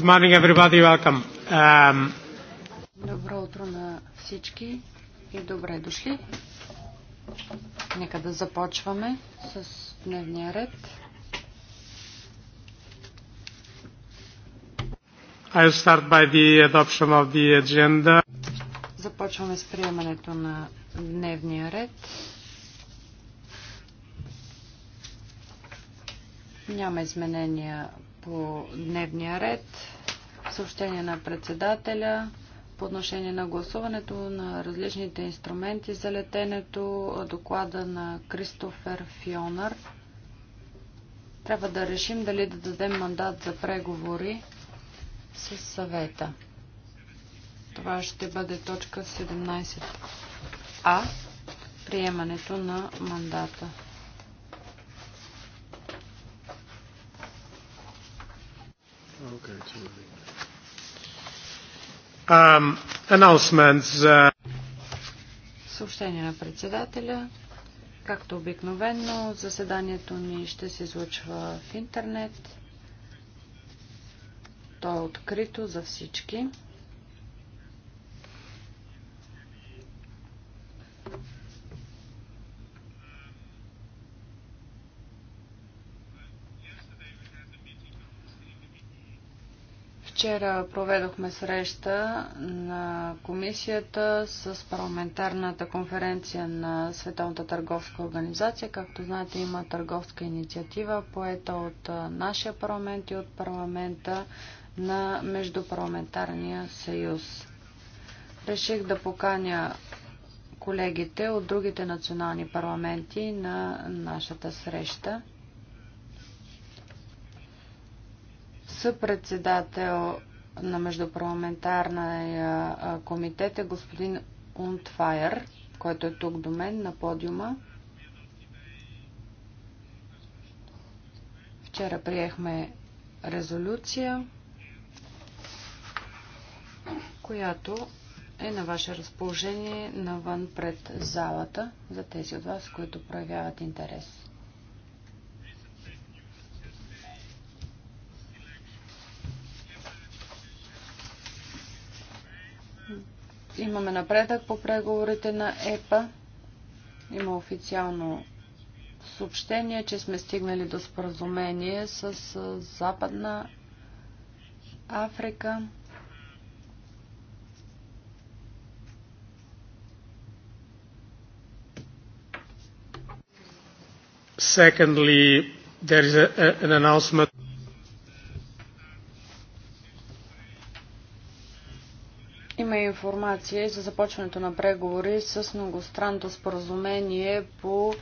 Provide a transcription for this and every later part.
Good morning, everybody. Welcome. Um... Добро утро на всички и добре дошли. Нека да започваме с дневния ред. I'll start by the adoption of the agenda. Започваме с приемането на дневния ред. Няма изменения по дневния ред. Съобщение на председателя по отношение на гласуването на различните инструменти за летенето, доклада на Кристофер Фионър. Трябва да решим дали да дадем мандат за преговори с съвета. Това ще бъде точка 17а. Приемането на мандата. Okay, Um, announcements. Uh, Съобщение на председателя. Както обикновено, заседанието ни ще се излъчва в интернет. То е открито за всички. Вчера проведохме среща на комисията с парламентарната конференция на Световната търговска организация. Както знаете, има търговска инициатива, поета от нашия парламент и от парламента на Междупарламентарния съюз. Реших да поканя колегите от другите национални парламенти на нашата среща. съпредседател на Междупарламентарния комитет е господин Унтфайер, който е тук до мен на подиума. Вчера приехме резолюция, която е на ваше разположение навън пред залата за тези от вас, които проявяват интерес. имаме напредък по преговорите на ЕПА. Има официално съобщение, че сме стигнали до споразумение с Западна Африка. Secondly, there is a, an announcement информация за започването на преговори с многостранното споразумение по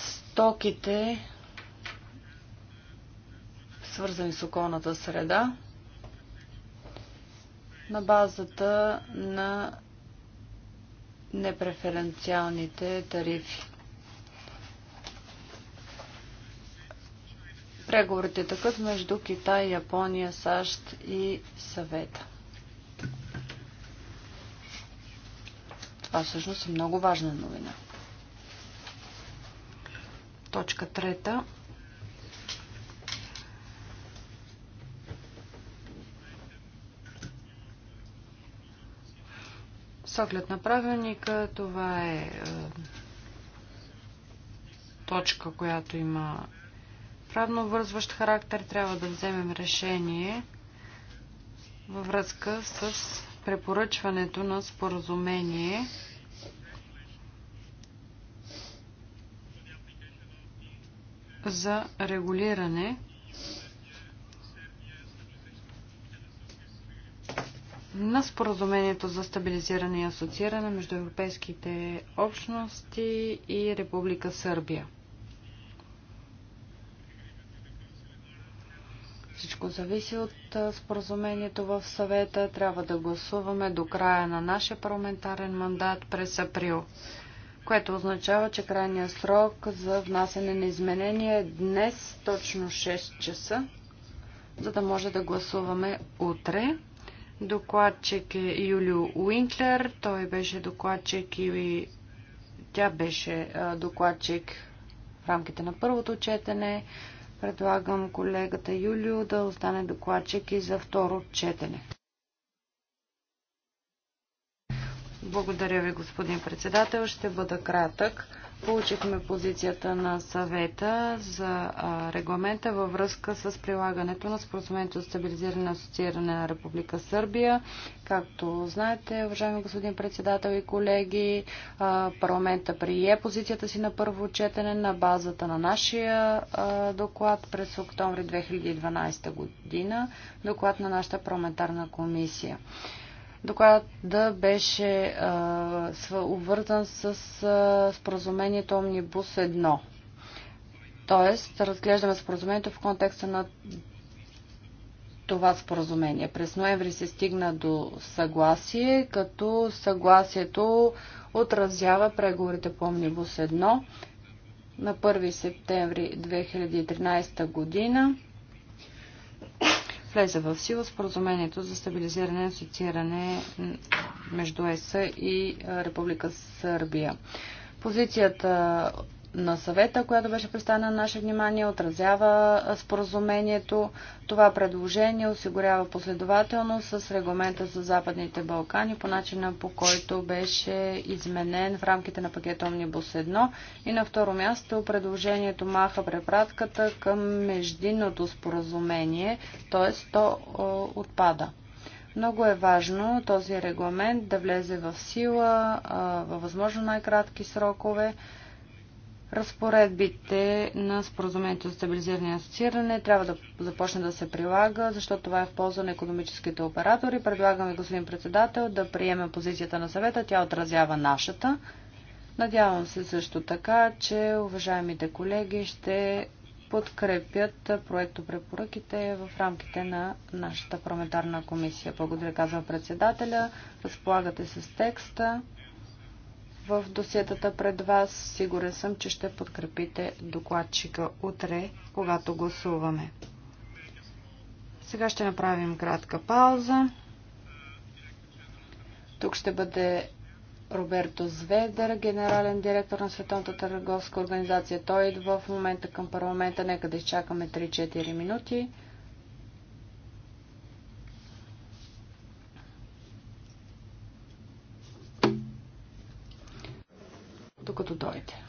стоките, свързани с околната среда, на базата на непреференциалните тарифи. Преговорите такът между Китай, Япония, САЩ и Съвета. Това всъщност е много важна новина. Точка трета. С оглед на правилника, това е, е точка, която има правно вързващ характер. Трябва да вземем решение във връзка с препоръчването на споразумение за регулиране на споразумението за стабилизиране и асоцииране между европейските общности и Република Сърбия. всичко зависи от споразумението в съвета. Трябва да гласуваме до края на нашия парламентарен мандат през април, което означава, че крайният срок за внасене на изменения е днес точно 6 часа, за да може да гласуваме утре. Докладчик е Юлио Уинклер. Той беше докладчик и тя беше докладчик в рамките на първото четене. Предлагам колегата Юлио да остане докладчик и за второ четене. Благодаря ви, господин председател. Ще бъда кратък. Получихме позицията на съвета за регламента във връзка с прилагането на споразумението за стабилизиране и асоцииране на Република Сърбия. Както знаете, уважаеми господин председател и колеги, парламента прие позицията си на първо четене на базата на нашия доклад през октомври 2012 година, доклад на нашата парламентарна комисия. Докладът беше а, обвързан с а, споразумението Омнибус 1. Тоест, разглеждаме споразумението в контекста на това споразумение. През ноември се стигна до съгласие, като съгласието отразява преговорите по Омнибус 1 на 1 септември 2013 година влезе в сила споразумението за стабилизиране и асоцииране между ЕС и Република Сърбия. Позицията на съвета, която беше представена на наше внимание, отразява споразумението. Това предложение осигурява последователно с регламента за Западните Балкани по начина по който беше изменен в рамките на пакет Омнибус 1. И на второ място предложението маха препратката към междинното споразумение, т.е. то отпада. Много е важно този регламент да влезе в сила във възможно най-кратки срокове Разпоредбите на споразумението за стабилизиране и асоцииране трябва да започне да се прилага, защото това е в полза на економическите оператори. Предлагаме господин председател да приеме позицията на съвета. Тя отразява нашата. Надявам се също така, че уважаемите колеги ще подкрепят проектопрепоръките в рамките на нашата парламентарна комисия. Благодаря, казва председателя. Разполагате с текста в досетата пред вас. Сигурен съм, че ще подкрепите докладчика утре, когато гласуваме. Сега ще направим кратка пауза. Тук ще бъде Роберто Зведър, генерален директор на Световната търговска организация. Той идва в момента към парламента. Нека да изчакаме 3-4 минути. докато дойде.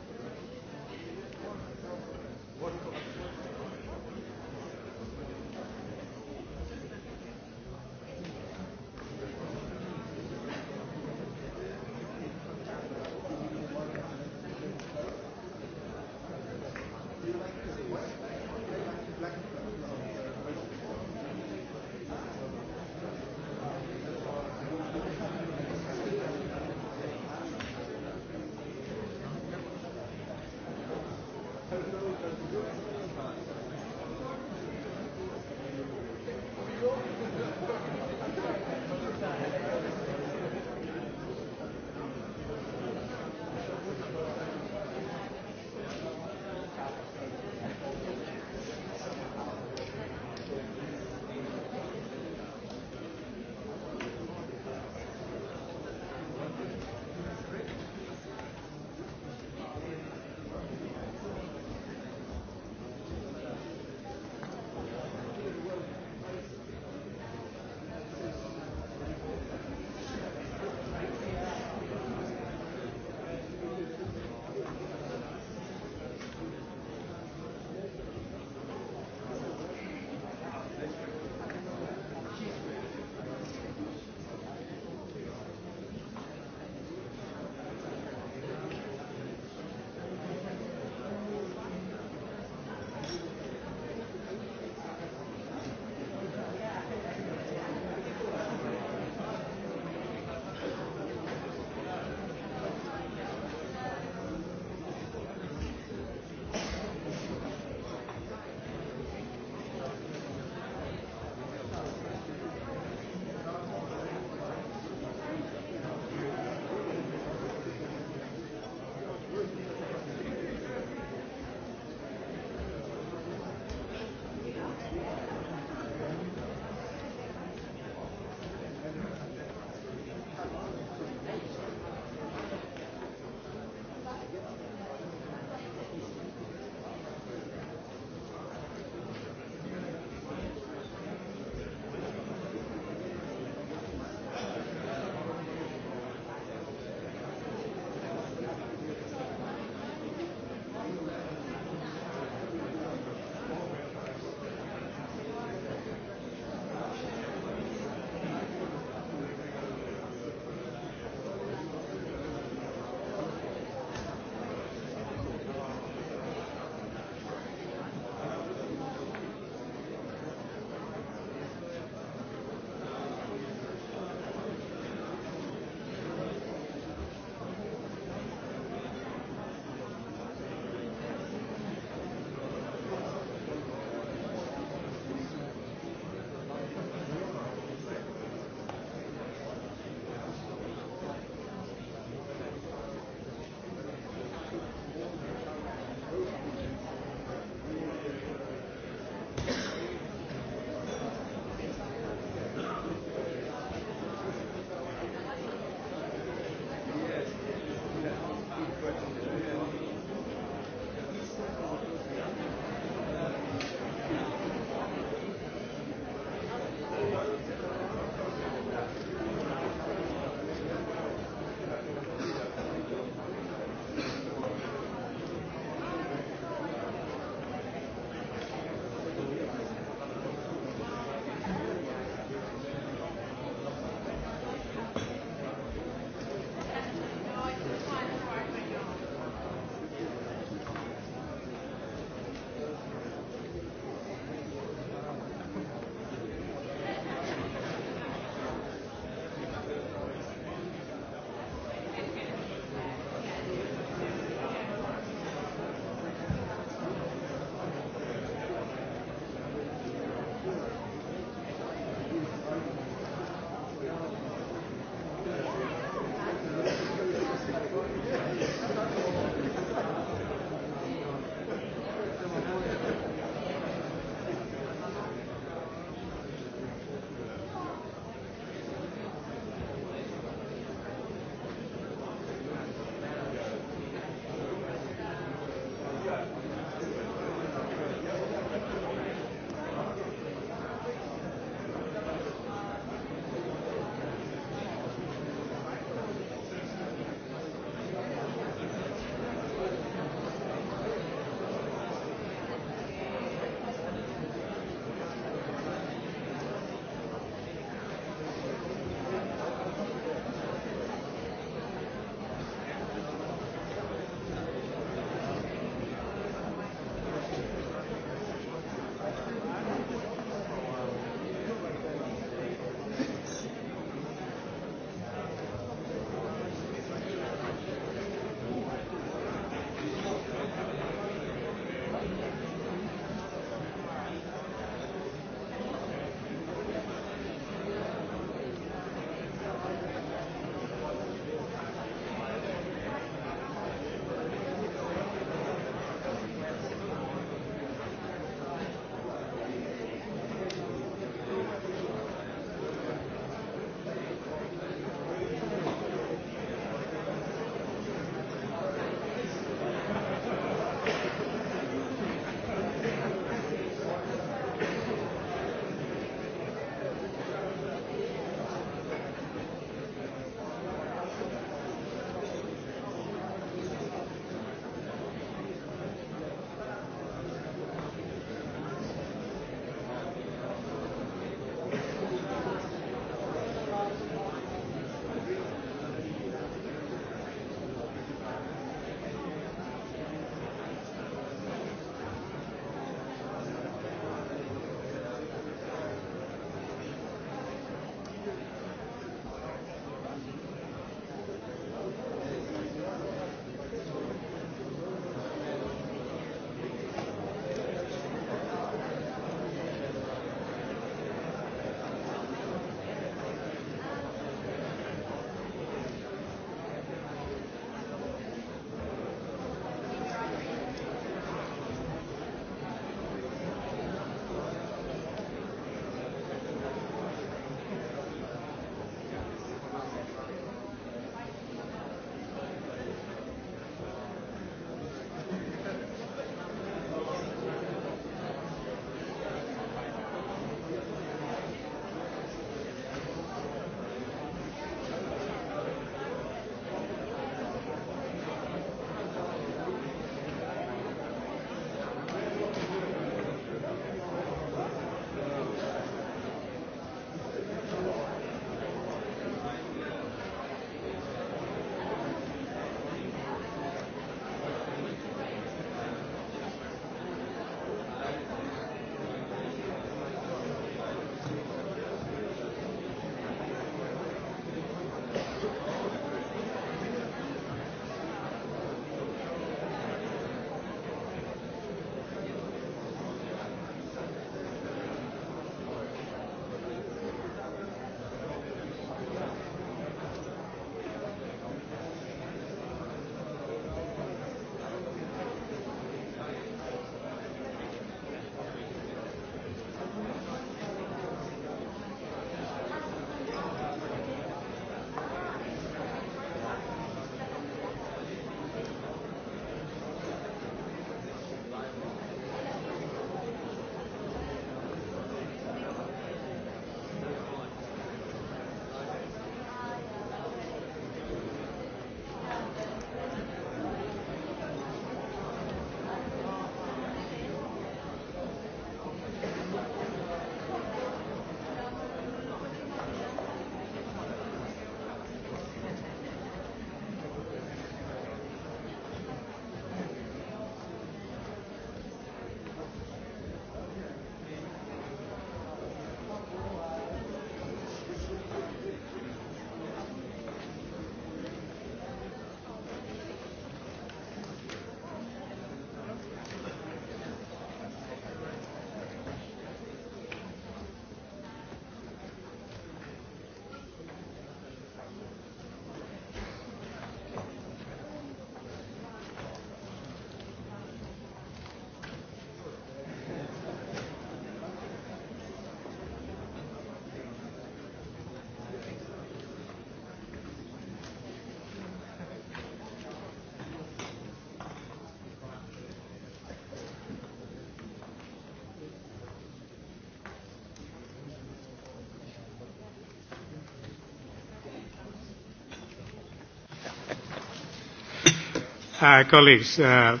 Uh, uh,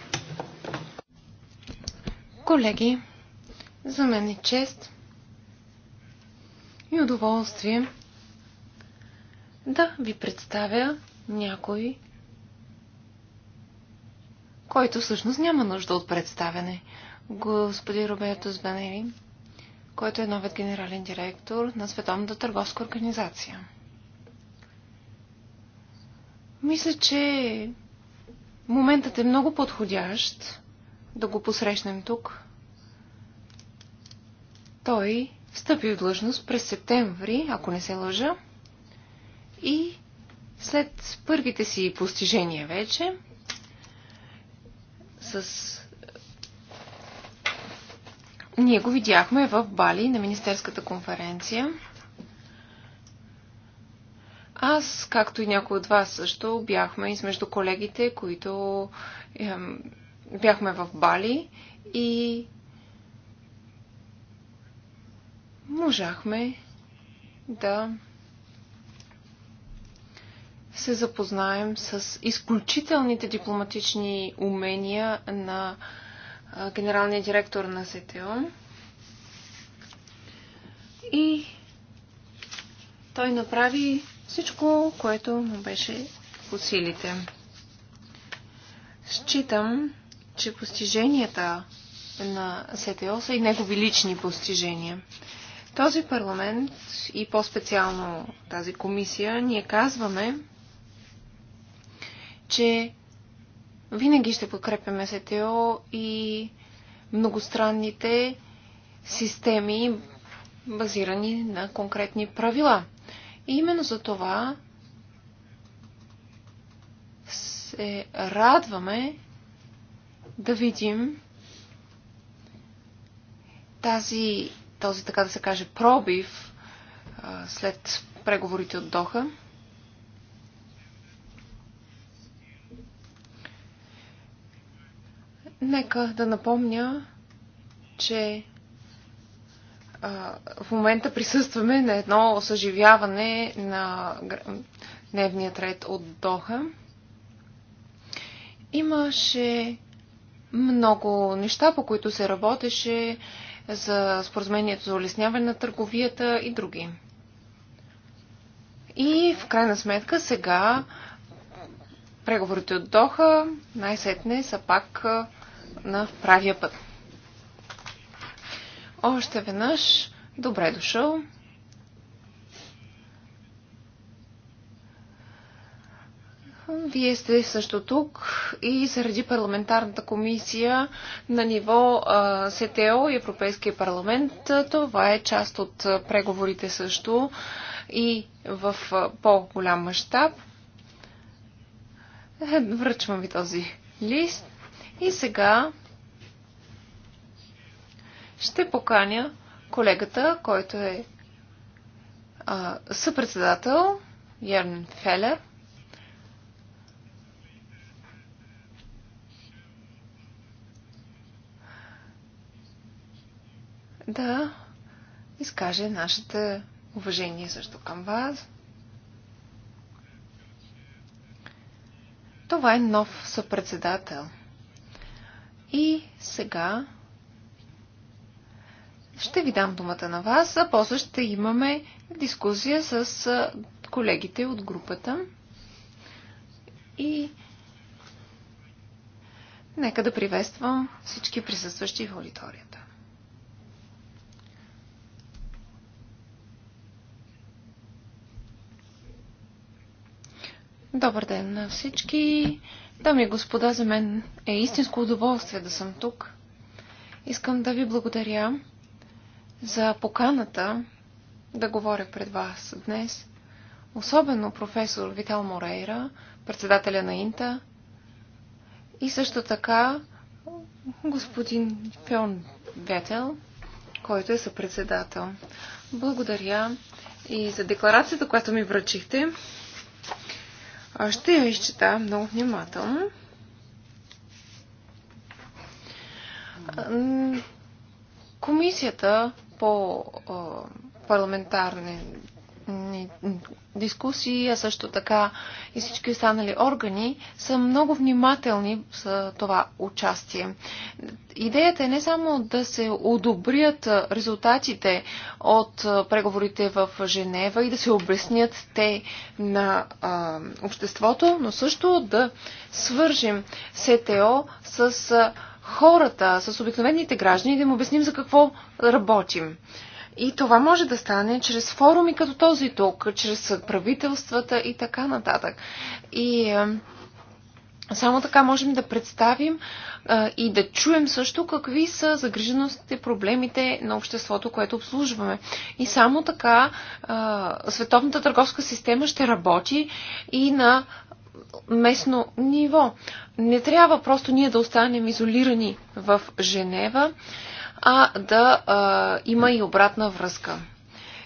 Колеги, за мен е чест и удоволствие да ви представя някой, който всъщност няма нужда от представяне. Господин Роберто Сбанери, който е новият генерален директор на Световната търговска организация. Мисля, че Моментът е много подходящ да го посрещнем тук. Той встъпи в длъжност през септември, ако не се лъжа, и след първите си постижения вече, с... Ние го видяхме в Бали на Министерската конференция – аз, както и някои от вас също, бяхме измежду колегите, които е, бяхме в Бали и можахме да се запознаем с изключителните дипломатични умения на генералния директор на СТО. И той направи всичко, което му беше по силите. Считам, че постиженията на СТО са и негови лични постижения. Този парламент и по-специално тази комисия ние казваме, че винаги ще подкрепяме СТО и многостранните системи, базирани на конкретни правила – и именно за това се радваме да видим тази, този, така да се каже, пробив след преговорите от Доха. Нека да напомня, че в момента присъстваме на едно съживяване на дневният ред от Доха. Имаше много неща, по които се работеше за споразумението за улесняване на търговията и други. И в крайна сметка сега преговорите от Доха най-сетне са пак на правия път. Още веднъж, добре дошъл. Вие сте също тук и заради парламентарната комисия на ниво СТО и Европейския парламент. Това е част от преговорите също и в по-голям мащаб. Е, връчвам ви този лист. И сега ще поканя колегата, който е а, съпредседател Ярн Фелер. Да изкаже нашите уважение също към вас. Това е нов съпредседател. И сега ще ви дам думата на вас, а после ще имаме дискусия с колегите от групата. И нека да приветствам всички присъстващи в аудиторията. Добър ден на всички. Дами и господа, за мен е истинско удоволствие да съм тук. Искам да ви благодаря за поканата да говоря пред вас днес, особено професор Витал Морейра, председателя на Инта, и също така господин Фион Ветел, който е съпредседател. Благодаря и за декларацията, която ми връчихте. Ще я изчита много внимателно. Комисията по парламентарни дискусии, а също така и всички останали органи са много внимателни за това участие. Идеята е не само да се одобрят резултатите от преговорите в Женева и да се обяснят те на а, обществото, но също да свържим СТО с хората, с обикновените граждани, да им обясним за какво работим. И това може да стане чрез форуми като този тук, чрез правителствата и така нататък. И е, само така можем да представим а, е, и да чуем също какви са загриженостите, проблемите на обществото, което обслужваме. И само така а, е, Световната търговска система ще работи и на местно ниво. Не трябва просто ние да останем изолирани в Женева, а да а, има и обратна връзка.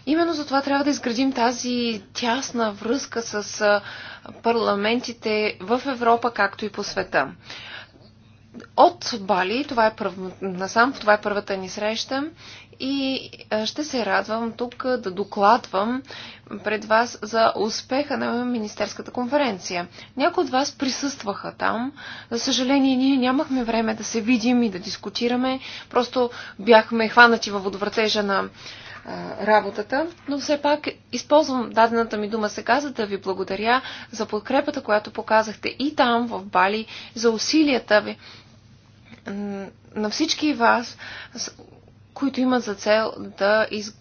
Именно за това трябва да изградим тази тясна връзка с парламентите в Европа, както и по света. От Бали, това е първ... насам, това е първата ни среща и ще се радвам тук да докладвам пред вас за успеха на Министерската конференция. Някои от вас присъстваха там. За съжаление, ние нямахме време да се видим и да дискутираме. Просто бяхме хванати във водовъртежа на работата, но все пак използвам дадената ми дума сега, за да ви благодаря за подкрепата, която показахте и там, в Бали, за усилията ви на всички вас които имат за цел да из...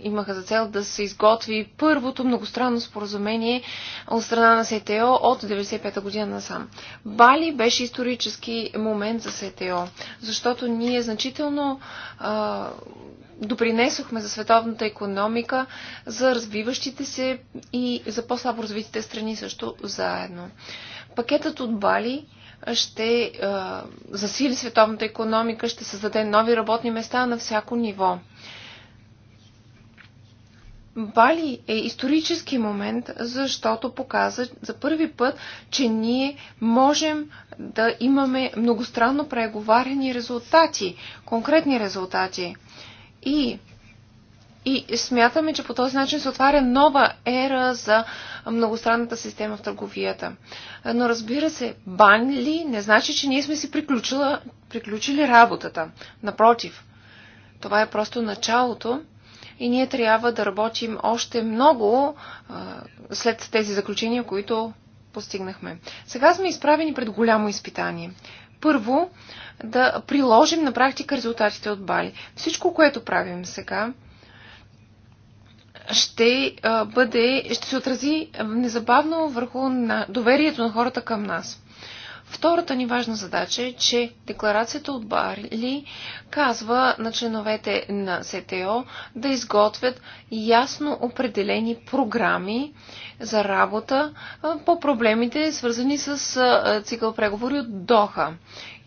имаха за цел да се изготви първото многостранно споразумение от страна на СТО от 95-та година насам. Бали беше исторически момент за СТО, защото ние значително а, допринесохме за световната економика, за развиващите се и за по-слабо развитите страни също заедно. Пакетът от Бали – ще а, засили световната економика, ще създаде нови работни места на всяко ниво. Бали е исторически момент, защото показа за първи път, че ние можем да имаме многостранно преговарени резултати, конкретни резултати. И и смятаме, че по този начин се отваря нова ера за многостранната система в търговията. Но разбира се, бан ли не значи, че ние сме си приключили работата. Напротив, това е просто началото и ние трябва да работим още много а, след тези заключения, които постигнахме. Сега сме изправени пред голямо изпитание. Първо, да приложим на практика резултатите от Бали. Всичко, което правим сега, ще бъде, ще се отрази незабавно върху на доверието на хората към нас. Втората ни важна задача е, че декларацията от Барли казва на членовете на СТО да изготвят ясно определени програми за работа по проблемите, свързани с цикъл преговори от Доха.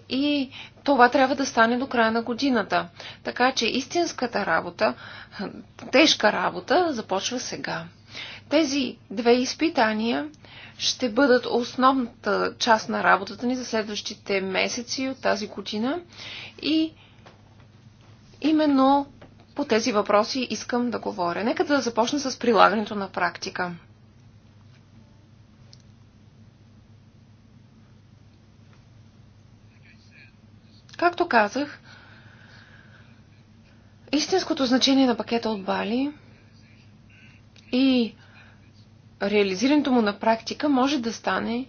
И това трябва да стане до края на годината. Така че истинската работа, тежка работа, започва сега. Тези две изпитания ще бъдат основната част на работата ни за следващите месеци от тази година и именно по тези въпроси искам да говоря. Нека да започна с прилагането на практика. Както казах, истинското значение на пакета от Бали и реализирането му на практика може да стане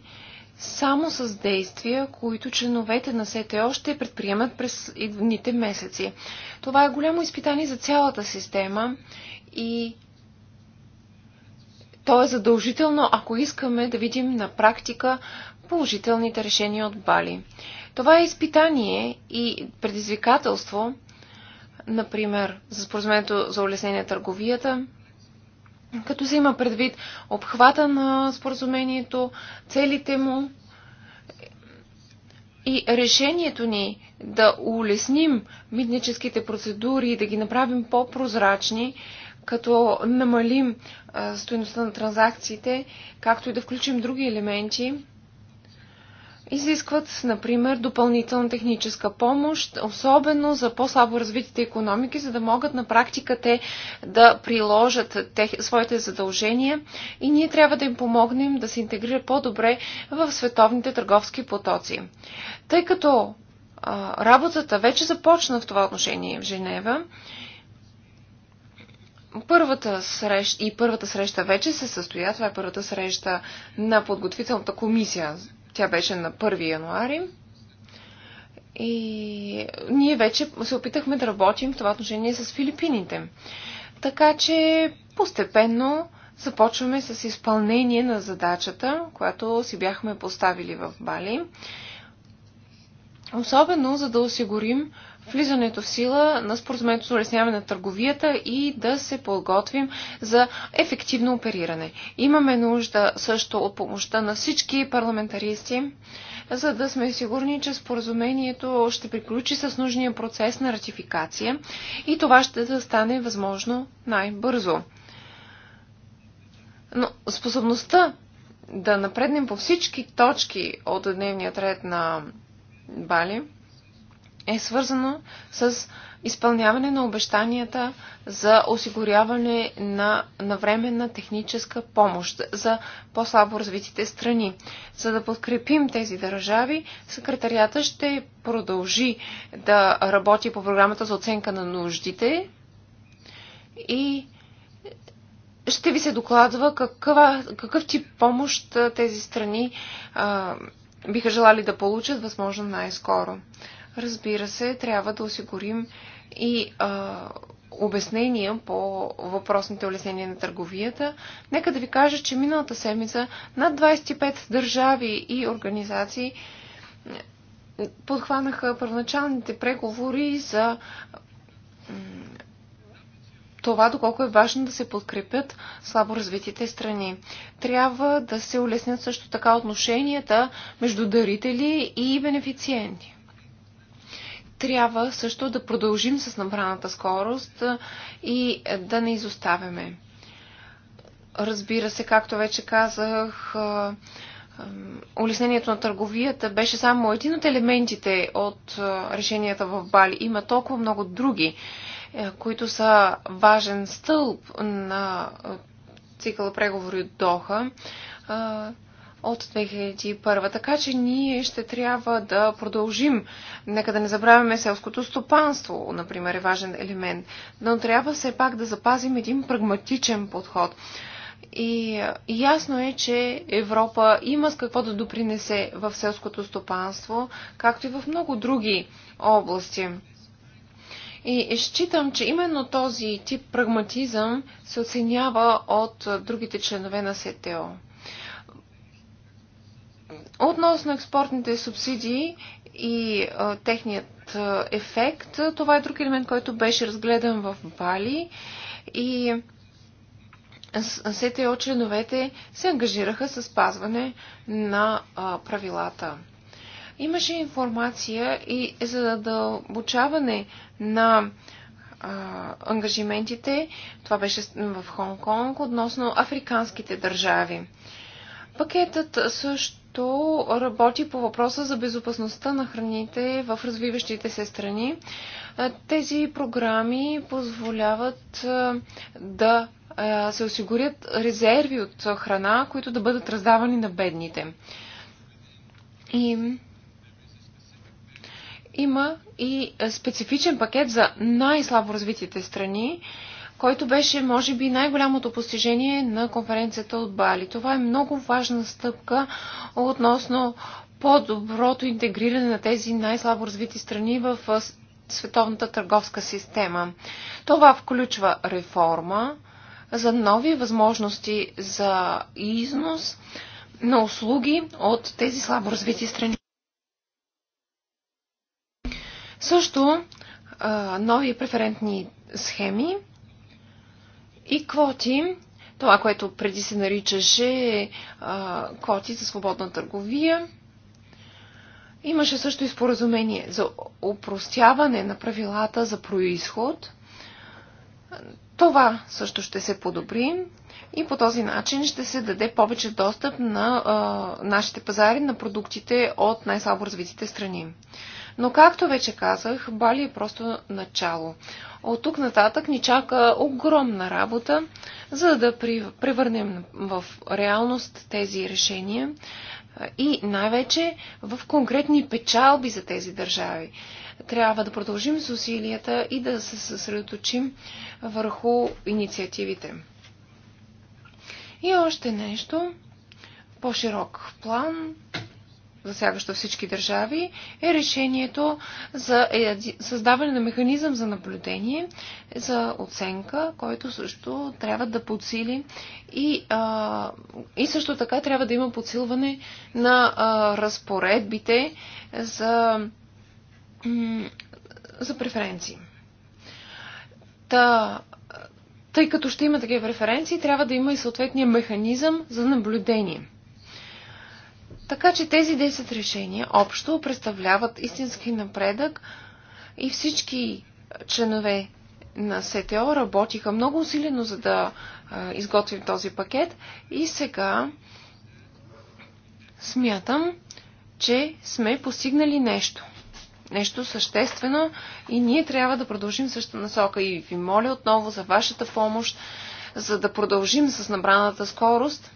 само с действия, които членовете на СТО ще предприемат през идните месеци. Това е голямо изпитание за цялата система и то е задължително, ако искаме да видим на практика положителните решения от Бали. Това е изпитание и предизвикателство, например, за споразумението за улеснение на търговията, като се има предвид обхвата на споразумението, целите му и решението ни да улесним митническите процедури и да ги направим по-прозрачни, като намалим стоеността на транзакциите, както и да включим други елементи, изискват, например, допълнителна техническа помощ, особено за по-слабо развитите економики, за да могат на практика те да приложат тех, своите задължения и ние трябва да им помогнем да се интегрират по-добре в световните търговски потоци. Тъй като а, работата вече започна в това отношение в Женева, първата среща, и първата среща вече се състоя, това е първата среща на подготвителната комисия тя беше на 1 януари. И ние вече се опитахме да работим в това отношение с филипините. Така че постепенно започваме с изпълнение на задачата, която си бяхме поставили в Бали. Особено за да осигурим влизането в сила на споразумението за улесняване на търговията и да се подготвим за ефективно опериране. Имаме нужда също от помощта на всички парламентаристи, за да сме сигурни, че споразумението ще приключи с нужния процес на ратификация и това ще да стане възможно най-бързо. Но способността да напреднем по всички точки от дневния ред на Бали – е свързано с изпълняване на обещанията за осигуряване на навременна техническа помощ за по-слабо развитите страни. За да подкрепим тези държави, секретарията ще продължи да работи по програмата за оценка на нуждите и ще ви се докладва какъва, какъв тип помощ тези страни а, биха желали да получат възможно най-скоро. Разбира се, трябва да осигурим и а, обяснения по въпросните улеснения на търговията. Нека да ви кажа, че миналата седмица над 25 държави и организации подхванаха първоначалните преговори за това доколко е важно да се подкрепят слабо развитите страни. Трябва да се улеснят също така отношенията между дарители и бенефициенти трябва също да продължим с набраната скорост и да не изоставяме. Разбира се, както вече казах, улеснението на търговията беше само един от елементите от решенията в Бали. Има толкова много други, които са важен стълб на цикъла преговори от Доха от 2001. Така че ние ще трябва да продължим. Нека да не забравяме селското стопанство, например, е важен елемент. Но трябва все пак да запазим един прагматичен подход. И ясно е, че Европа има с какво да допринесе в селското стопанство, както и в много други области. И считам, че именно този тип прагматизъм се оценява от другите членове на СТО. Относно експортните субсидии и а, техният а, ефект, това е друг елемент, който беше разгледан в Бали и СТО членовете се ангажираха с спазване на а, правилата. Имаше информация и за задълбочаване на а, ангажиментите, това беше в Хонг-Конг, относно африканските държави. Пакетът също който работи по въпроса за безопасността на храните в развиващите се страни. Тези програми позволяват да се осигурят резерви от храна, които да бъдат раздавани на бедните. И има и специфичен пакет за най-слабо развитите страни който беше, може би, най-голямото постижение на конференцията от Бали. Това е много важна стъпка относно по-доброто интегриране на тези най-слабо развити страни в световната търговска система. Това включва реформа за нови възможности за износ на услуги от тези слабо развити страни. Също нови преферентни схеми и квоти, това, което преди се наричаше а, квоти за свободна търговия. Имаше също и споразумение за упростяване на правилата за происход. Това също ще се подобри и по този начин ще се даде повече достъп на а, нашите пазари на продуктите от най-слабо развитите страни. Но както вече казах, Бали е просто начало. От тук нататък ни чака огромна работа, за да превърнем в реалност тези решения и най-вече в конкретни печалби за тези държави. Трябва да продължим с усилията и да се съсредоточим върху инициативите. И още нещо, по-широк план, засягащо всички държави, е решението за е, създаване на механизъм за наблюдение, за оценка, който също трябва да подсили и, а, и също така трябва да има подсилване на а, разпоредбите за, за преференции. Та, тъй като ще има такива преференции, трябва да има и съответния механизъм за наблюдение – така че тези 10 решения общо представляват истински напредък и всички членове на СТО работиха много усилено, за да изготвим този пакет и сега смятам, че сме постигнали нещо. Нещо съществено и ние трябва да продължим същата насока. И ви моля отново за вашата помощ, за да продължим с набраната скорост –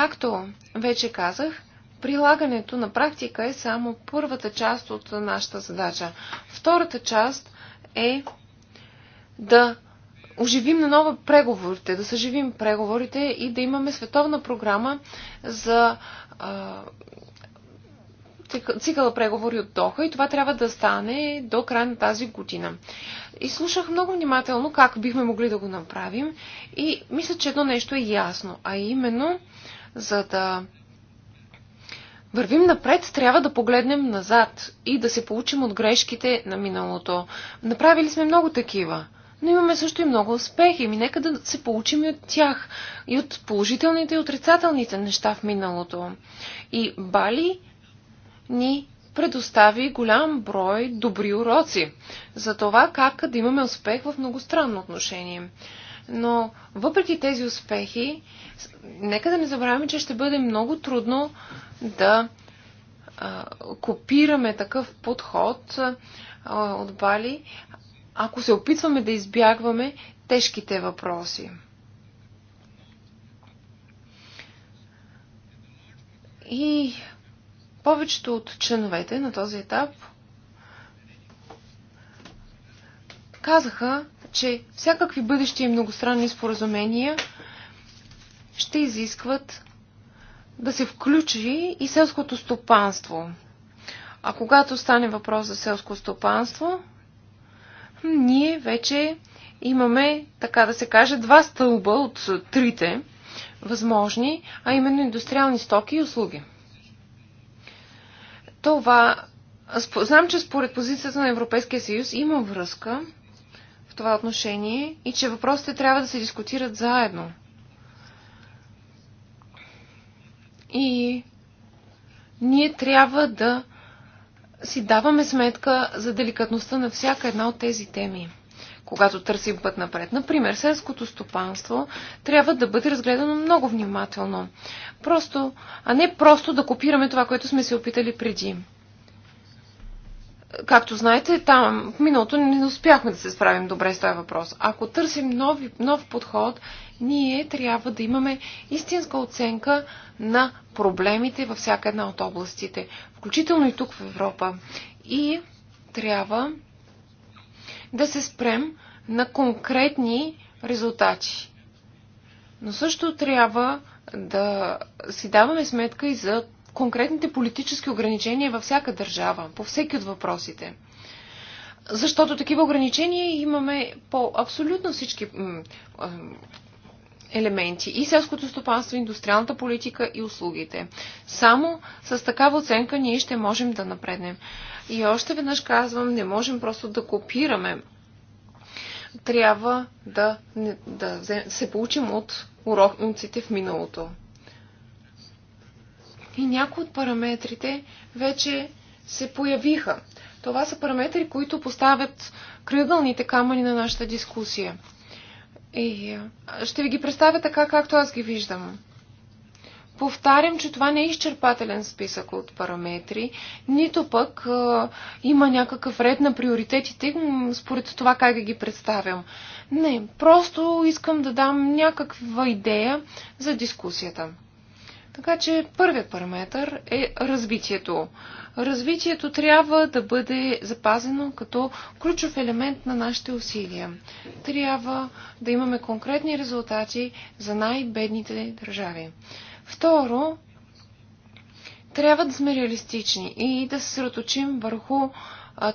Както вече казах, прилагането на практика е само първата част от нашата задача. Втората част е да оживим на нова преговорите, да съживим преговорите и да имаме световна програма за цикъл цикъла преговори от Доха и това трябва да стане до края на тази година. И слушах много внимателно как бихме могли да го направим и мисля, че едно нещо е ясно, а именно за да вървим напред, трябва да погледнем назад и да се получим от грешките на миналото. Направили сме много такива, но имаме също и много успехи. Ми нека да се получим и от тях, и от положителните и отрицателните неща в миналото. И Бали ни предостави голям брой добри уроци за това как да имаме успех в многостранно отношение. Но въпреки тези успехи, нека да не забравяме, че ще бъде много трудно да а, копираме такъв подход а, от Бали, ако се опитваме да избягваме тежките въпроси. И повечето от членовете на този етап казаха, че всякакви бъдещи и многостранни споразумения ще изискват да се включи и селското стопанство. А когато стане въпрос за селско стопанство, ние вече имаме, така да се каже, два стълба от трите възможни, а именно индустриални стоки и услуги. Това, знам, че според позицията на Европейския съюз има връзка това отношение и че въпросите трябва да се дискутират заедно. И ние трябва да си даваме сметка за деликатността на всяка една от тези теми, когато търсим път напред. Например, селското стопанство трябва да бъде разгледано много внимателно. Просто, а не просто да копираме това, което сме се опитали преди. Както знаете, там в миналото не успяхме да се справим добре с този въпрос. Ако търсим нови, нов подход, ние трябва да имаме истинска оценка на проблемите във всяка една от областите, включително и тук в Европа. И трябва да се спрем на конкретни резултати. Но също трябва да си даваме сметка и за конкретните политически ограничения във всяка държава, по всеки от въпросите. Защото такива ограничения имаме по абсолютно всички елементи и селското стопанство, индустриалната политика и услугите. Само с такава оценка ние ще можем да напреднем. И още веднъж казвам, не можем просто да копираме. Трябва да, да се получим от уроките в миналото. И някои от параметрите вече се появиха. Това са параметри, които поставят кръгълните камъни на нашата дискусия. И ще ви ги представя така, както аз ги виждам. Повтарям, че това не е изчерпателен списък от параметри, нито пък а, има някакъв ред на приоритетите според това как да ги представям. Не, просто искам да дам някаква идея за дискусията. Така че първият параметр е развитието. Развитието трябва да бъде запазено като ключов елемент на нашите усилия. Трябва да имаме конкретни резултати за най-бедните държави. Второ, трябва да сме реалистични и да се съсредоточим върху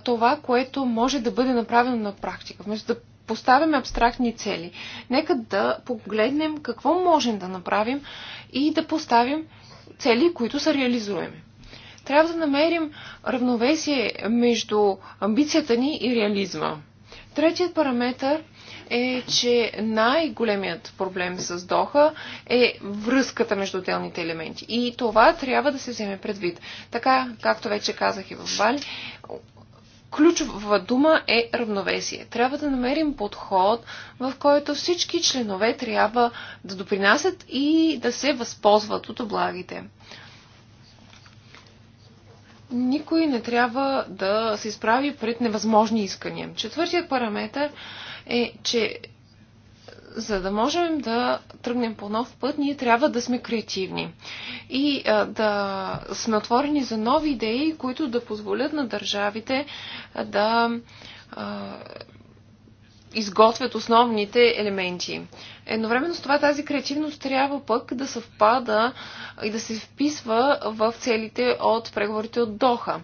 това, което може да бъде направено на практика, вместо да поставяме абстрактни цели. Нека да погледнем какво можем да направим и да поставим цели, които са реализуеми. Трябва да намерим равновесие между амбицията ни и реализма. Третият параметр е, че най-големият проблем с Доха е връзката между отделните елементи. И това трябва да се вземе предвид. Така, както вече казах и в Бали, ключова дума е равновесие. Трябва да намерим подход, в който всички членове трябва да допринасят и да се възползват от облагите. Никой не трябва да се изправи пред невъзможни искания. Четвъртият параметр е, че за да можем да тръгнем по нов път, ние трябва да сме креативни и да сме отворени за нови идеи, които да позволят на държавите да изготвят основните елементи. Едновременно с това тази креативност трябва пък да съвпада и да се вписва в целите от преговорите от Доха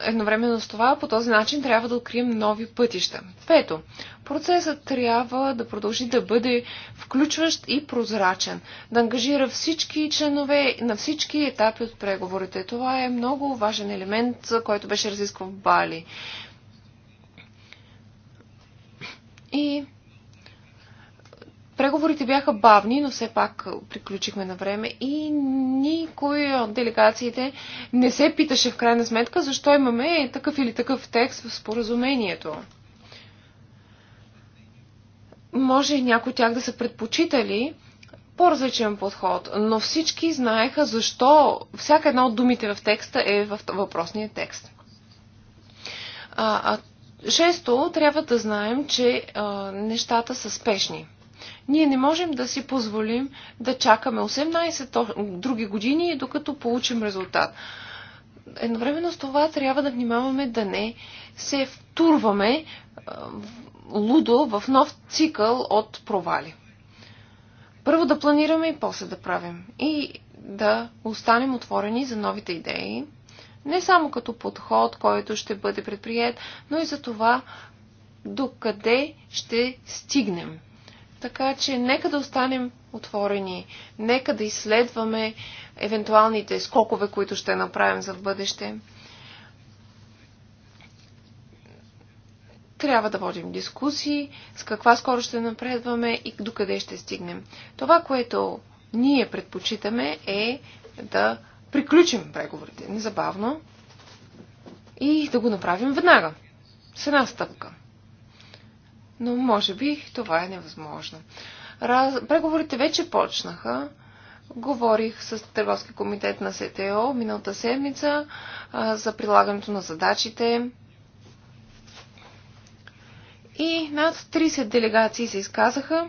едновременно с това, по този начин трябва да открием нови пътища. Пето, процесът трябва да продължи да бъде включващ и прозрачен, да ангажира всички членове на всички етапи от преговорите. Това е много важен елемент, който беше разискван в Бали. И Преговорите бяха бавни, но все пак приключихме на време и никой от делегациите не се питаше в крайна сметка защо имаме такъв или такъв текст в споразумението. Може някои тях да са предпочитали по-различен подход, но всички знаеха защо всяка една от думите в текста е в въпросния текст. А, а, шесто, трябва да знаем, че а, нещата са спешни ние не можем да си позволим да чакаме 18 други години, докато получим резултат. Едновременно с това трябва да внимаваме да не се втурваме лудо в нов цикъл от провали. Първо да планираме и после да правим. И да останем отворени за новите идеи, не само като подход, който ще бъде предприят, но и за това докъде ще стигнем. Така че нека да останем отворени, нека да изследваме евентуалните скокове, които ще направим за в бъдеще. Трябва да водим дискусии с каква скоро ще напредваме и докъде ще стигнем. Това, което ние предпочитаме е да приключим преговорите незабавно и да го направим веднага. С една стъпка но може би това е невъзможно. Раз... Преговорите вече почнаха. Говорих с Търговски комитет на СТО миналата седмица а, за прилагането на задачите. И над 30 делегации се изказаха.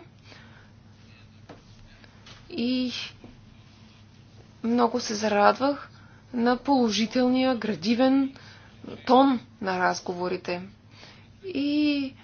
И много се зарадвах на положителния градивен тон на разговорите. И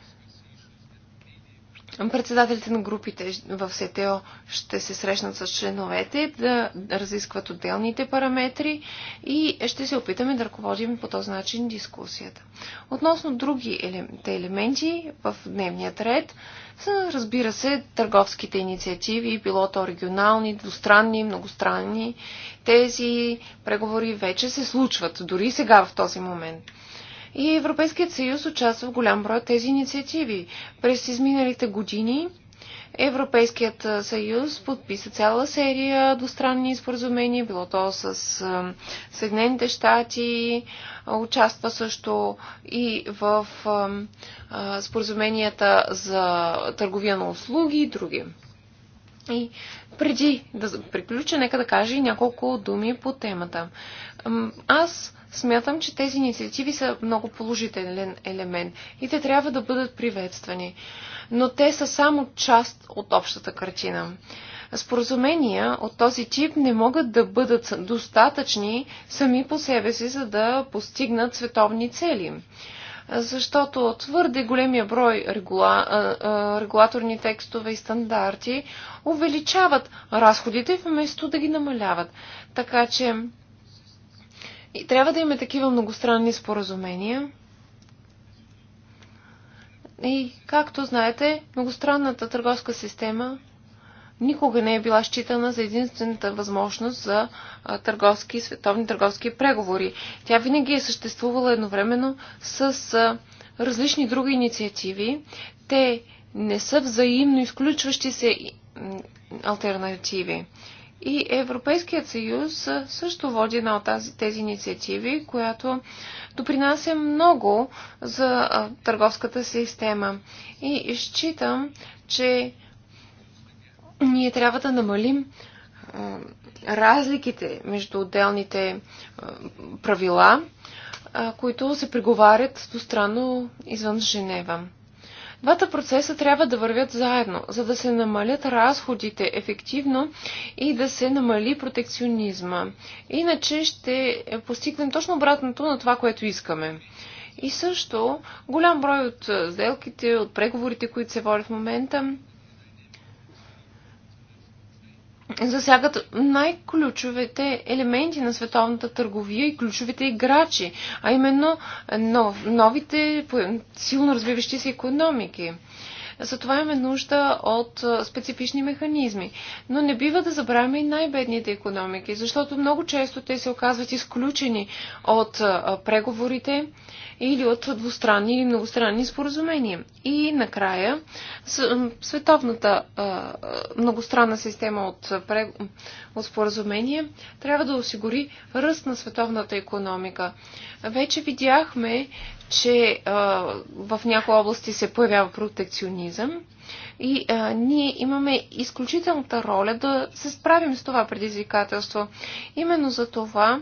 Председателите на групите в СТО ще се срещнат с членовете, да разискват отделните параметри и ще се опитаме да ръководим по този начин дискусията. Относно другите елементи в дневният ред са, разбира се, търговските инициативи, било то регионални, двустранни, многостранни. Тези преговори вече се случват, дори сега в този момент. И Европейският съюз участва в голям брой тези инициативи. През изминалите години Европейският съюз подписа цяла серия двустранни споразумения, било то с Съединените щати, участва също и в споразуменията за търговия на услуги и други. И преди да приключа, нека да кажа и няколко думи по темата. Аз смятам, че тези инициативи са много положителен елемент и те трябва да бъдат приветствани. Но те са само част от общата картина. Споразумения от този тип не могат да бъдат достатъчни сами по себе си, за да постигнат световни цели защото твърде големия брой регула... регулаторни текстове и стандарти увеличават разходите вместо да ги намаляват. Така че и трябва да имаме такива многостранни споразумения. И както знаете, многостранната търговска система никога не е била считана за единствената възможност за търговски, световни търговски преговори. Тя винаги е съществувала едновременно с различни други инициативи. Те не са взаимно изключващи се альтернативи. И Европейският съюз също води една от тази, тези инициативи, която допринася много за търговската система. И считам, че ние трябва да намалим разликите между отделните правила, които се преговарят двустранно извън Женева. Двата процеса трябва да вървят заедно, за да се намалят разходите ефективно и да се намали протекционизма. Иначе ще постигнем точно обратното на това, което искаме. И също голям брой от сделките, от преговорите, които се водят в момента, засягат най-ключовите елементи на световната търговия и ключовите играчи, а именно новите силно развиващи се економики. Затова имаме нужда от специфични механизми. Но не бива да забравяме и най-бедните економики, защото много често те се оказват изключени от преговорите или от двустранни или многостранни споразумения. И накрая, световната многостранна система от, от споразумение трябва да осигури ръст на световната економика. Вече видяхме, че а, в някои области се появява протекционизъм и а, ние имаме изключителната роля да се справим с това предизвикателство. Именно за това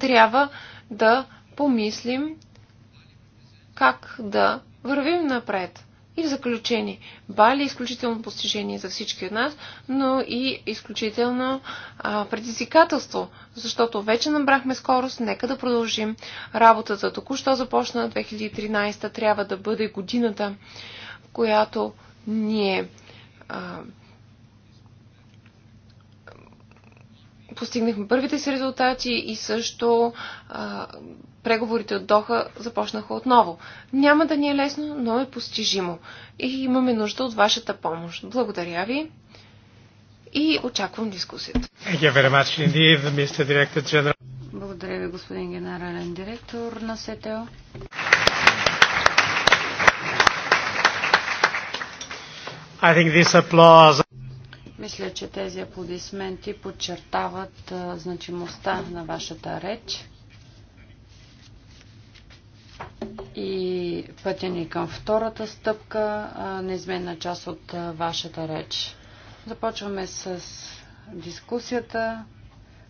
трябва да помислим как да вървим напред. И в заключение, Бали е изключително постижение за всички от нас, но и изключително а, предизвикателство, защото вече набрахме скорост, нека да продължим работата. Току-що започна 2013, трябва да бъде годината, в която ние а, постигнахме първите си резултати и също а, преговорите от Доха започнаха отново. Няма да ни е лесно, но е постижимо. И имаме нужда от вашата помощ. Благодаря ви и очаквам дискусията. Благодаря ви, господин генерален директор на СТО. I think this applause мисля, че тези аплодисменти подчертават значимостта на вашата реч и пътя ни към втората стъпка, неизменна част от вашата реч. Започваме с дискусията.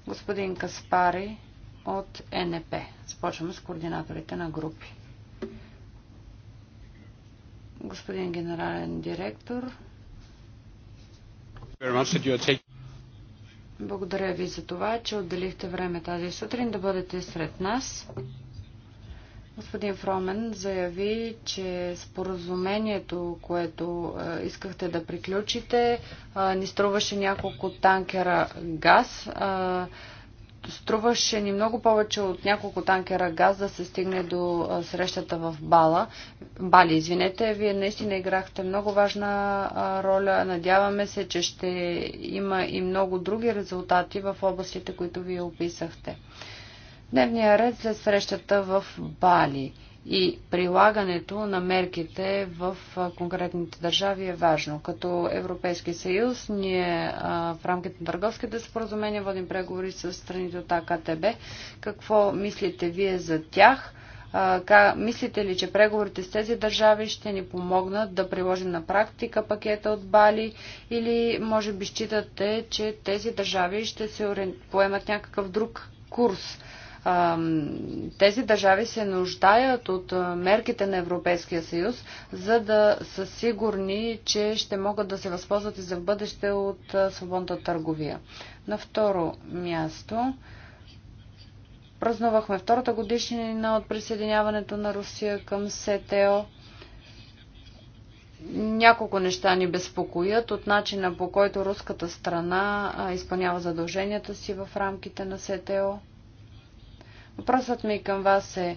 Господин Каспари от НП. Започваме с координаторите на групи. Господин генерален директор, благодаря ви за това, че отделихте време тази сутрин да бъдете сред нас. Господин Фромен заяви, че споразумението, което е, искахте да приключите, е, ни струваше няколко танкера газ. Е, Струваше ни много повече от няколко танкера газ да се стигне до срещата в Бала. Бали, извинете, вие наистина играхте много важна роля. Надяваме се, че ще има и много други резултати в областите, които вие описахте. Дневния ред след срещата в Бали – и прилагането на мерките в конкретните държави е важно. Като Европейски съюз, ние в рамките на търговските споразумения водим преговори с страните от АКТБ. Какво мислите вие за тях? Мислите ли, че преговорите с тези държави ще ни помогнат да приложим на практика пакета от Бали или може би считате, че тези държави ще се поемат някакъв друг курс? тези държави се нуждаят от мерките на Европейския съюз, за да са сигурни, че ще могат да се възползват и за бъдеще от свободната търговия. На второ място празнувахме втората годишнина от присъединяването на Русия към СТО. Няколко неща ни безпокоят от начина по който руската страна изпълнява задълженията си в рамките на СТО. Въпросът ми към вас е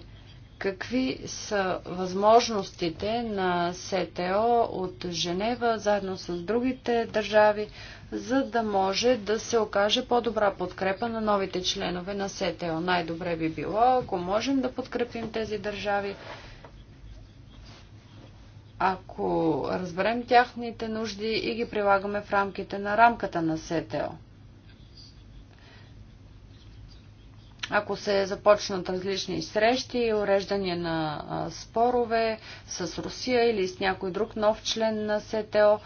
какви са възможностите на СТО от Женева, заедно с другите държави, за да може да се окаже по-добра подкрепа на новите членове на СТО. Най-добре би било, ако можем да подкрепим тези държави, ако разберем тяхните нужди и ги прилагаме в рамките на рамката на СТО. Ако се започнат различни срещи и уреждане на спорове с Русия или с някой друг нов член на СТО,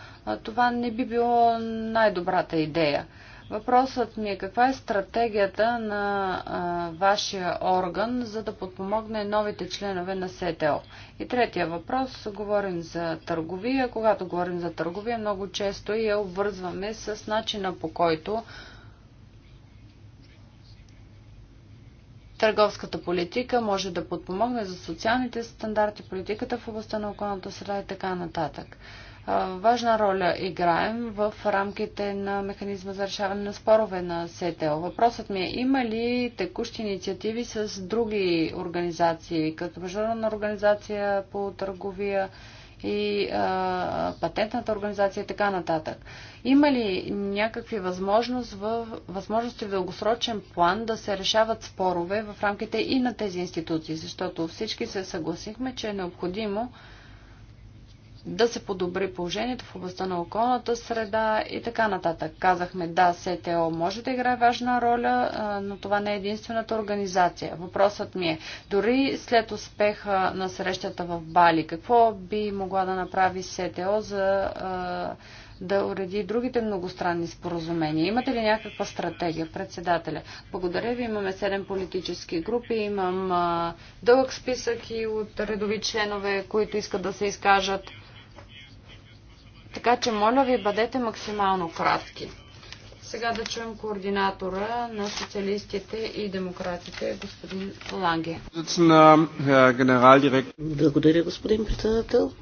това не би било най-добрата идея. Въпросът ми е каква е стратегията на а, вашия орган, за да подпомогне новите членове на СТО? И третия въпрос, говорим за търговия. Когато говорим за търговия, много често я обвързваме с начина по който Търговската политика може да подпомогне за социалните стандарти, политиката в областта на околната среда и така нататък. Важна роля играем в рамките на механизма за решаване на спорове на СТО. Въпросът ми е има ли текущи инициативи с други организации, като Международна организация по търговия и а, патентната организация и така нататък. Има ли някакви възможност в, възможности в дългосрочен план да се решават спорове в рамките и на тези институции? Защото всички се съгласихме, че е необходимо да се подобри положението в областта на околната среда и така нататък. Казахме, да, СТО може да играе важна роля, но това не е единствената организация. Въпросът ми е, дори след успеха на срещата в Бали, какво би могла да направи СТО за да уреди другите многостранни споразумения? Имате ли някаква стратегия, председателя? Благодаря ви. Имаме 7 политически групи. Имам дълъг списък и от редови членове, които искат да се изкажат. Така че, моля ви, бъдете максимално кратки. Сега да чуем координатора на социалистите и демократите, господин Ланге. Е, Благодаря, господин председател.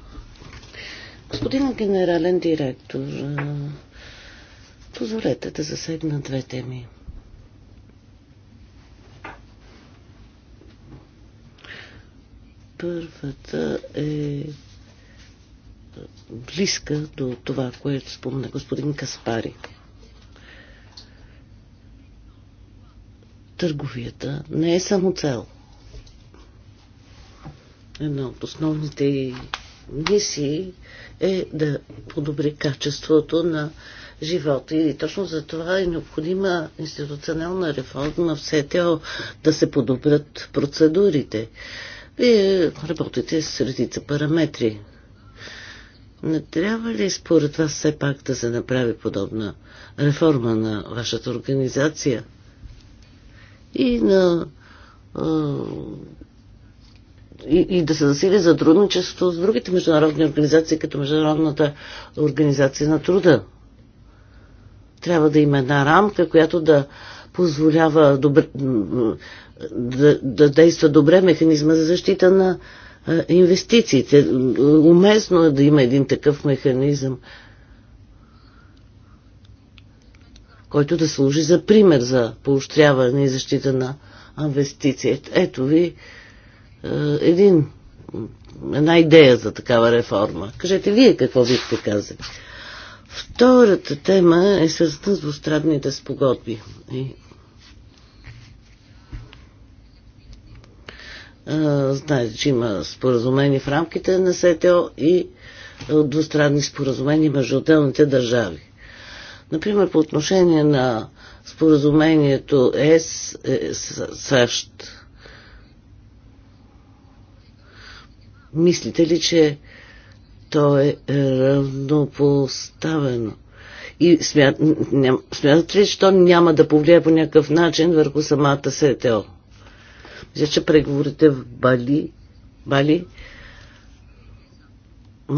Господин генерален директор, е, позволете да засегна две теми. Първата е близка до това, което спомена господин Каспари. Търговията не е само цел. Една от основните мисии е да подобри качеството на живота. И точно за това е необходима институционална реформа на СТО да се подобрят процедурите. Вие работите с редица параметри. Не трябва ли според вас все пак да се направи подобна реформа на вашата организация и на и, и да се засили затрудничество с другите международни организации, като Международната организация на труда? Трябва да има една рамка, която да позволява добре, да, да действа добре механизма за защита на инвестициите. Уместно е да има един такъв механизъм, който да служи за пример за поощряване и защита на инвестициите. Ето ви един, една идея за такава реформа. Кажете вие какво бихте казали. Втората тема е свързана с двустранните спогодби и Знаете, че има споразумени в рамките на СТО и двустранни споразумения между отделните държави. Например, по отношение на споразумението ЕС, е, САЩ. Мислите ли, че то е равнопоставено? И смят, смятате ли, че то няма да повлияе по някакъв начин върху самата СТО? Мисля, че преговорите в Бали, Бали а,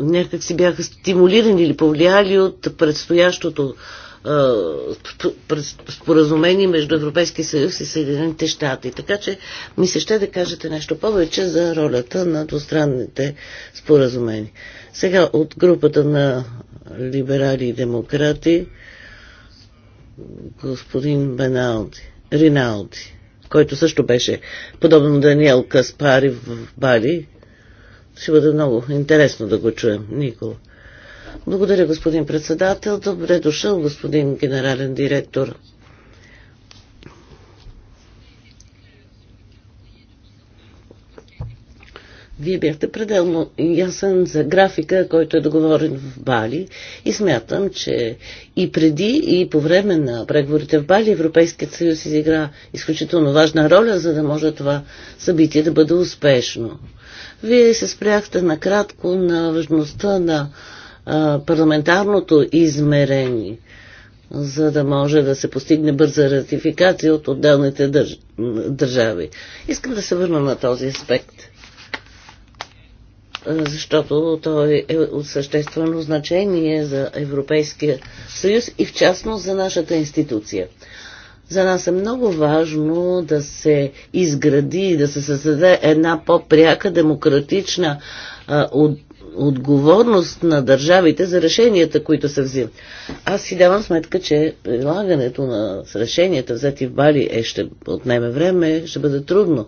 някак си бяха стимулирани или повлияли от предстоящото споразумение между Европейския съюз и Съединените щати. Така че ми се ще да кажете нещо повече за ролята на двустранните споразумения. Сега от групата на либерали и демократи господин Беналди, Риналди който също беше подобно на Даниел Каспари в Бали. Ще бъде много интересно да го чуем, Никол. Благодаря, господин председател. Добре дошъл, господин генерален директор. Вие бяхте пределно ясен за графика, който е договорен в Бали и смятам, че и преди и по време на преговорите в Бали Европейският съюз изигра изключително важна роля, за да може това събитие да бъде успешно. Вие се спряхте накратко на важността на парламентарното измерение, за да може да се постигне бърза ратификация от отделните държ... държави. Искам да се върна на този аспект – защото той е от съществено значение за Европейския съюз и в частност за нашата институция. За нас е много важно да се изгради и да се създаде една по-пряка демократична а, от, отговорност на държавите за решенията, които се взимат. Аз си давам сметка, че прилагането на решенията, взети в Бали, е, ще отнеме време, ще бъде трудно.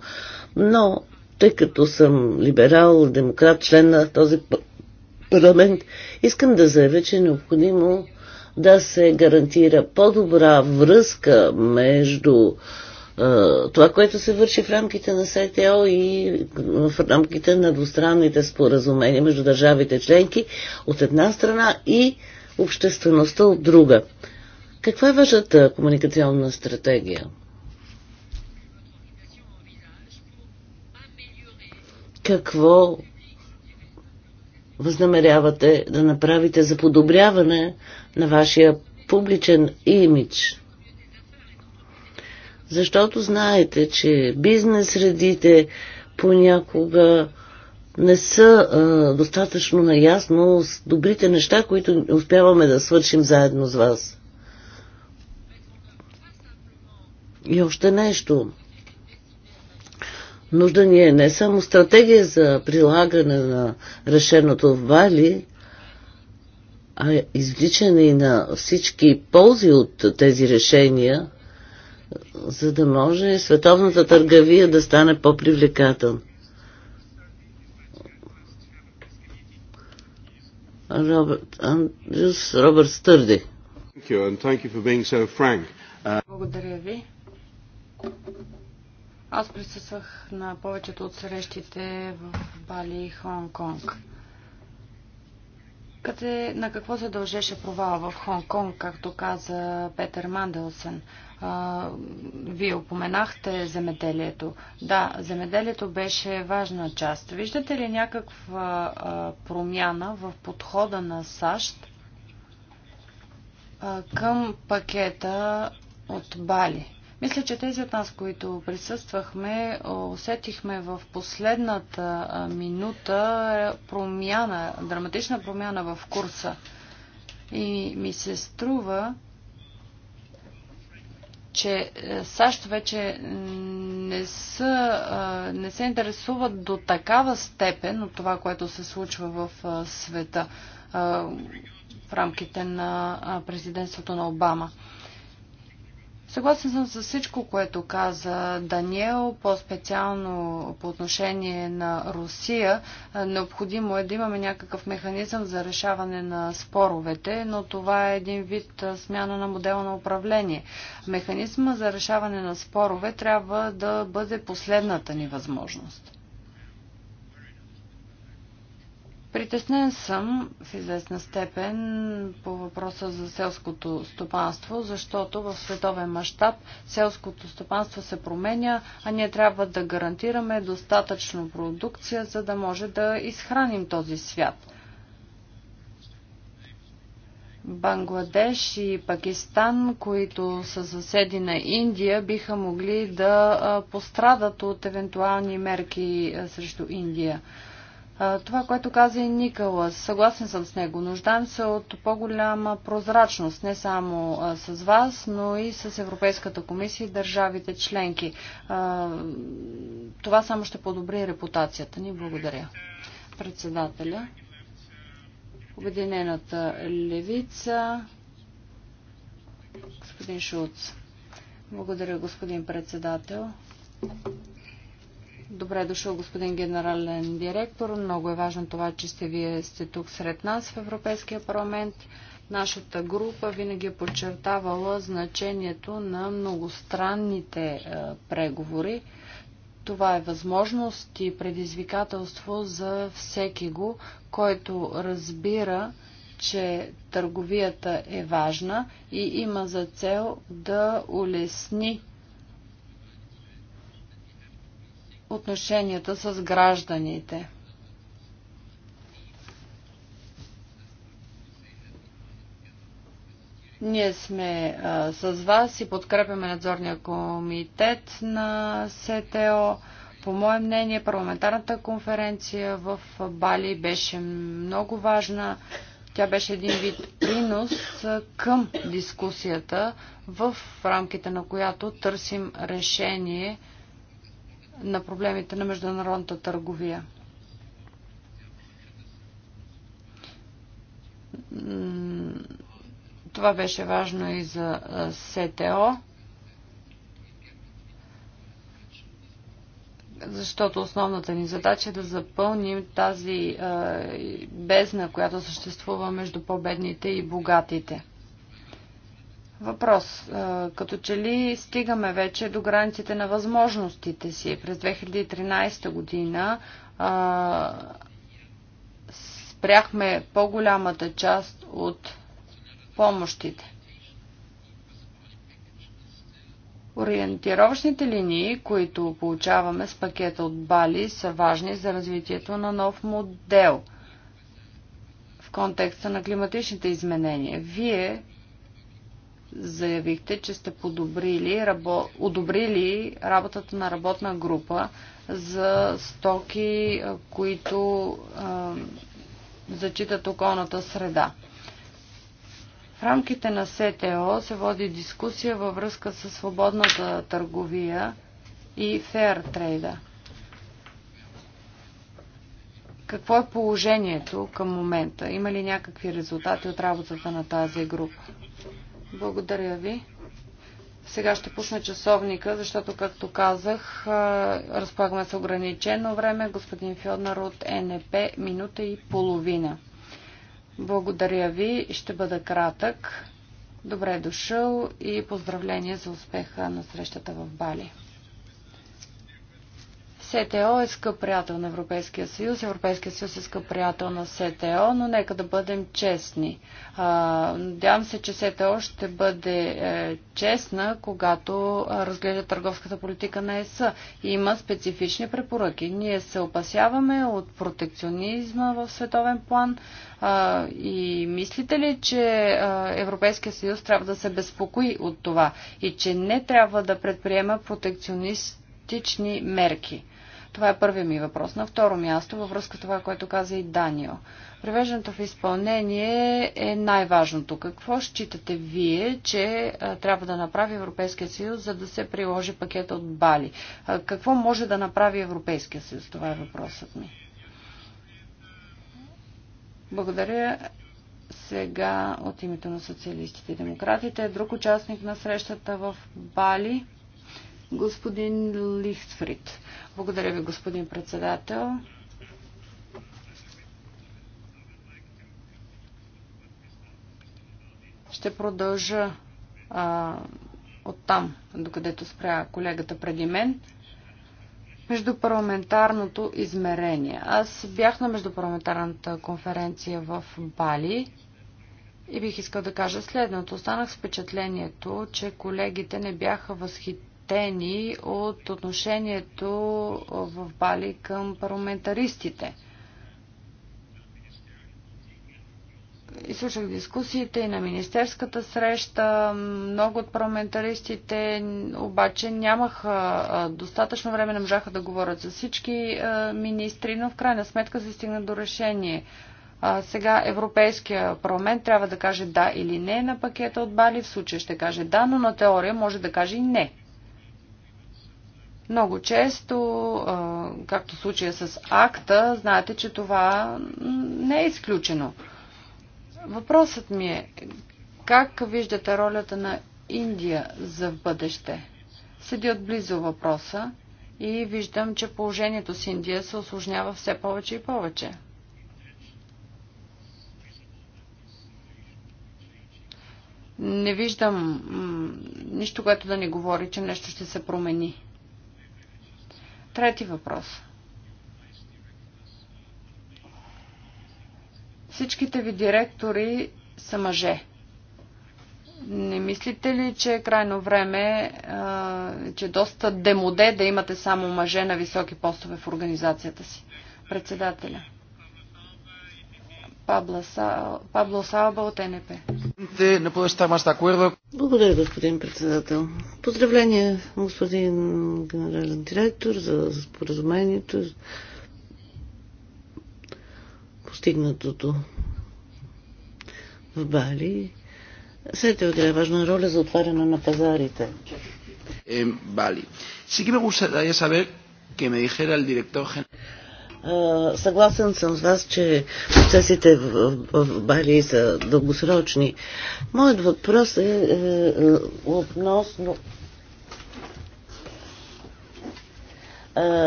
Но тъй като съм либерал, демократ, член на този парламент, искам да заявя, че е необходимо да се гарантира по-добра връзка между е, това, което се върши в рамките на СТО и в рамките на двустранните споразумения между държавите членки от една страна и обществеността от друга. Каква е вашата комуникационна стратегия? какво възнамерявате да направите за подобряване на вашия публичен имидж. Защото знаете, че бизнес средите понякога не са а, достатъчно наясно с добрите неща, които успяваме да свършим заедно с вас. И още нещо. Нужда ни е не само стратегия за прилагане на решеното в Бали, а извличане и на всички ползи от тези решения, за да може световната търгавия да стане по-привлекателна. Робърт Андрюс, Робърт Стърди. Uh, Благодаря ви. Аз присъствах на повечето от срещите в Бали и Хонг-Конг. Къде, на какво се дължеше провала в Хонг-Конг, както каза Петър Манделсен? А, вие упоменахте земеделието. Да, земеделието беше важна част. Виждате ли някаква а, промяна в подхода на САЩ а, към пакета от Бали? Мисля, че тези от нас, които присъствахме, усетихме в последната минута промяна, драматична промяна в курса. И ми се струва, че е, САЩ вече не, са, не се интересуват до такава степен от това, което се случва в света в рамките на президентството на Обама. Съгласен съм с всичко, което каза Даниел, по-специално по отношение на Русия. Е, необходимо е да имаме някакъв механизъм за решаване на споровете, но това е един вид е, смяна на модела на управление. Механизма за решаване на спорове трябва да бъде последната ни възможност. Притеснен съм в известна степен по въпроса за селското стопанство, защото в световен мащаб селското стопанство се променя, а ние трябва да гарантираме достатъчно продукция, за да може да изхраним този свят. Бангладеш и Пакистан, които са съседи на Индия, биха могли да пострадат от евентуални мерки срещу Индия. Това, което каза и Никола, съгласен съм с него. Нуждаем се от по-голяма прозрачност, не само с вас, но и с Европейската комисия и държавите членки. Това само ще подобри репутацията ни. Благодаря. Председателя. Обединената левица. Господин Шуц, Благодаря, господин председател. Добре е дошъл, господин генерален директор. Много е важно това, че сте вие сте тук сред нас в Европейския парламент. Нашата група винаги е подчертавала значението на многостранните е, преговори. Това е възможност и предизвикателство за всеки го, който разбира, че търговията е важна и има за цел да улесни отношенията с гражданите. Ние сме а, с вас и подкрепяме надзорния комитет на СТО. По мое мнение, парламентарната конференция в Бали беше много важна. Тя беше един вид принос към дискусията, в рамките на която търсим решение на проблемите на международната търговия. Това беше важно и за СТО, защото основната ни задача е да запълним тази бездна, която съществува между по-бедните и богатите. Въпрос. Като че ли стигаме вече до границите на възможностите си? През 2013 година а, спряхме по-голямата част от помощите. Ориентировъчните линии, които получаваме с пакета от Бали, са важни за развитието на нов модел в контекста на климатичните изменения. Вие заявихте, че сте подобрили, рабо, одобрили работата на работна група за стоки, които а, зачитат околната среда. В рамките на СТО се води дискусия във връзка с свободната търговия и фер трейда. Какво е положението към момента? Има ли някакви резултати от работата на тази група? Благодаря ви. Сега ще пусна часовника, защото, както казах, разполагаме с ограничено време. Господин Фьоднар от НП, минута и половина. Благодаря ви, ще бъда кратък. Добре е дошъл и поздравление за успеха на срещата в Бали. СТО е скъп приятел на Европейския съюз, Европейския съюз е скъп приятел на СТО, но нека да бъдем честни. Надявам се, че СТО ще бъде е, честна, когато разгледа търговската политика на ЕС. Има специфични препоръки. Ние се опасяваме от протекционизма в световен план. И мислите ли, че Европейския съюз трябва да се безпокои от това и че не трябва да предприема протекционист мерки. Това е първият ми въпрос. На второ място, във връзка с това, което каза и Данио. Привеждането в изпълнение е най-важното. Какво считате вие, че а, трябва да направи Европейския съюз, за да се приложи пакета от Бали? А, какво може да направи Европейския съюз? Това е въпросът ми. Благодаря сега от името на социалистите и демократите. Друг участник на срещата в Бали. Господин Лихтфрид. Благодаря ви, господин председател. Ще продължа а, оттам, докъдето спря колегата преди мен междупарламентарното измерение. Аз бях на междупарламентарната конференция в Бали и бих искал да кажа следното. Останах с впечатлението, че колегите не бяха възхитени възмутени от отношението в Бали към парламентаристите. И слушах дискусиите и на министерската среща. Много от парламентаристите обаче нямаха достатъчно време, не можаха да говорят за всички министри, но в крайна сметка се стигна до решение. А, сега Европейския парламент трябва да каже да или не на пакета от Бали. В случая ще каже да, но на теория може да каже и не. Много често, както в случая с акта, знаете, че това не е изключено. Въпросът ми е, как виждате ролята на Индия за в бъдеще? Седи отблизо въпроса и виждам, че положението с Индия се осложнява все повече и повече. Не виждам нищо, което да ни говори, че нещо ще се промени. Трети въпрос. Всичките ви директори са мъже. Не мислите ли, че е крайно време, че е доста демоде да имате само мъже на високи постове в организацията си? Председателя. Пабло Салба от НП. Благодаря, господин председател. Поздравления, господин генерален директор, за споразумението, постигнатото в Бали. Сете играе важна роля за отваряне на пазарите. Е, Бали. Sí que me gustaría saber que me dijera el director Съгласен съм с вас, че процесите в, Бали са дългосрочни. Моят въпрос е, е относно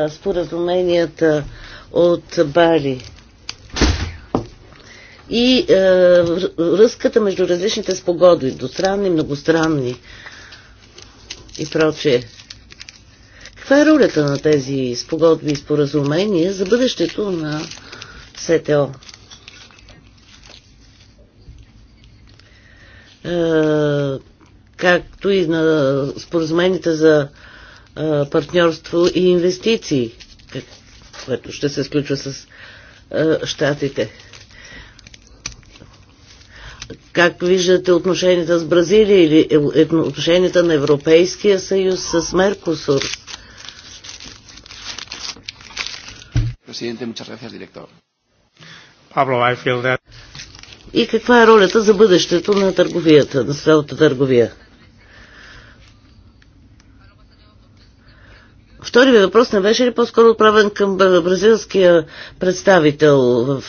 споразуменията от Бали и е, връзката между различните спогоди, двустранни, многостранни и прочее. Каква е ролята на тези спогодби и споразумения за бъдещето на СТО? Е, както и на споразумените за е, партньорство и инвестиции, което ще се сключва с е, щатите. Как виждате отношенията с Бразилия или отношенията на Европейския съюз с Меркосур? Presidente, muchas gracias, director. Pablo, I feel that... И каква е ролята за бъдещето на търговията, на средната търговия? Втори ми въпрос не беше ли по-скоро отправен към бразилския представител в,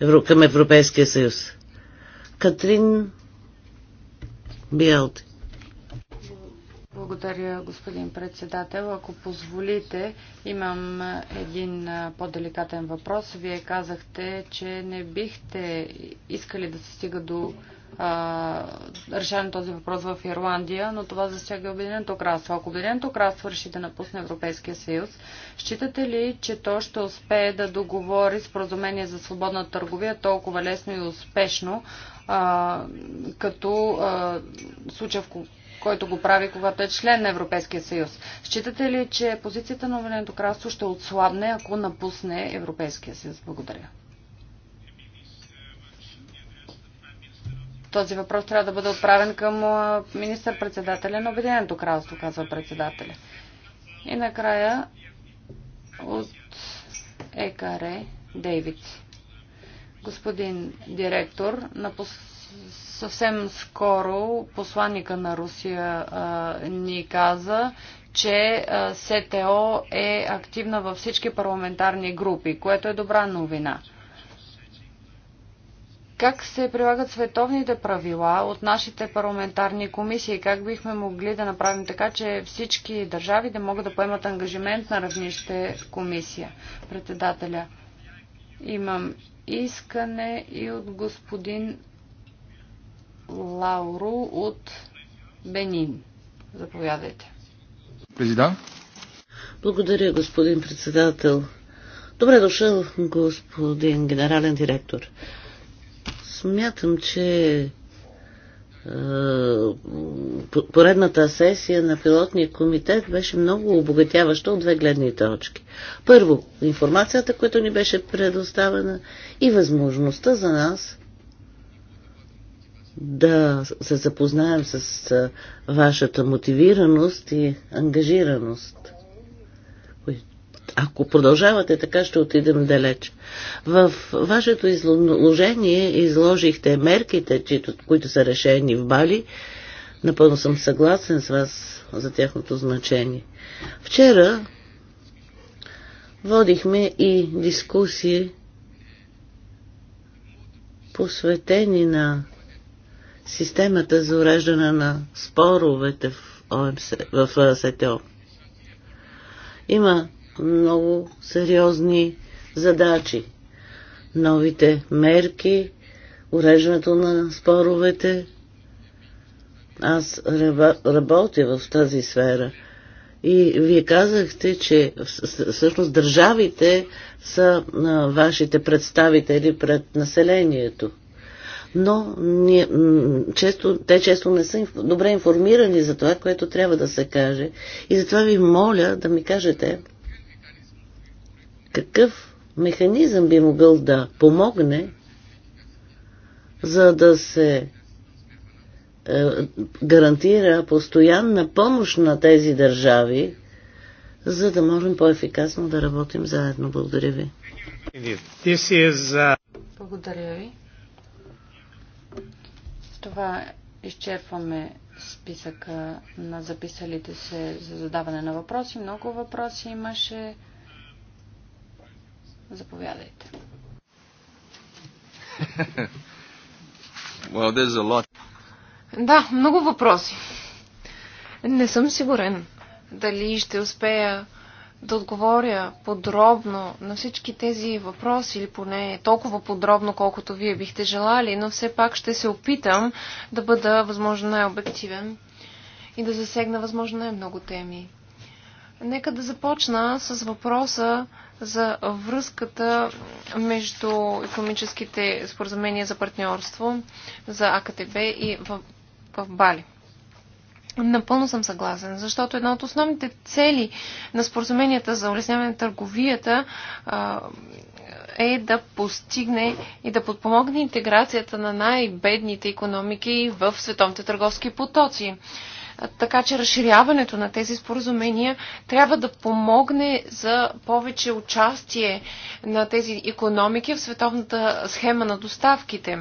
е, към Европейския съюз? Катрин Биалти. Благодаря, господин председател. Ако позволите, имам един по-деликатен въпрос. Вие казахте, че не бихте искали да се стига до решаване този въпрос в Ирландия, но това засяга Обединеното кралство. Ако Обединеното кралство реши да напусне Европейския съюз, считате ли, че то ще успее да договори споразумение за свободна търговия толкова лесно и успешно, а, като а, случай в който го прави, когато е член на Европейския съюз. Считате ли, че позицията на Обединеното кралство ще отслабне, ако напусне Европейския съюз? Благодаря. Този въпрос трябва да бъде отправен към министър-председателя на Обединеното кралство, казва председателя. И накрая от ЕКАРЕ Дейвид. Господин директор, напусна съвсем скоро посланника на Русия а, ни каза, че СТО е активна във всички парламентарни групи, което е добра новина. Как се прилагат световните правила от нашите парламентарни комисии? Как бихме могли да направим така, че всички държави да могат да поемат ангажимент на равнище комисия? Председателя, имам искане и от господин Лауро от Бенин. Заповядайте. Президент. Благодаря, господин председател. Добре дошъл, господин генерален директор. Смятам, че е, поредната сесия на пилотния комитет беше много обогатяваща от две гледни точки. Първо, информацията, която ни беше предоставена и възможността за нас да се запознаем с вашата мотивираност и ангажираност. Ако продължавате така, ще отидем далеч. В вашето изложение изложихте мерките, които са решени в Бали. Напълно съм съгласен с вас за тяхното значение. Вчера водихме и дискусии посветени на системата за уреждане на споровете в, ОМС, в СТО. Има много сериозни задачи. Новите мерки, уреждането на споровете. Аз работя в тази сфера. И вие казахте, че всъщност държавите са вашите представители пред населението но ние, често, те често не са добре информирани за това, което трябва да се каже. И затова ви моля да ми кажете какъв механизъм би могъл да помогне, за да се е, гарантира постоянна помощ на тези държави, за да можем по-ефикасно да работим заедно. Благодаря ви. Uh, Благодаря ви това изчерпваме списъка на записалите се за задаване на въпроси. Много въпроси имаше. Заповядайте. Well, there's a lot. Да, много въпроси. Не съм сигурен дали ще успея да отговоря подробно на всички тези въпроси, или поне толкова подробно, колкото вие бихте желали, но все пак ще се опитам да бъда възможно най-обективен и да засегна възможно най-много теми. Нека да започна с въпроса за връзката между економическите споразумения за партньорство за АКТБ и в, в Бали. Напълно съм съгласен, защото една от основните цели на споразуменията за улесняване на търговията е да постигне и да подпомогне интеграцията на най-бедните економики в световните търговски потоци. Така че разширяването на тези споразумения трябва да помогне за повече участие на тези економики в световната схема на доставките.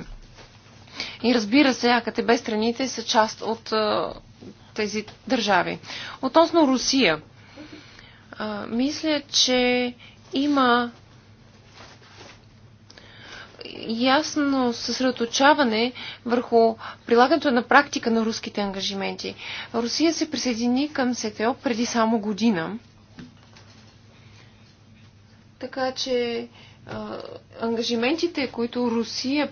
И разбира се, АКТБ страните са част от тези държави. Относно Русия, а, мисля, че има ясно съсредоточаване върху прилагането на практика на руските ангажименти. Русия се присъедини към СТО преди само година. Така че а, ангажиментите, които Русия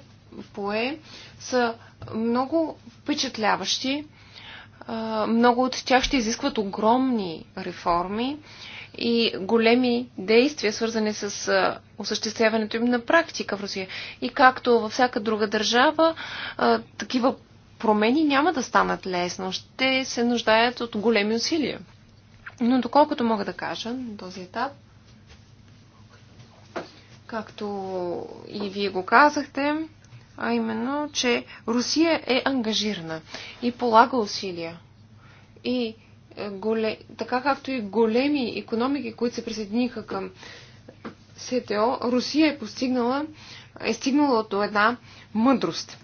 пое, са много впечатляващи много от тях ще изискват огромни реформи и големи действия, свързани с осъществяването им на практика в Русия. И както във всяка друга държава, такива промени няма да станат лесно. Ще се нуждаят от големи усилия. Но доколкото мога да кажа на този етап, както и вие го казахте, а именно, че Русия е ангажирана и полага усилия. И е, голе... така както и големи економики, които се присъединиха към СТО, Русия е постигнала, е стигнала до една мъдрост.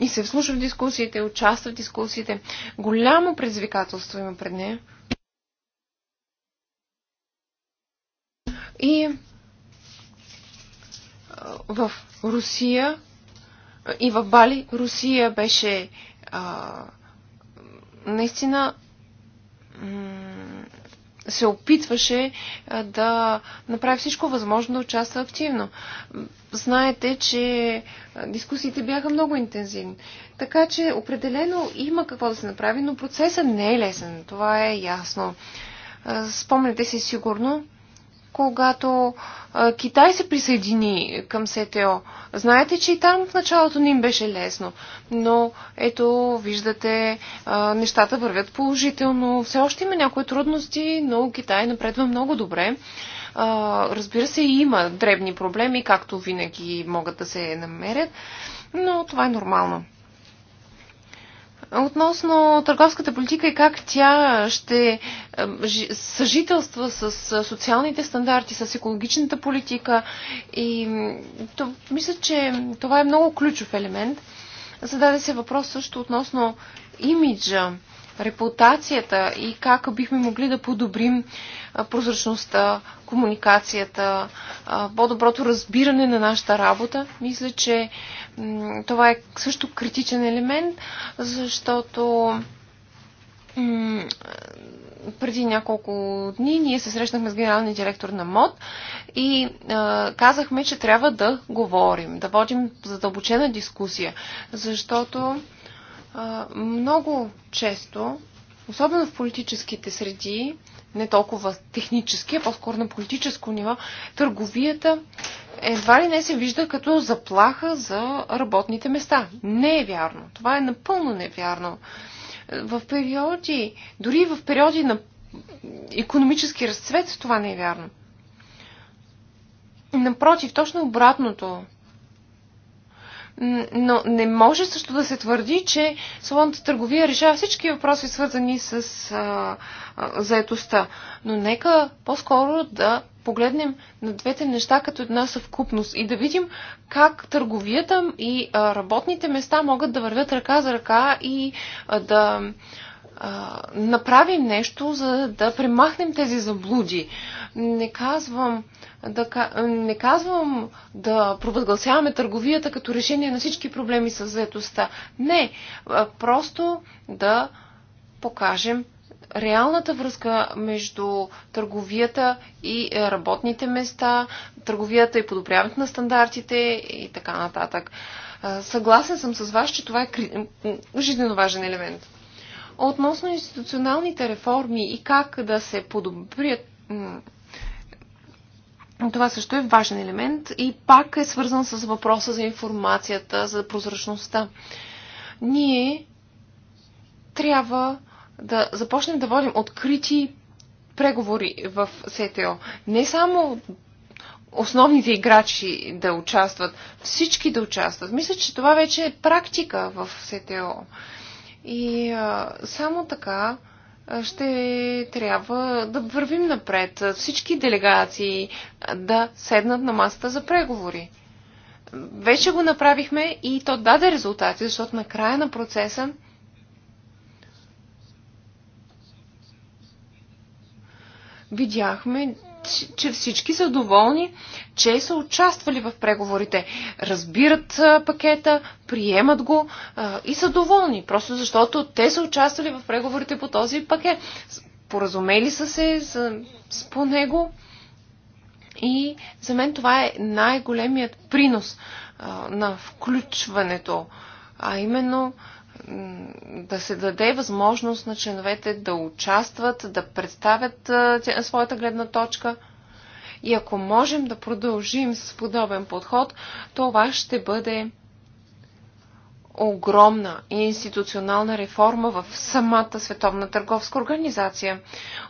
И се вслушва в дискусиите, участва в дискусиите. Голямо предизвикателство има пред нея. И е, в Русия и в Бали Русия беше а, наистина се опитваше да направи всичко възможно да участва активно. Знаете, че дискусиите бяха много интензивни. Така че определено има какво да се направи, но процесът не е лесен. Това е ясно. Спомняте си сигурно когато Китай се присъедини към СТО. Знаете, че и там в началото не им беше лесно, но ето, виждате, нещата вървят положително. Все още има някои трудности, но Китай напредва много добре. разбира се, има дребни проблеми, както винаги могат да се намерят, но това е нормално. Относно търговската политика и как тя ще е, съжителства с социалните стандарти, с екологичната политика. И то, мисля, че това е много ключов елемент. Зададе се въпрос също относно имиджа репутацията и как бихме могли да подобрим прозрачността, комуникацията, по-доброто разбиране на нашата работа. Мисля, че това е също критичен елемент, защото преди няколко дни ние се срещнахме с генералния директор на МОД и казахме, че трябва да говорим, да водим задълбочена дискусия, защото много често, особено в политическите среди, не толкова технически, а по-скоро на политическо ниво, търговията едва ли не се вижда като заплаха за работните места. Не е вярно. Това е напълно невярно. В периоди, дори в периоди на економически разцвет, това не е вярно. Напротив, точно обратното но не може също да се твърди, че свободната търговия решава всички въпроси, свързани с а, а, заетостта. Но нека по-скоро да погледнем на двете неща като една съвкупност и да видим как търговията и а, работните места могат да вървят ръка за ръка и а, да а, направим нещо, за да премахнем тези заблуди. Не казвам да, не казвам да провъзгласяваме търговията като решение на всички проблеми с заедостта. Не, просто да покажем реалната връзка между търговията и работните места, търговията и подобряването на стандартите и така нататък. Съгласен съм с вас, че това е жизненно важен елемент. Относно институционалните реформи и как да се подобрят това също е важен елемент и пак е свързан с въпроса за информацията, за прозрачността. Ние трябва да започнем да водим открити преговори в СТО. Не само основните играчи да участват, всички да участват. Мисля, че това вече е практика в СТО. И а, само така ще трябва да вървим напред. Всички делегации да седнат на масата за преговори. Вече го направихме и то даде резултати, защото на края на процеса видяхме, че всички са доволни, че са участвали в преговорите. Разбират пакета, приемат го и са доволни, просто защото те са участвали в преговорите по този пакет. Поразумели са се за, по него и за мен това е най-големият принос на включването, а именно да се даде възможност на членовете да участват, да представят своята гледна точка. И ако можем да продължим с подобен подход, това ще бъде огромна институционална реформа в самата Световна търговска организация.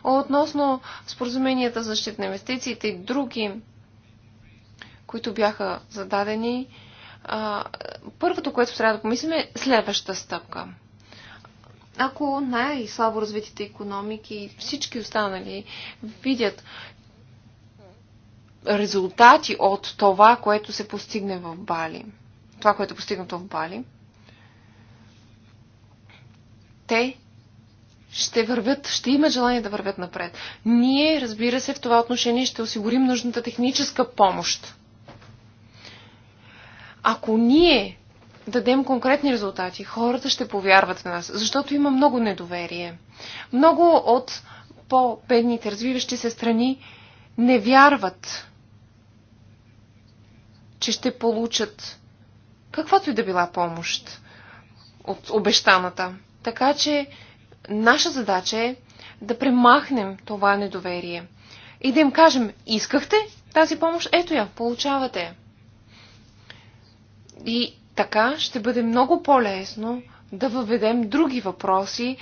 Относно споразуменията за защита на инвестициите и други, които бяха зададени, а, първото, което трябва да помислим е следващата стъпка. Ако най-слабо развитите економики и всички останали видят резултати от това, което се постигне в Бали, това, което е постигнато в Бали, те ще вървят, ще имат желание да вървят напред. Ние, разбира се, в това отношение ще осигурим нужната техническа помощ. Ако ние дадем конкретни резултати, хората ще повярват в нас, защото има много недоверие. Много от по-бедните, развиващи се страни не вярват, че ще получат каквато и да била помощ от обещаната. Така че наша задача е да премахнем това недоверие и да им кажем, искахте тази помощ, ето я, получавате. И така ще бъде много по-лесно да въведем други въпроси,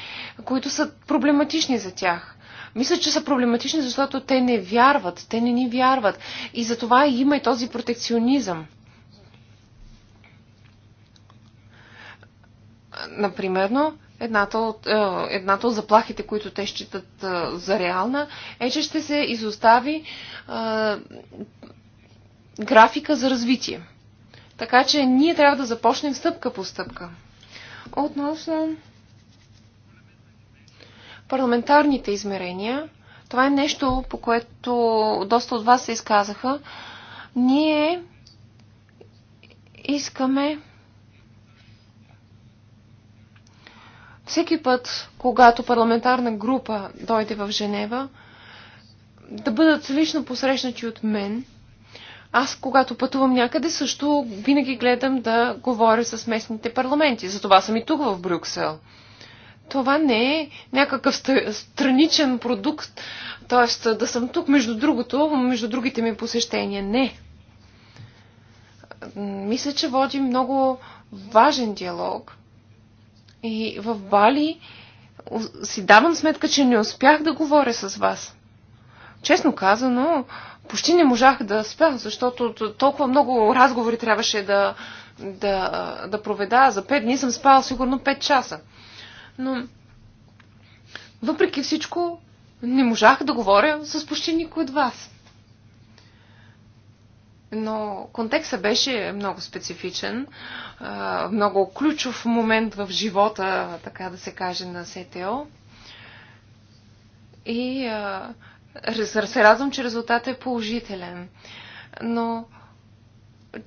които са проблематични за тях. Мисля, че са проблематични, защото те не вярват, те не ни вярват. И затова има и този протекционизъм. Например, едната от, е, едната от заплахите, които те считат е, за реална, е, че ще се изостави е, графика за развитие. Така че ние трябва да започнем стъпка по стъпка. Относно парламентарните измерения, това е нещо, по което доста от вас се изказаха. Ние искаме всеки път, когато парламентарна група дойде в Женева, да бъдат лично посрещнати от мен – аз, когато пътувам някъде, също винаги гледам да говоря с местните парламенти. Затова съм и тук в Брюксел. Това не е някакъв страничен продукт, т.е. да съм тук между другото, между другите ми посещения. Не. Мисля, че водим много важен диалог. И в Бали си давам сметка, че не успях да говоря с вас. Честно казано, почти не можах да спя, защото толкова много разговори трябваше да, да, да проведа. За пет дни съм спала сигурно 5 часа. Но въпреки всичко, не можах да говоря с почти никой от вас. Но контекстът беше много специфичен, много ключов момент в живота, така да се каже, на СТО. И се радвам, че резултатът е положителен. Но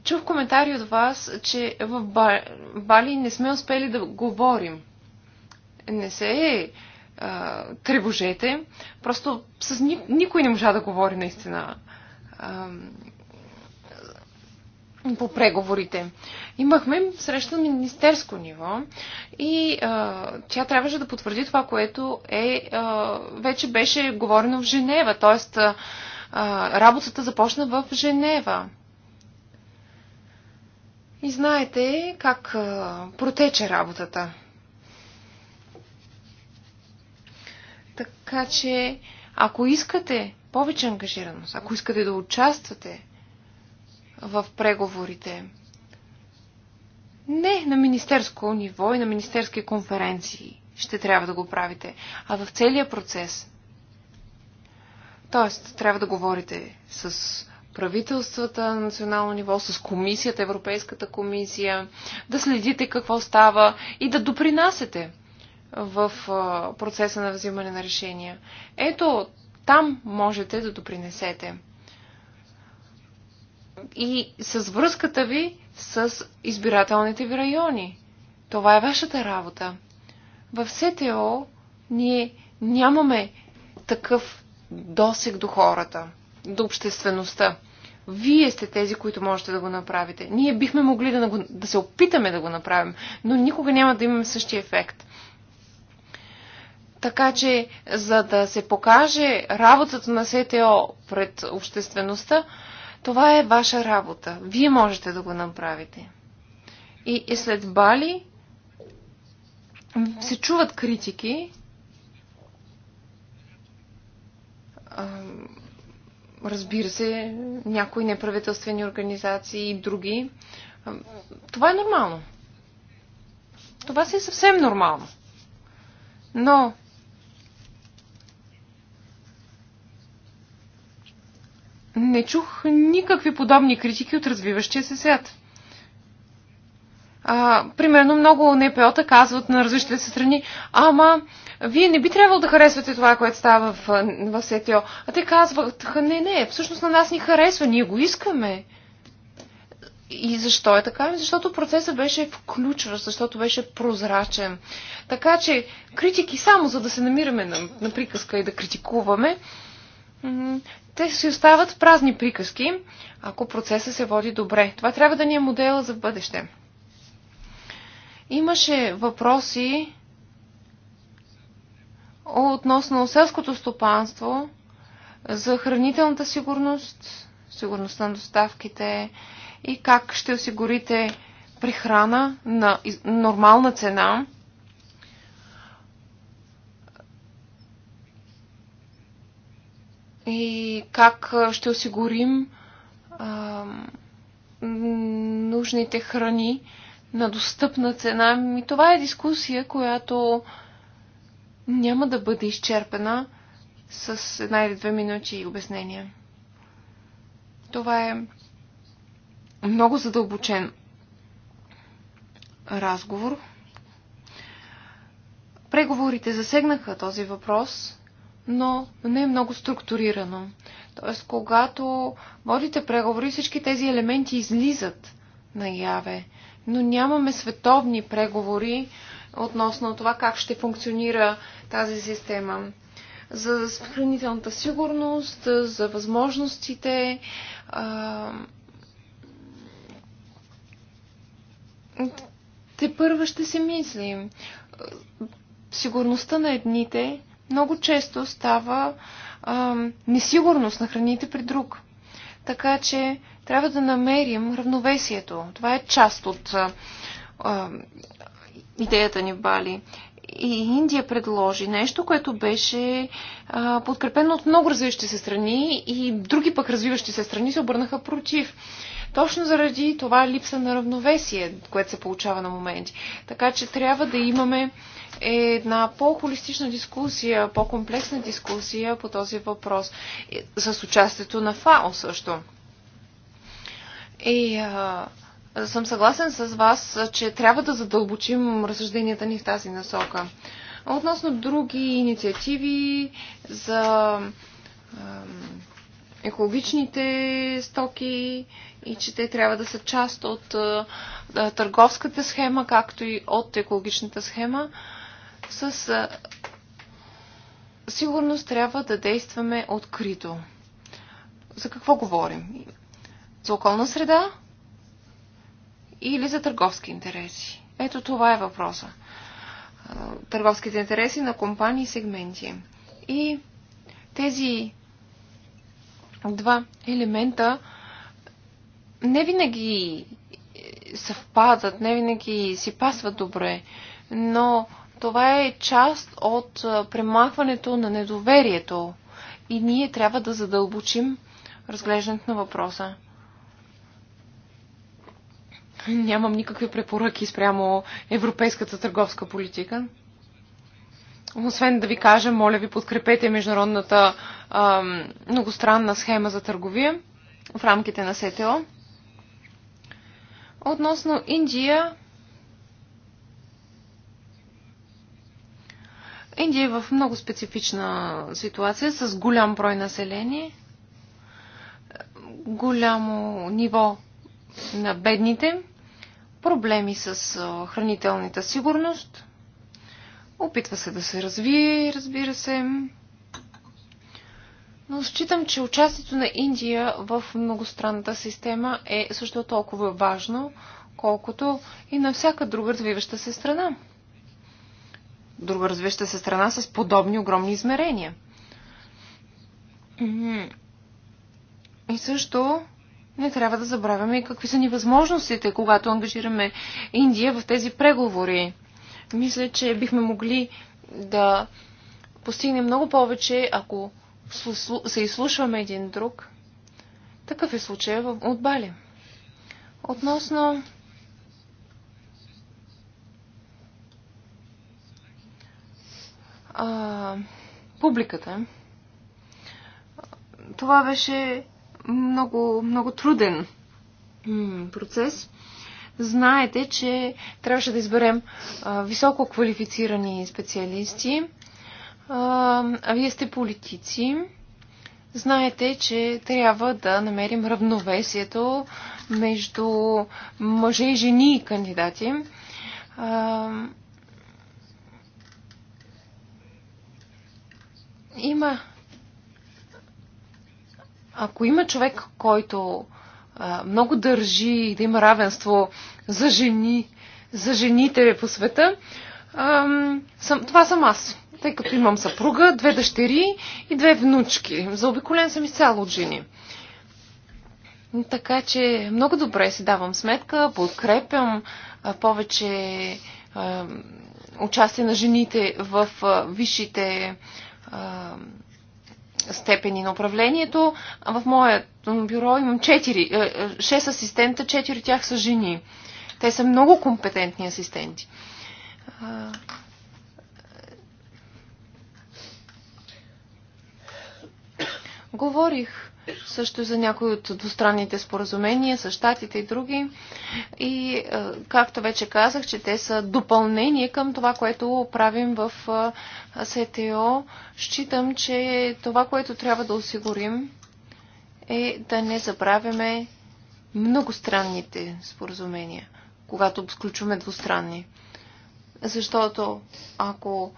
чух коментари от вас, че в Бали не сме успели да говорим. Не се е, тревожете. Просто с ни, никой не можа да говори наистина. А, по преговорите. Имахме среща на министерско ниво и а, тя трябваше да потвърди това, което е, а, вече беше говорено в Женева, т.е. работата започна в Женева. И знаете как а, протече работата. Така че, ако искате повече ангажираност, ако искате да участвате в преговорите. Не на министерско ниво и на министерски конференции ще трябва да го правите, а в целия процес. Тоест, трябва да говорите с правителствата на национално ниво, с комисията, Европейската комисия, да следите какво става и да допринасете в процеса на взимане на решения. Ето, там можете да допринесете и с връзката ви с избирателните ви райони. Това е вашата работа. В СТО ние нямаме такъв досек до хората, до обществеността. Вие сте тези, които можете да го направите. Ние бихме могли да, го, да се опитаме да го направим, но никога няма да имаме същия ефект. Така че, за да се покаже работата на СТО пред обществеността, това е ваша работа. Вие можете да го направите. И, и след Бали се чуват критики. Разбира се, някои неправителствени организации и други. Това е нормално. Това си е съвсем нормално. Но не чух никакви подобни критики от развиващия се свят. А, примерно много НПО-та казват на различните се страни, ама вие не би трябвало да харесвате това, което става в, в СТО. А те казват, не, не, всъщност на нас ни харесва, ние го искаме. И защо е така? Ами защото процесът беше включващ, защото беше прозрачен. Така че критики само за да се намираме на, на приказка и да критикуваме, те си остават празни приказки, ако процесът се води добре. Това трябва да ни е модела за бъдеще. Имаше въпроси относно селското стопанство, за хранителната сигурност, сигурността на доставките и как ще осигурите прехрана на нормална цена – и как ще осигурим а, нужните храни на достъпна цена. И ами, това е дискусия, която няма да бъде изчерпена с една или две минути и обяснение. Това е много задълбочен разговор. Преговорите засегнаха този въпрос но не е много структурирано. Тоест, когато водите преговори, всички тези елементи излизат наяве, но нямаме световни преговори относно това как ще функционира тази система. За хранителната сигурност, за възможностите, а... те първа ще се мислим. Сигурността на едните много често става а, несигурност на храните при друг. Така че трябва да намерим равновесието. Това е част от а, идеята ни в Бали. И Индия предложи нещо, което беше а, подкрепено от много развиващи се страни и други пък развиващи се страни се обърнаха против точно заради това липса на равновесие, което се получава на моменти. Така че трябва да имаме една по-холистична дискусия, по-комплексна дискусия по този въпрос, с участието на ФАО също. И а, съм съгласен с вас, че трябва да задълбочим разсъжденията ни в тази насока. Относно други инициативи за а, екологичните стоки и че те трябва да са част от търговската схема, както и от екологичната схема. С сигурност трябва да действаме открито. За какво говорим? За околна среда или за търговски интереси? Ето това е въпроса. Търговските интереси на компании и сегменти. И тези два елемента не винаги е, съвпадат, не винаги си пасват добре, но това е част от е, премахването на недоверието и ние трябва да задълбочим разглеждането на въпроса. Нямам никакви препоръки спрямо европейската търговска политика. Освен да ви кажа, моля ви, подкрепете международната а, многостранна схема за търговия в рамките на СТО. Относно Индия, Индия е в много специфична ситуация с голям брой население, голямо ниво на бедните, проблеми с хранителната сигурност – Опитва се да се развие, разбира се. Но считам, че участието на Индия в многостранната система е също толкова важно, колкото и на всяка друга развиваща се страна. Друга развиваща се страна с подобни огромни измерения. И също не трябва да забравяме какви са ни възможностите, когато ангажираме Индия в тези преговори. Мисля, че бихме могли да постигнем много повече, ако се изслушваме един друг. Такъв е случай от Бали. Относно а, публиката, това беше много, много труден процес. Знаете, че трябваше да изберем високо квалифицирани специалисти, а, вие сте политици. Знаете, че трябва да намерим равновесието между мъже и жени и кандидати. има. Ако има човек, който много държи да има равенство за жени, за жените по света. Съм, това съм аз, тъй като имам съпруга, две дъщери и две внучки. Заобиколен съм изцяло от жени. Така че много добре си давам сметка, подкрепям повече участие на жените в висшите степени на управлението. В моето бюро имам 4, 6 е, е, асистента, 4 от тях са жени. Те са много компетентни асистенти. Говорих също за някои от двустранните споразумения с щатите и други. И е, както вече казах, че те са допълнение към това, което правим в е, СТО. Считам, че това, което трябва да осигурим е да не забравяме многостранните споразумения, когато сключваме двустранни. Защото ако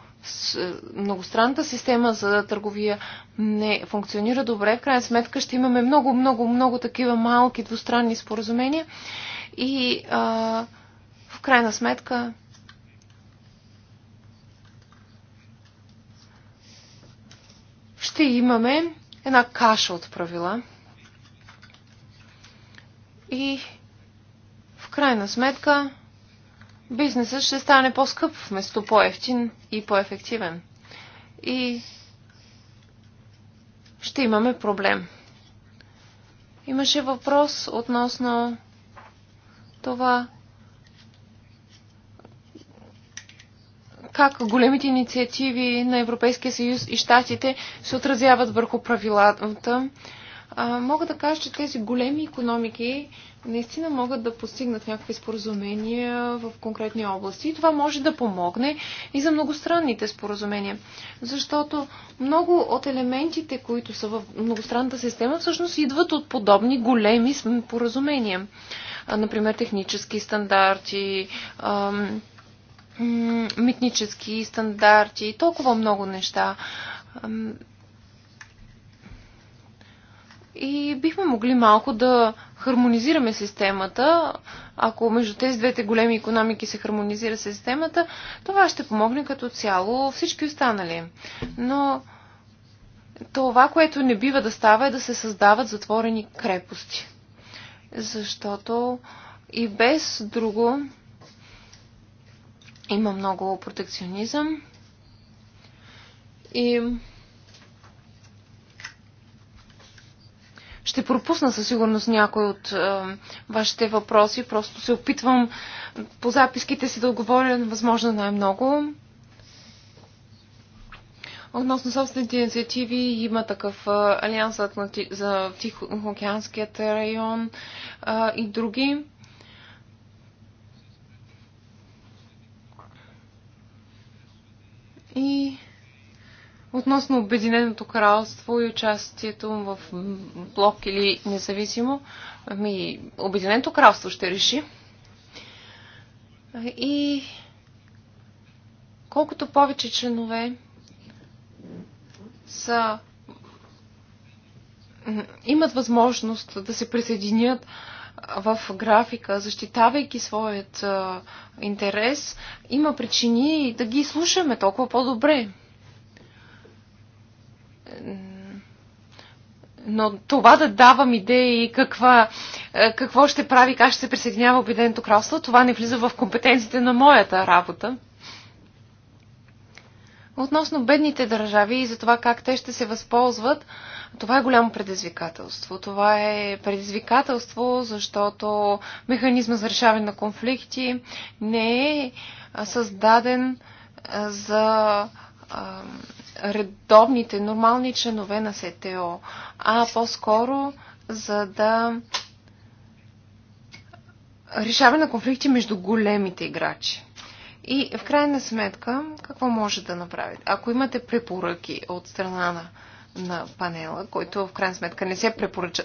е, многостранната система за търговия не функционира добре, в крайна сметка ще имаме много, много, много такива малки двустранни споразумения и а, в крайна сметка ще имаме една каша от правила. И в крайна сметка бизнесът ще стане по-скъп вместо по-ефтин и по-ефективен. И ще имаме проблем. Имаше въпрос относно това как големите инициативи на Европейския съюз и щатите се отразяват върху правилата. мога да кажа, че тези големи економики наистина могат да постигнат някакви споразумения в конкретни области. И това може да помогне и за многостранните споразумения. Защото много от елементите, които са в многостранната система, всъщност идват от подобни големи споразумения. Например, технически стандарти, митнически стандарти и толкова много неща. И бихме могли малко да хармонизираме системата. Ако между тези двете големи економики се хармонизира системата, това ще помогне като цяло всички останали. Но това, което не бива да става е да се създават затворени крепости. Защото и без друго има много протекционизъм и Ще пропусна със сигурност някой от а, е, вашите въпроси. Просто се опитвам по записките си да отговоря възможно най-много. Относно собствените инициативи има такъв е, Алианс за Тихоокеанският район а, е, и други. И Относно Обединеното кралство и участието в блок или независимо, ами Обединеното кралство ще реши. И колкото повече членове са имат възможност да се присъединят в графика, защитавайки своят интерес, има причини да ги слушаме толкова по-добре но това да давам идеи каква, е, какво ще прави, как ще се присъединява Обединеното кралство, това не влиза в компетенциите на моята работа. Относно бедните държави и за това как те ще се възползват, това е голямо предизвикателство. Това е предизвикателство, защото механизма за решаване на конфликти не е създаден за редовните, нормални членове на СТО, а по-скоро за да решава на конфликти между големите играчи. И в крайна сметка, какво може да направите? Ако имате препоръки от страна на, на панела, които в крайна сметка не се,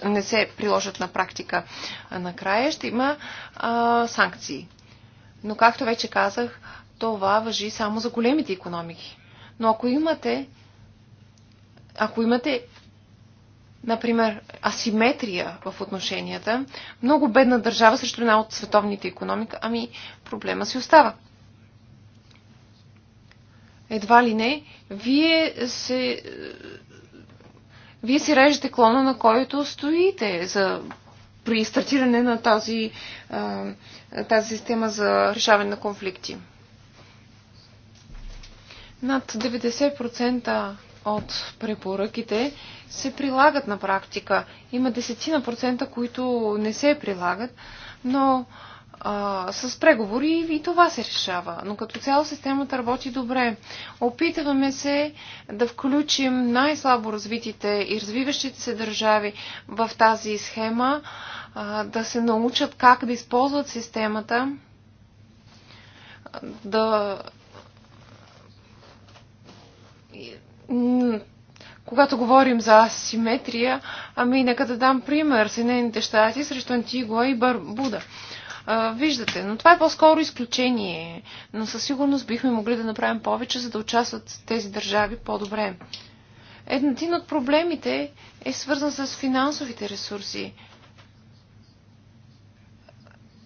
не се приложат на практика накрая, ще има а, санкции. Но както вече казах, това въжи само за големите економики. Но ако имате, ако имате, например, асиметрия в отношенията, много бедна държава срещу една от световните економика, ами проблема си остава. Едва ли не, вие се вие си режете клона, на който стоите за, при стартиране на тази, тази система за решаване на конфликти. Над 90% от препоръките се прилагат на практика. Има десетина процента, които не се прилагат, но а, с преговори и това се решава. Но като цяло системата работи добре. Опитваме се да включим най-слабо развитите и развиващите се държави в тази схема, а, да се научат как да използват системата, да когато говорим за асиметрия, ами нека да дам пример. Съединените щати срещу Антигуа и Барбуда. виждате, но това е по-скоро изключение. Но със сигурност бихме могли да направим повече, за да участват тези държави по-добре. Един от проблемите е свързан с финансовите ресурси.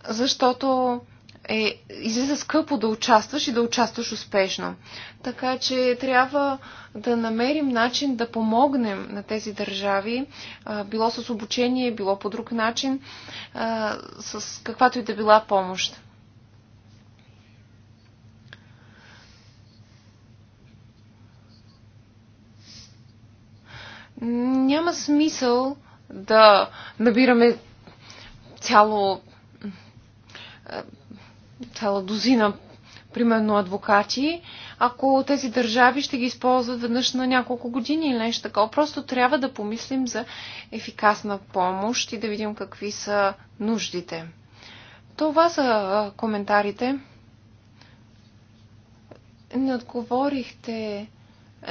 Защото е, излиза скъпо да участваш и да участваш успешно. Така че трябва да намерим начин да помогнем на тези държави, а, било с обучение, било по друг начин, а, с каквато и да била помощ. Няма смисъл да набираме цяло цяла дозина, примерно адвокати, ако тези държави ще ги използват веднъж на няколко години или нещо такова. Просто трябва да помислим за ефикасна помощ и да видим какви са нуждите. Това са коментарите. Не отговорихте,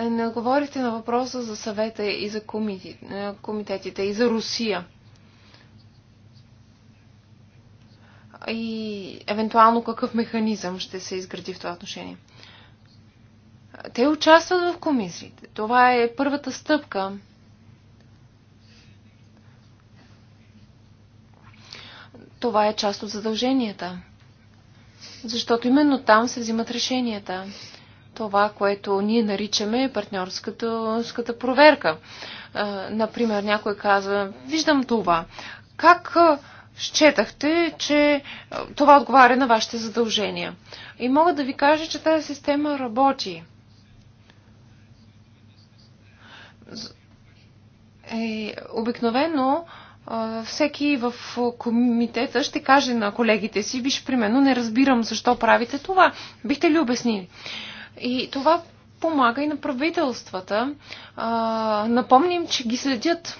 не отговорихте на въпроса за съвета и за е, комитетите и за Русия. и евентуално какъв механизъм ще се изгради в това отношение. Те участват в комисиите. Това е първата стъпка. Това е част от задълженията. Защото именно там се взимат решенията. Това, което ние наричаме партньорската проверка. Например, някой казва, виждам това. Как счетахте, че е, това отговаря на вашите задължения. И мога да ви кажа, че тази система работи. Е, обикновено е, всеки в комитета ще каже на колегите си, виж, примерно, не разбирам защо правите това. Бихте ли обяснили? И това помага и на правителствата. напомним, че ги следят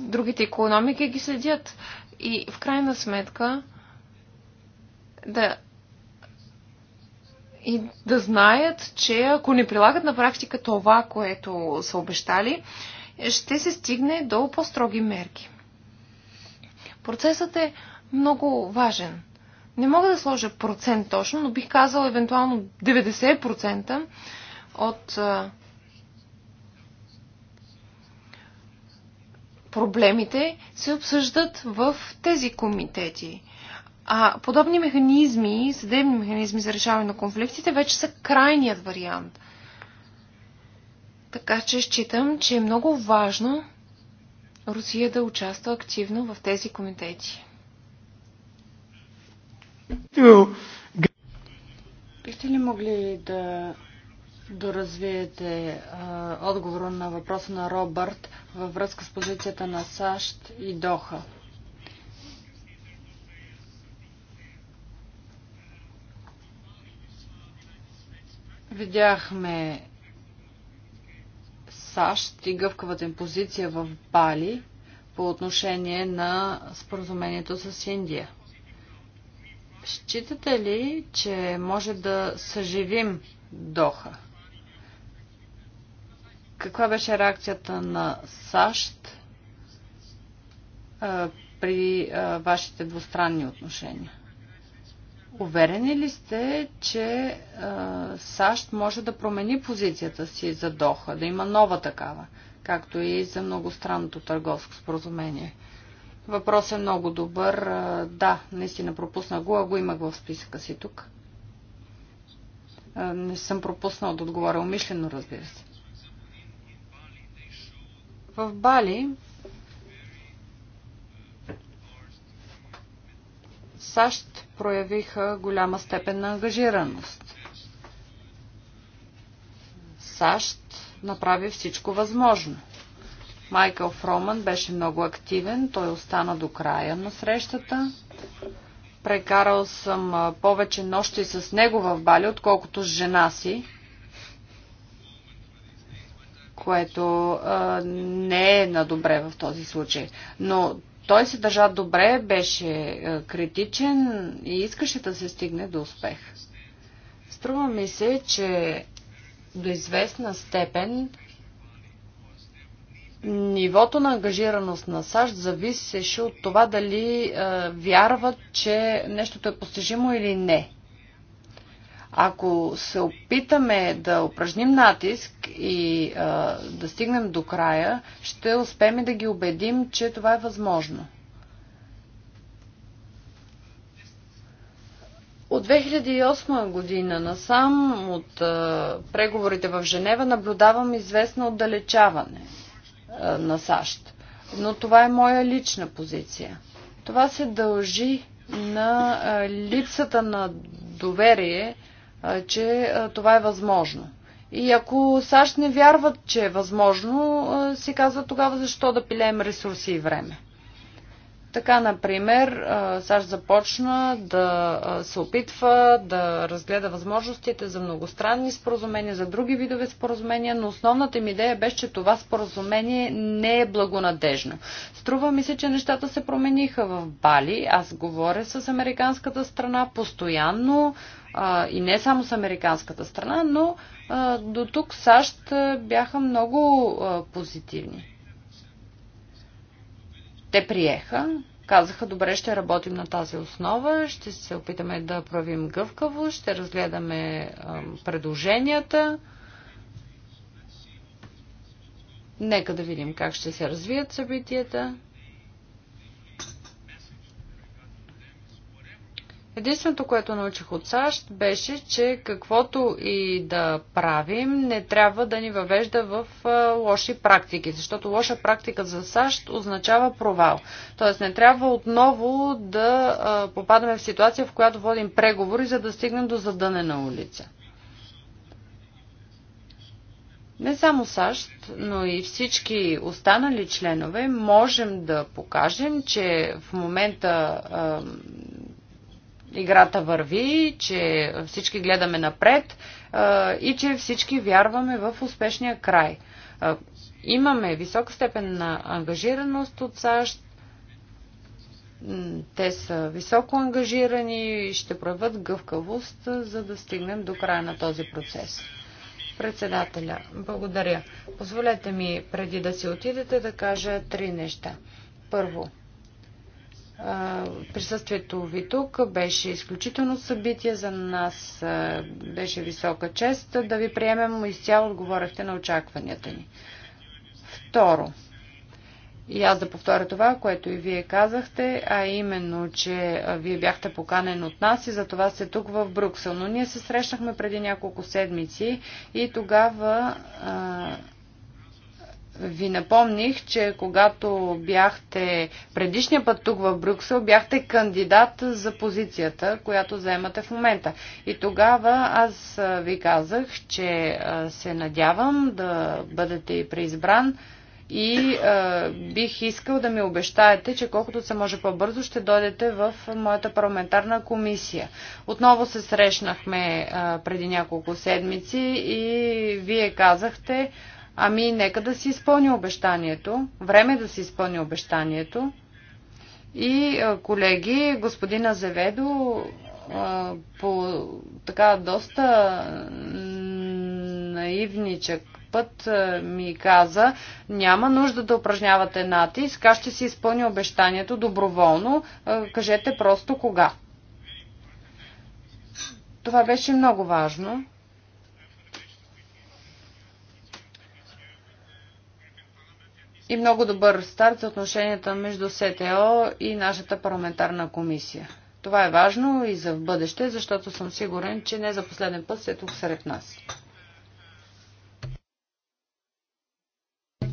другите економики ги следят. И в крайна сметка да и да знаят, че ако не прилагат на практика това, което са обещали, ще се стигне до по-строги мерки. Процесът е много важен. Не мога да сложа процент точно, но бих казал евентуално 90% от а, проблемите се обсъждат в тези комитети. А подобни механизми, съдебни механизми за решаване на конфликтите, вече са крайният вариант. Така че считам, че е много важно Русия да участва активно в тези комитети. Бихте ли могли да доразвиете а, отговора на въпроса на Робърт във връзка с позицията на САЩ и Доха. Видяхме САЩ и гъвкавата им позиция в Бали по отношение на споразумението с Индия. Считате ли, че може да съживим Доха? Каква беше реакцията на САЩ при вашите двустранни отношения? Уверени ли сте, че САЩ може да промени позицията си за Доха, да има нова такава, както и за многостранното търговско споразумение? Въпрос е много добър. Да, наистина пропусна го, а го имах в списъка си тук. Не съм пропуснал да отговоря умишлено, разбира се. В Бали САЩ проявиха голяма степен на ангажираност. САЩ направи всичко възможно. Майкъл Фроман беше много активен, той остана до края на срещата. Прекарал съм повече нощи с него в Бали, отколкото с жена си което а, не е на добре в този случай. Но той се държа добре, беше критичен и искаше да се стигне до успех. Струва ми се, че до известна степен нивото на ангажираност на САЩ зависеше от това дали а, вярват, че нещото е постижимо или не. Ако се опитаме да упражним натиск и а, да стигнем до края, ще успеем да ги убедим, че това е възможно. От 2008 година насам от а, преговорите в Женева наблюдавам известно отдалечаване а, на САЩ. Но това е моя лична позиция. Това се дължи на а, липсата на доверие че това е възможно. И ако САЩ не вярват, че е възможно, си казват тогава защо да пилеем ресурси и време. Така, например, САЩ започна да се опитва да разгледа възможностите за многостранни споразумения, за други видове споразумения, но основната им идея беше, че това споразумение не е благонадежно. Струва ми се, че нещата се промениха в Бали. Аз говоря с американската страна постоянно и не само с американската страна, но до тук САЩ бяха много позитивни. Те приеха, казаха, добре, ще работим на тази основа, ще се опитаме да правим гъвкаво, ще разгледаме предложенията. Нека да видим как ще се развият събитията. Единственото, което научих от САЩ беше, че каквото и да правим, не трябва да ни въвежда в лоши практики, защото лоша практика за САЩ означава провал. Тоест не трябва отново да попадаме в ситуация, в която водим преговори, за да стигнем до задънена улица. Не само САЩ, но и всички останали членове можем да покажем, че в момента играта върви, че всички гледаме напред и че всички вярваме в успешния край. Имаме висока степен на ангажираност от САЩ. Те са високо ангажирани и ще проявят гъвкавост, за да стигнем до края на този процес. Председателя, благодаря. Позволете ми преди да си отидете да кажа три неща. Първо, Присъствието ви тук беше изключително събитие за нас. Беше висока чест да ви приемем. Изцяло отговорихте на очакванията ни. Второ, и аз да повторя това, което и вие казахте, а именно, че вие бяхте поканен от нас и затова сте тук в Брюксел. Но ние се срещнахме преди няколко седмици и тогава ви напомних, че когато бяхте предишния път тук в Брюксел, бяхте кандидат за позицията, която заемате в момента. И тогава аз ви казах, че се надявам да бъдете и преизбран и а, бих искал да ми обещаете, че колкото се може по-бързо ще дойдете в моята парламентарна комисия. Отново се срещнахме а, преди няколко седмици и вие казахте, Ами, нека да си изпълни обещанието. Време е да си изпълни обещанието. И, колеги, господин Азеведо по така доста наивничък път ми каза, няма нужда да упражнявате натиск, аз ще си изпълня обещанието доброволно, кажете просто кога. Това беше много важно. и много добър старт за отношенията между СТО и нашата парламентарна комисия. Това е важно и за в бъдеще, защото съм сигурен, че не за последен път сте тук сред нас.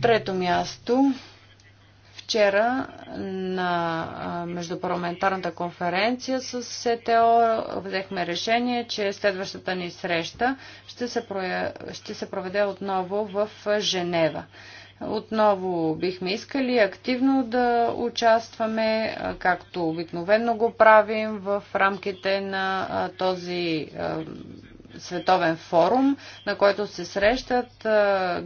Трето място. Вчера на междупарламентарната конференция с СТО взехме решение, че следващата ни среща ще се, ще се проведе отново в Женева. Отново бихме искали активно да участваме, както обикновено го правим в рамките на този световен форум, на който се срещат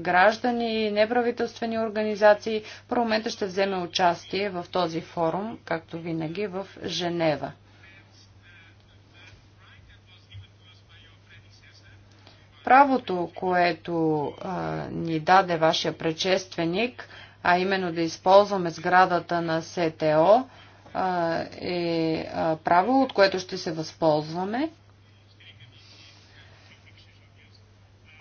граждани, и неправителствени организации. момента ще вземе участие в този форум, както винаги, в Женева. Правото, което а, ни даде вашия предшественик, а именно да използваме сградата на СТО, а, е а, право, от което ще се възползваме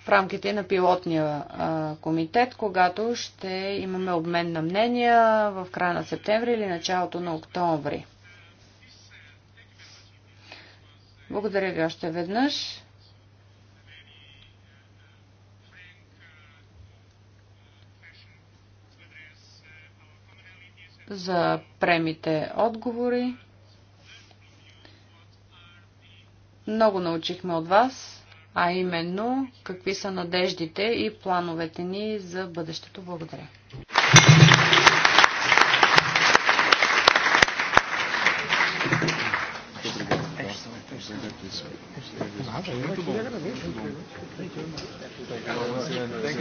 в рамките на пилотния а, комитет, когато ще имаме обмен на мнения в края на септември или началото на октомври. Благодаря ви още веднъж. за премите отговори. Много научихме от вас, а именно какви са надеждите и плановете ни за бъдещето. Благодаря. Thank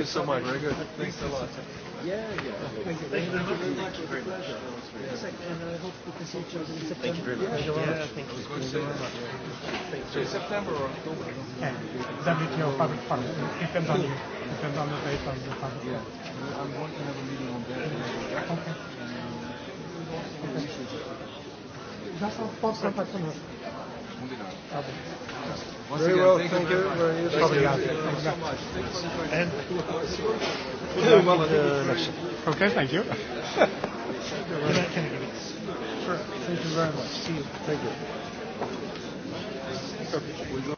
you so much. Very good. Thanks a lot. Yeah, yeah. Thank you very much. And I hope we can see each other in September. Thank you So September or October? Yeah, Depends on you. Depends on the Yeah. I'm going to have a meeting on that. Okay. Once Very again, well, thank, thank you very much. Thank you much. Thank you so much. And good luck the election. Okay, thank you. Sure. Thank you very much. See you. Thank you. Okay.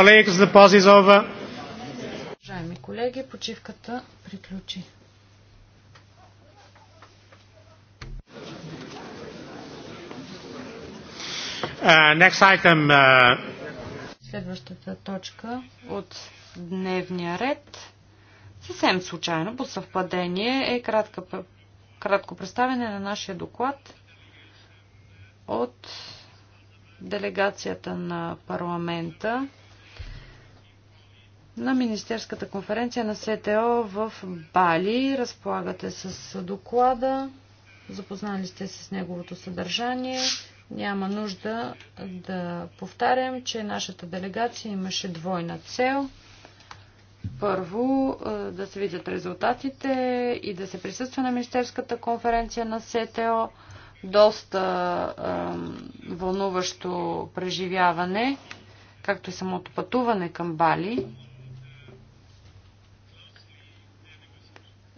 colleagues, the пази is Уважаеми колеги, почивката приключи. next item, Следващата точка от дневния ред съвсем случайно, по съвпадение, е кратка, кратко представяне на нашия доклад от делегацията на парламента на Министерската конференция на СТО в Бали. Разполагате с доклада, запознали сте с неговото съдържание. Няма нужда да повтарям, че нашата делегация имаше двойна цел. Първо, е, да се видят резултатите и да се присъства на Министерската конференция на СТО. Доста е, вълнуващо преживяване, както и самото пътуване към Бали.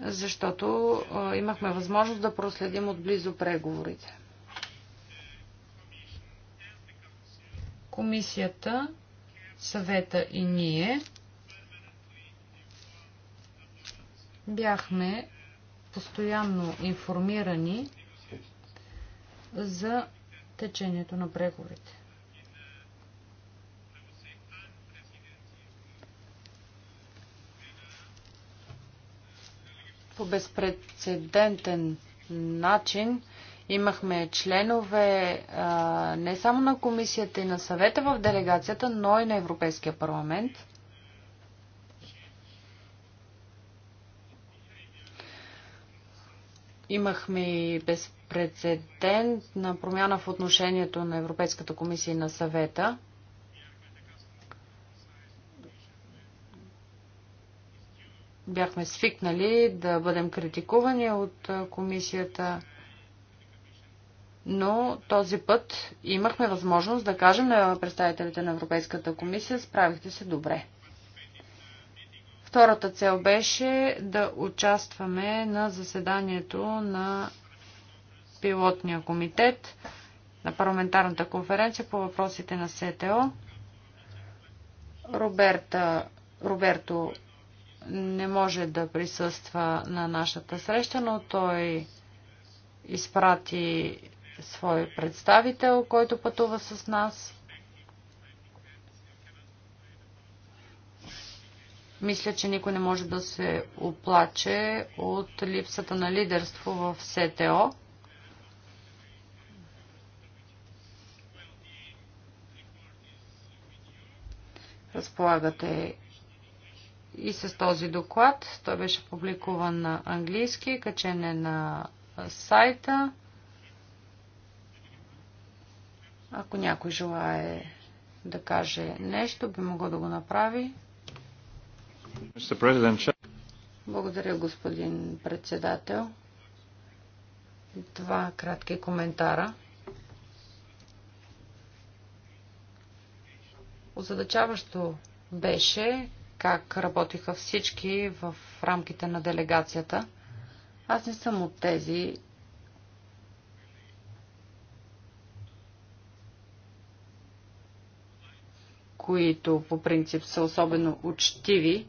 защото имахме възможност да проследим отблизо преговорите. Комисията, съвета и ние бяхме постоянно информирани за течението на преговорите. по безпредседентен начин имахме членове а, не само на комисията и на съвета в делегацията, но и на Европейския парламент. Имахме и безпредседентна промяна в отношението на Европейската комисия и на съвета. бяхме свикнали да бъдем критикувани от комисията, но този път имахме възможност да кажем на представителите на Европейската комисия, справихте се добре. Втората цел беше да участваме на заседанието на пилотния комитет на парламентарната конференция по въпросите на СТО. Роберта, Роберто не може да присъства на нашата среща, но той изпрати свой представител, който пътува с нас. Мисля, че никой не може да се оплаче от липсата на лидерство в СТО. Разполагате и с този доклад. Той беше публикуван на английски, качен е на сайта. Ако някой желае да каже нещо, би могъл да го направи. Благодаря, господин председател. Два кратки коментара. Озадачаващо беше, как работиха всички в рамките на делегацията. Аз не съм от тези, които по принцип са особено учтиви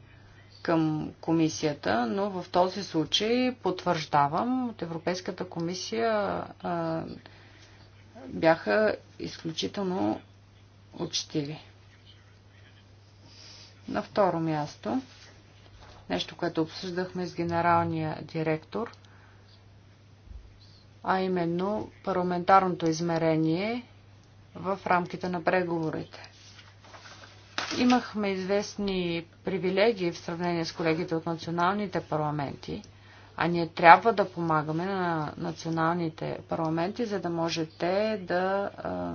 към комисията, но в този случай потвърждавам, от Европейската комисия а, бяха изключително учтиви. На второ място, нещо, което обсъждахме с генералния директор, а именно парламентарното измерение в рамките на преговорите. Имахме известни привилегии в сравнение с колегите от националните парламенти, а ние трябва да помагаме на националните парламенти, за да може те да а,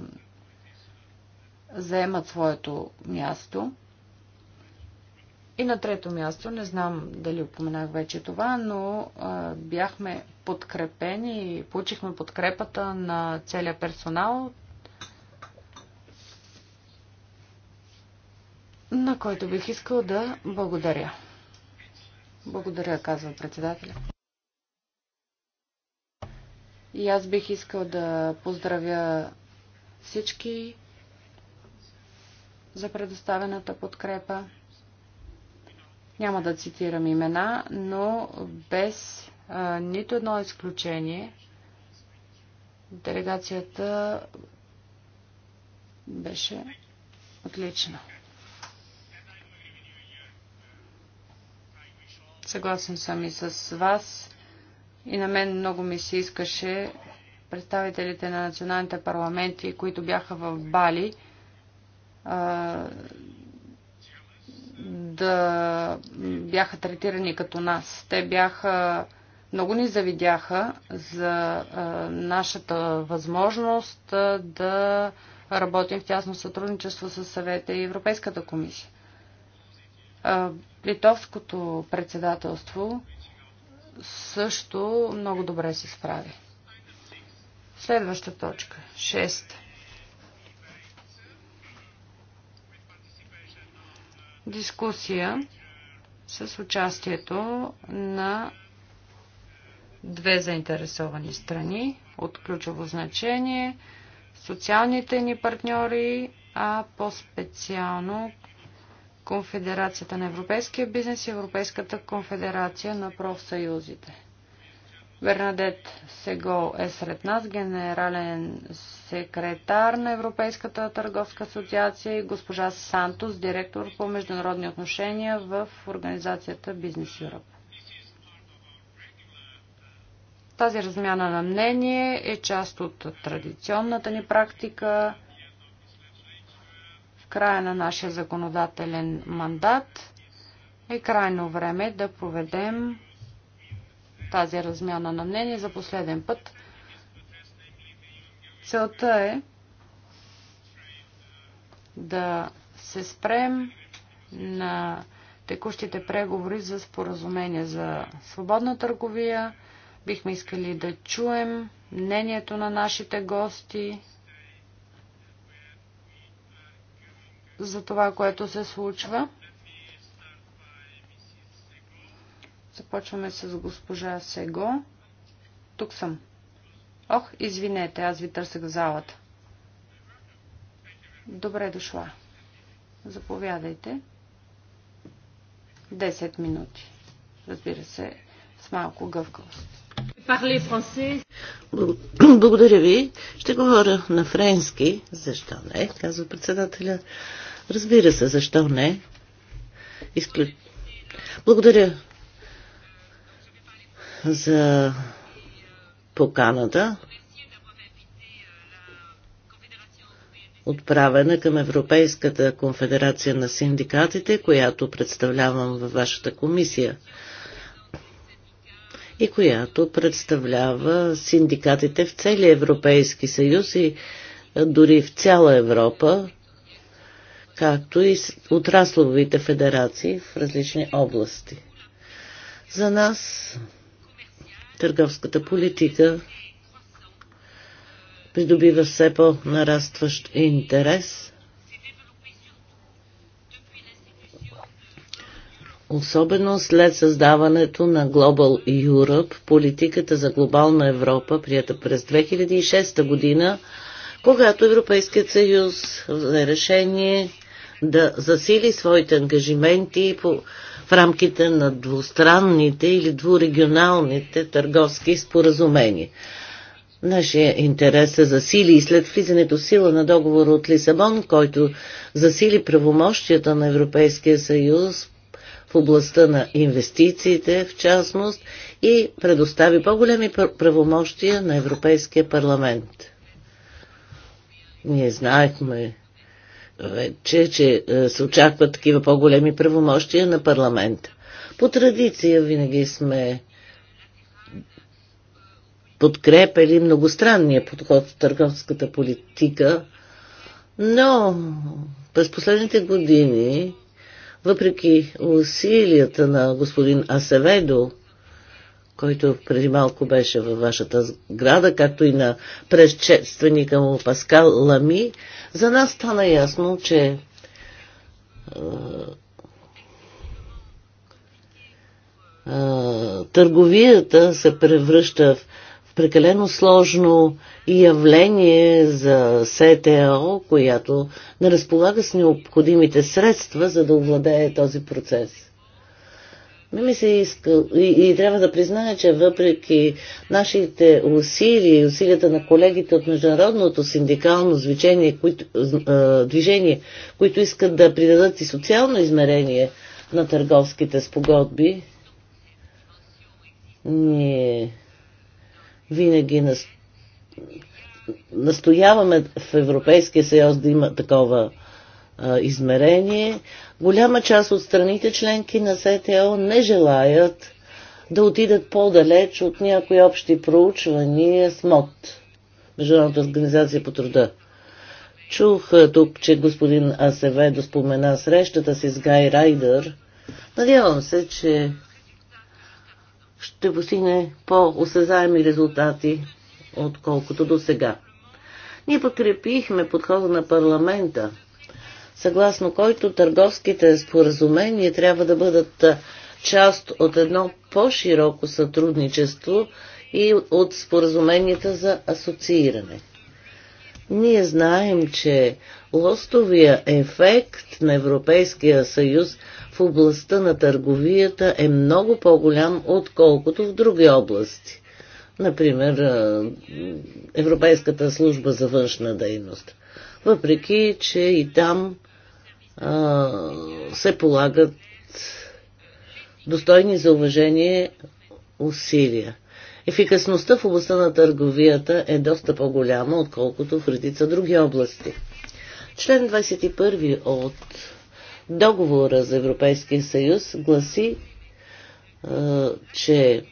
заемат своето място – и на трето място, не знам дали упоменах вече това, но а, бяхме подкрепени и получихме подкрепата на целия персонал, на който бих искал да благодаря. Благодаря, казва председателя. И аз бих искал да поздравя всички за предоставената подкрепа. Няма да цитирам имена, но без а, нито едно изключение делегацията беше отлична. Съгласен съм и с вас. И на мен много ми се искаше представителите на националните парламенти, които бяха в Бали, да бяха третирани като нас. Те бяха много ни завидяха за а, нашата възможност а, да работим в тясно сътрудничество с съвета и Европейската комисия. А, литовското председателство също много добре се справи. Следваща точка. 6. дискусия с участието на две заинтересовани страни от ключово значение социалните ни партньори, а по-специално Конфедерацията на европейския бизнес и Европейската конфедерация на профсъюзите. Бернадет Сегол е сред нас, генерален секретар на Европейската търговска асоциация и госпожа Сантос, директор по международни отношения в организацията Бизнес Юроп. Тази размяна на мнение е част от традиционната ни практика в края на нашия законодателен мандат. Е крайно време да проведем тази размяна на мнение за последен път. Целта е да се спрем на текущите преговори за споразумение за свободна търговия. Бихме искали да чуем мнението на нашите гости за това, което се случва. Започваме с госпожа Сего. Тук съм. Ох, извинете, аз ви търсех в залата. Добре дошла. Заповядайте. 10 минути. Разбира се, с малко гъвкавост. Благодаря ви. Ще говоря на френски. Защо не? Казва председателя. Разбира се, защо не. Изклю... Благодаря за поканата, отправена към Европейската конфедерация на синдикатите, която представлявам във вашата комисия и която представлява синдикатите в целия Европейски съюз и дори в цяла Европа, както и отрасловите федерации в различни области. За нас търговската политика придобива все по-нарастващ интерес, особено след създаването на Global Europe, политиката за глобална Европа, прията през 2006 година, когато Европейският съюз взе решение да засили своите ангажименти по в рамките на двустранните или двурегионалните търговски споразумения. Нашия интерес се засили и след влизането сила на договора от Лисабон, който засили правомощията на Европейския съюз в областта на инвестициите, в частност, и предостави по-големи правомощия на Европейския парламент. Ние знаехме вече, че е, се очакват такива по-големи правомощия на парламента. По традиция винаги сме подкрепили многостранния подход в търговската политика, но през последните години, въпреки усилията на господин Асеведо който преди малко беше във вашата сграда, както и на предшественика му Паскал Лами, за нас стана ясно, че търговията се превръща в прекалено сложно явление за СТО, която не разполага с необходимите средства, за да овладее този процес. Ми ми се иска и, и трябва да призная, че въпреки нашите усилия и усилията на колегите от Международното синдикално движение, които, е, движение, които искат да придадат и социално измерение на търговските спогодби, ние винаги настояваме в Европейския съюз да има такова измерение. Голяма част от страните членки на СТО не желаят да отидат по-далеч от някои общи проучвания с МОД, Международната организация по труда. Чух тук, че господин Асеведо спомена срещата си с Гай Райдър. Надявам се, че ще постигне по-осезаеми резултати, отколкото до сега. Ние подкрепихме подхода на парламента съгласно който търговските споразумения трябва да бъдат част от едно по-широко сътрудничество и от споразуменията за асоцииране. Ние знаем, че лостовия ефект на Европейския съюз в областта на търговията е много по-голям, отколкото в други области. Например, Европейската служба за външна дейност. Въпреки, че и там се полагат достойни за уважение усилия. Ефикасността в областта на търговията е доста по-голяма, отколкото в редица други области. Член 21 от договора за Европейския съюз гласи, че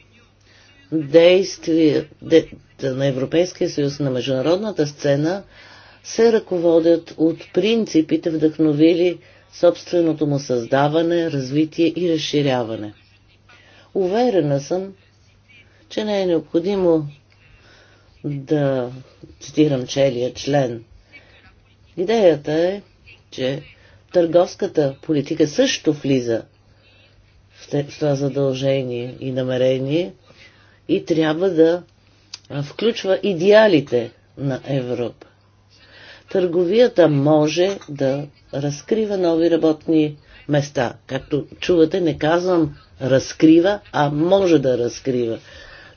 действията на Европейския съюз на международната сцена се ръководят от принципите, вдъхновили собственото му създаване, развитие и разширяване. Уверена съм, че не е необходимо да цитирам челия член. Идеята е, че търговската политика също влиза в това задължение и намерение и трябва да включва идеалите на Европа. Търговията може да разкрива нови работни места. Както чувате, не казвам разкрива, а може да разкрива.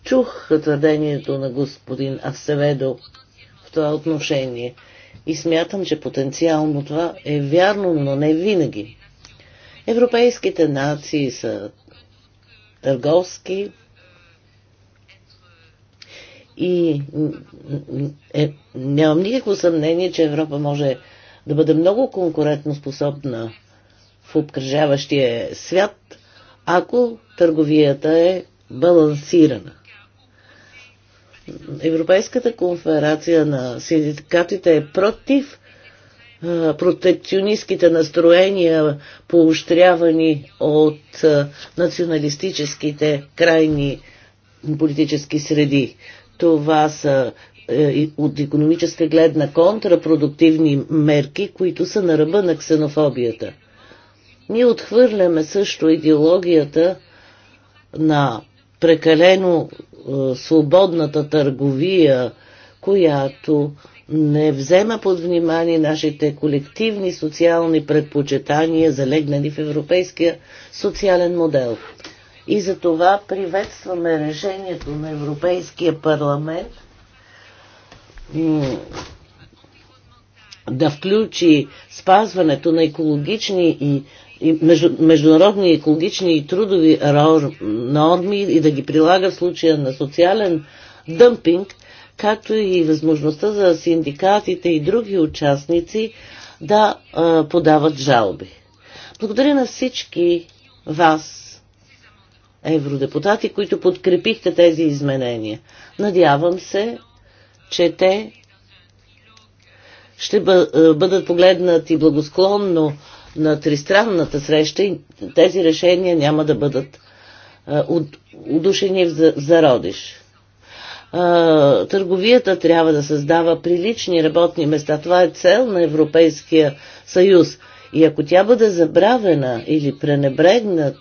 Чух твърдението на господин Авсеведо в това отношение и смятам, че потенциално това е вярно, но не винаги. Европейските нации са търговски и е, нямам никакво съмнение, че Европа може да бъде много конкурентно способна в обкръжаващия свят, ако търговията е балансирана. Европейската конфедерация на синдикатите е против протекционистските настроения, поощрявани от националистическите крайни политически среди. Това са е, от економическа гледна контрапродуктивни мерки, които са на ръба на ксенофобията. Ние отхвърляме също идеологията на прекалено е, свободната търговия, която не взема под внимание нашите колективни социални предпочитания, залегнали в европейския социален модел. И за това приветстваме решението на Европейския парламент да включи спазването на екологични и, и между, международни екологични и трудови норми и да ги прилага в случая на социален дъмпинг, както и възможността за синдикатите и други участници да а, подават жалби. Благодаря на всички вас, евродепутати, които подкрепихте тези изменения. Надявам се, че те ще е, бъдат погледнати благосклонно на тристранната среща и тези решения няма да бъдат е, удушени в зародиш. Е, търговията трябва да създава прилични работни места. Това е цел на Европейския съюз. И ако тя бъде забравена или пренебрегната,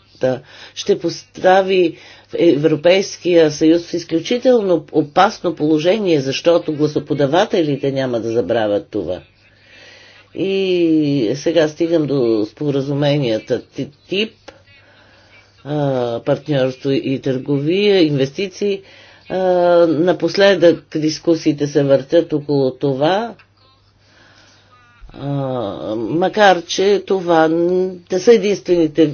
ще постави Европейския съюз в изключително опасно положение, защото гласоподавателите няма да забравят това. И сега стигам до споразуменията ТИП, партньорство и търговия, инвестиции. Напоследък дискусиите се въртят около това, макар че това не са единствените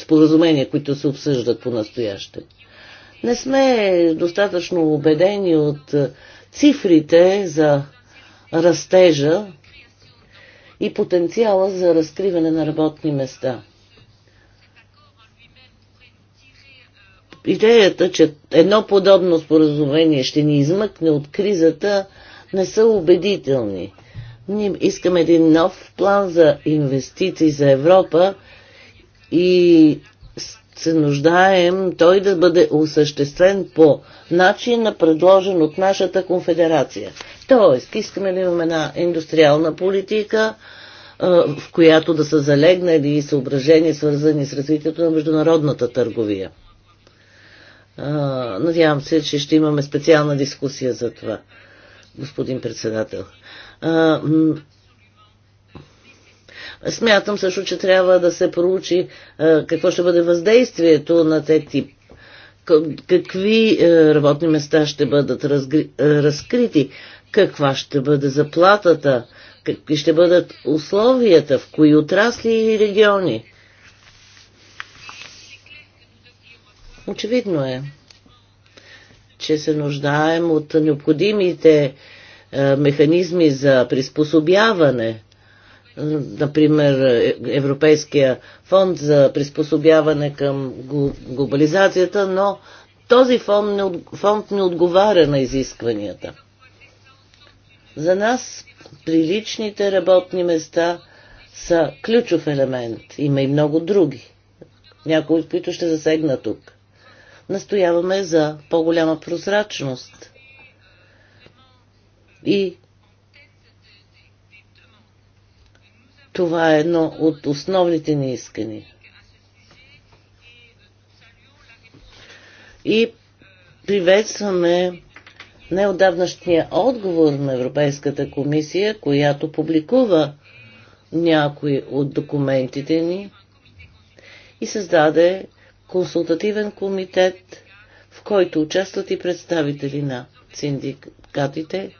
споразумения, които се обсъждат по-настояще. Не сме достатъчно убедени от е, цифрите за растежа и потенциала за разкриване на работни места. Идеята, че едно подобно споразумение ще ни измъкне от кризата, не са убедителни. Ние искаме един нов план за инвестиции за Европа, и се нуждаем той да бъде осъществен по начина предложен от нашата конфедерация. Тоест, искаме да имаме една индустриална политика, в която да са залегнали и съображения, свързани с развитието на международната търговия. Надявам се, че ще имаме специална дискусия за това, господин председател. Смятам също, че трябва да се проучи е, какво ще бъде въздействието на те тип. Какви е, работни места ще бъдат е, разкрити, каква ще бъде заплатата, какви ще бъдат условията, в кои отрасли и региони. Очевидно е, че се нуждаем от необходимите механизми за приспособяване например, е, Европейския фонд за приспособяване към глобализацията, но този фонд не, фонд не отговаря на изискванията. За нас приличните работни места са ключов елемент. Има и много други, някои от които ще засегна тук. Настояваме за по-голяма прозрачност и Това е едно от основните ни искания. И приветстваме неодавнашния отговор на Европейската комисия, която публикува някои от документите ни и създаде консултативен комитет, в който участват и представители на синдикатите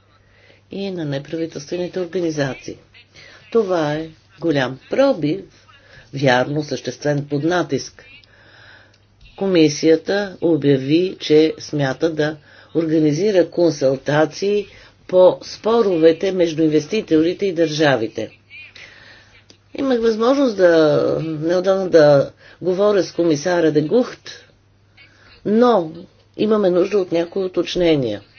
и на неправителствените организации. Това е голям пробив, вярно съществен под натиск. Комисията обяви, че смята да организира консултации по споровете между инвеститорите и държавите. Имах възможност да неодавна да говоря с комисара Дегухт, но имаме нужда от някои уточнения –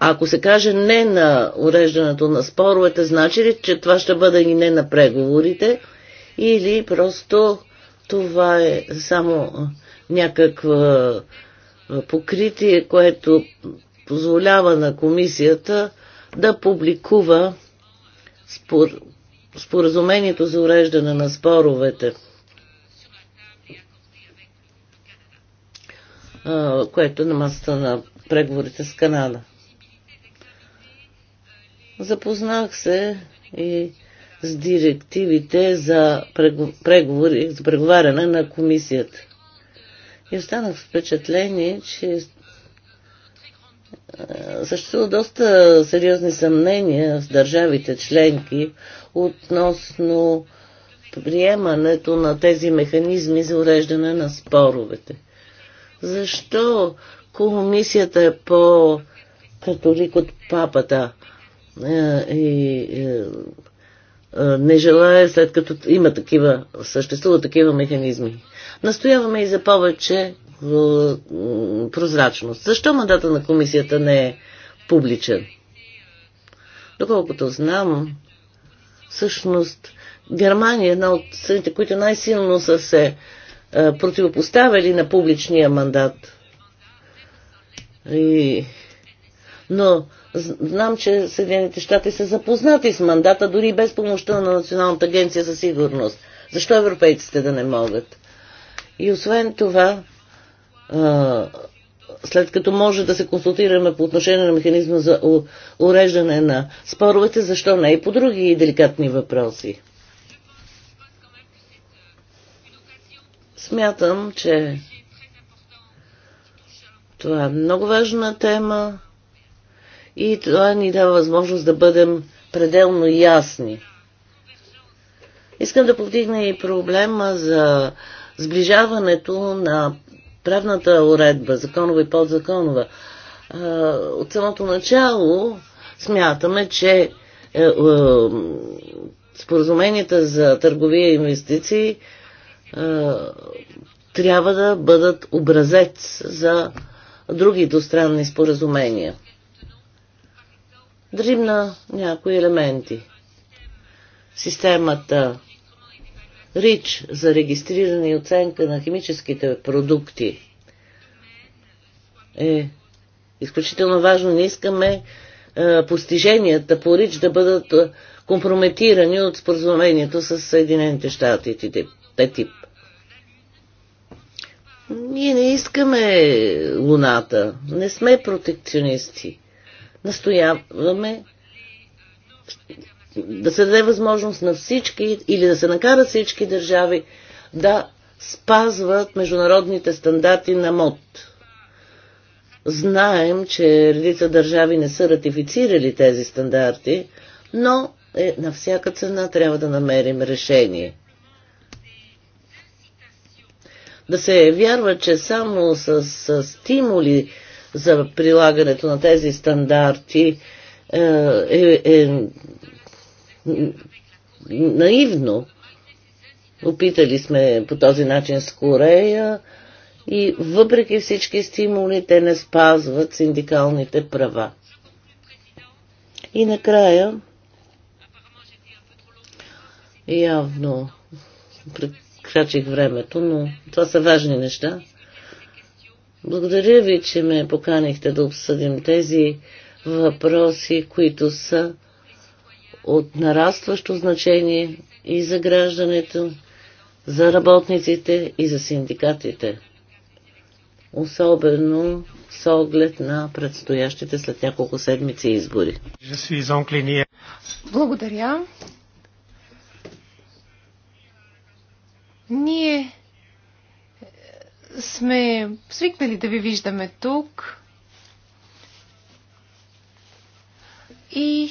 Ако се каже не на уреждането на споровете, значи ли, че това ще бъде и не на преговорите? Или просто това е само някаква покритие, което позволява на комисията да публикува спор... споразумението за уреждане на споровете, което е на масата на преговорите с Канада. Запознах се и с директивите за преговори, за преговаряне на комисията. И останах впечатление, че е, съществува доста сериозни съмнения с държавите членки относно приемането на тези механизми за уреждане на споровете. Защо комисията е по-католик от папата? Е, и е, е, не желая, след като има такива, съществуват такива механизми. Настояваме и за повече прозрачност. Защо мандата на комисията не е публичен? Доколкото знам, всъщност Германия е една от страните, които най-силно са се противопоставили на публичния мандат. И... Но Знам, че Съединените щати са запознати с мандата, дори без помощта на Националната агенция за сигурност. Защо европейците да не могат? И освен това, след като може да се консултираме по отношение на механизма за уреждане на споровете, защо не и по други деликатни въпроси? Смятам, че това е много важна тема и това ни дава възможност да бъдем пределно ясни. Искам да повдигна и проблема за сближаването на правната уредба, законова и подзаконова. От самото начало смятаме, че е, е, споразуменията за търговия и инвестиции е, трябва да бъдат образец за други двустранни споразумения – държим на някои елементи. Системата РИЧ за регистриране и оценка на химическите продукти е изключително важно. Не искаме е, постиженията по РИЧ да бъдат е, компрометирани от споразумението с Съединените щати ТТИП. Ние не искаме луната. Не сме протекционисти настояваме да се даде възможност на всички или да се накарат всички държави да спазват международните стандарти на МОД. Знаем, че редица държави не са ратифицирали тези стандарти, но е, на всяка цена трябва да намерим решение. Да се вярва, че само с, с стимули за прилагането на тези стандарти е, е, е наивно. Опитали сме по този начин с Корея и въпреки всички стимули те не спазват синдикалните права. И накрая, явно прекрачих времето, но това са важни неща. Благодаря ви, че ме поканихте да обсъдим тези въпроси, които са от нарастващо значение и за граждането, за работниците и за синдикатите. Особено с оглед на предстоящите след няколко седмици избори. Благодаря. Ние сме свикнали да ви виждаме тук. И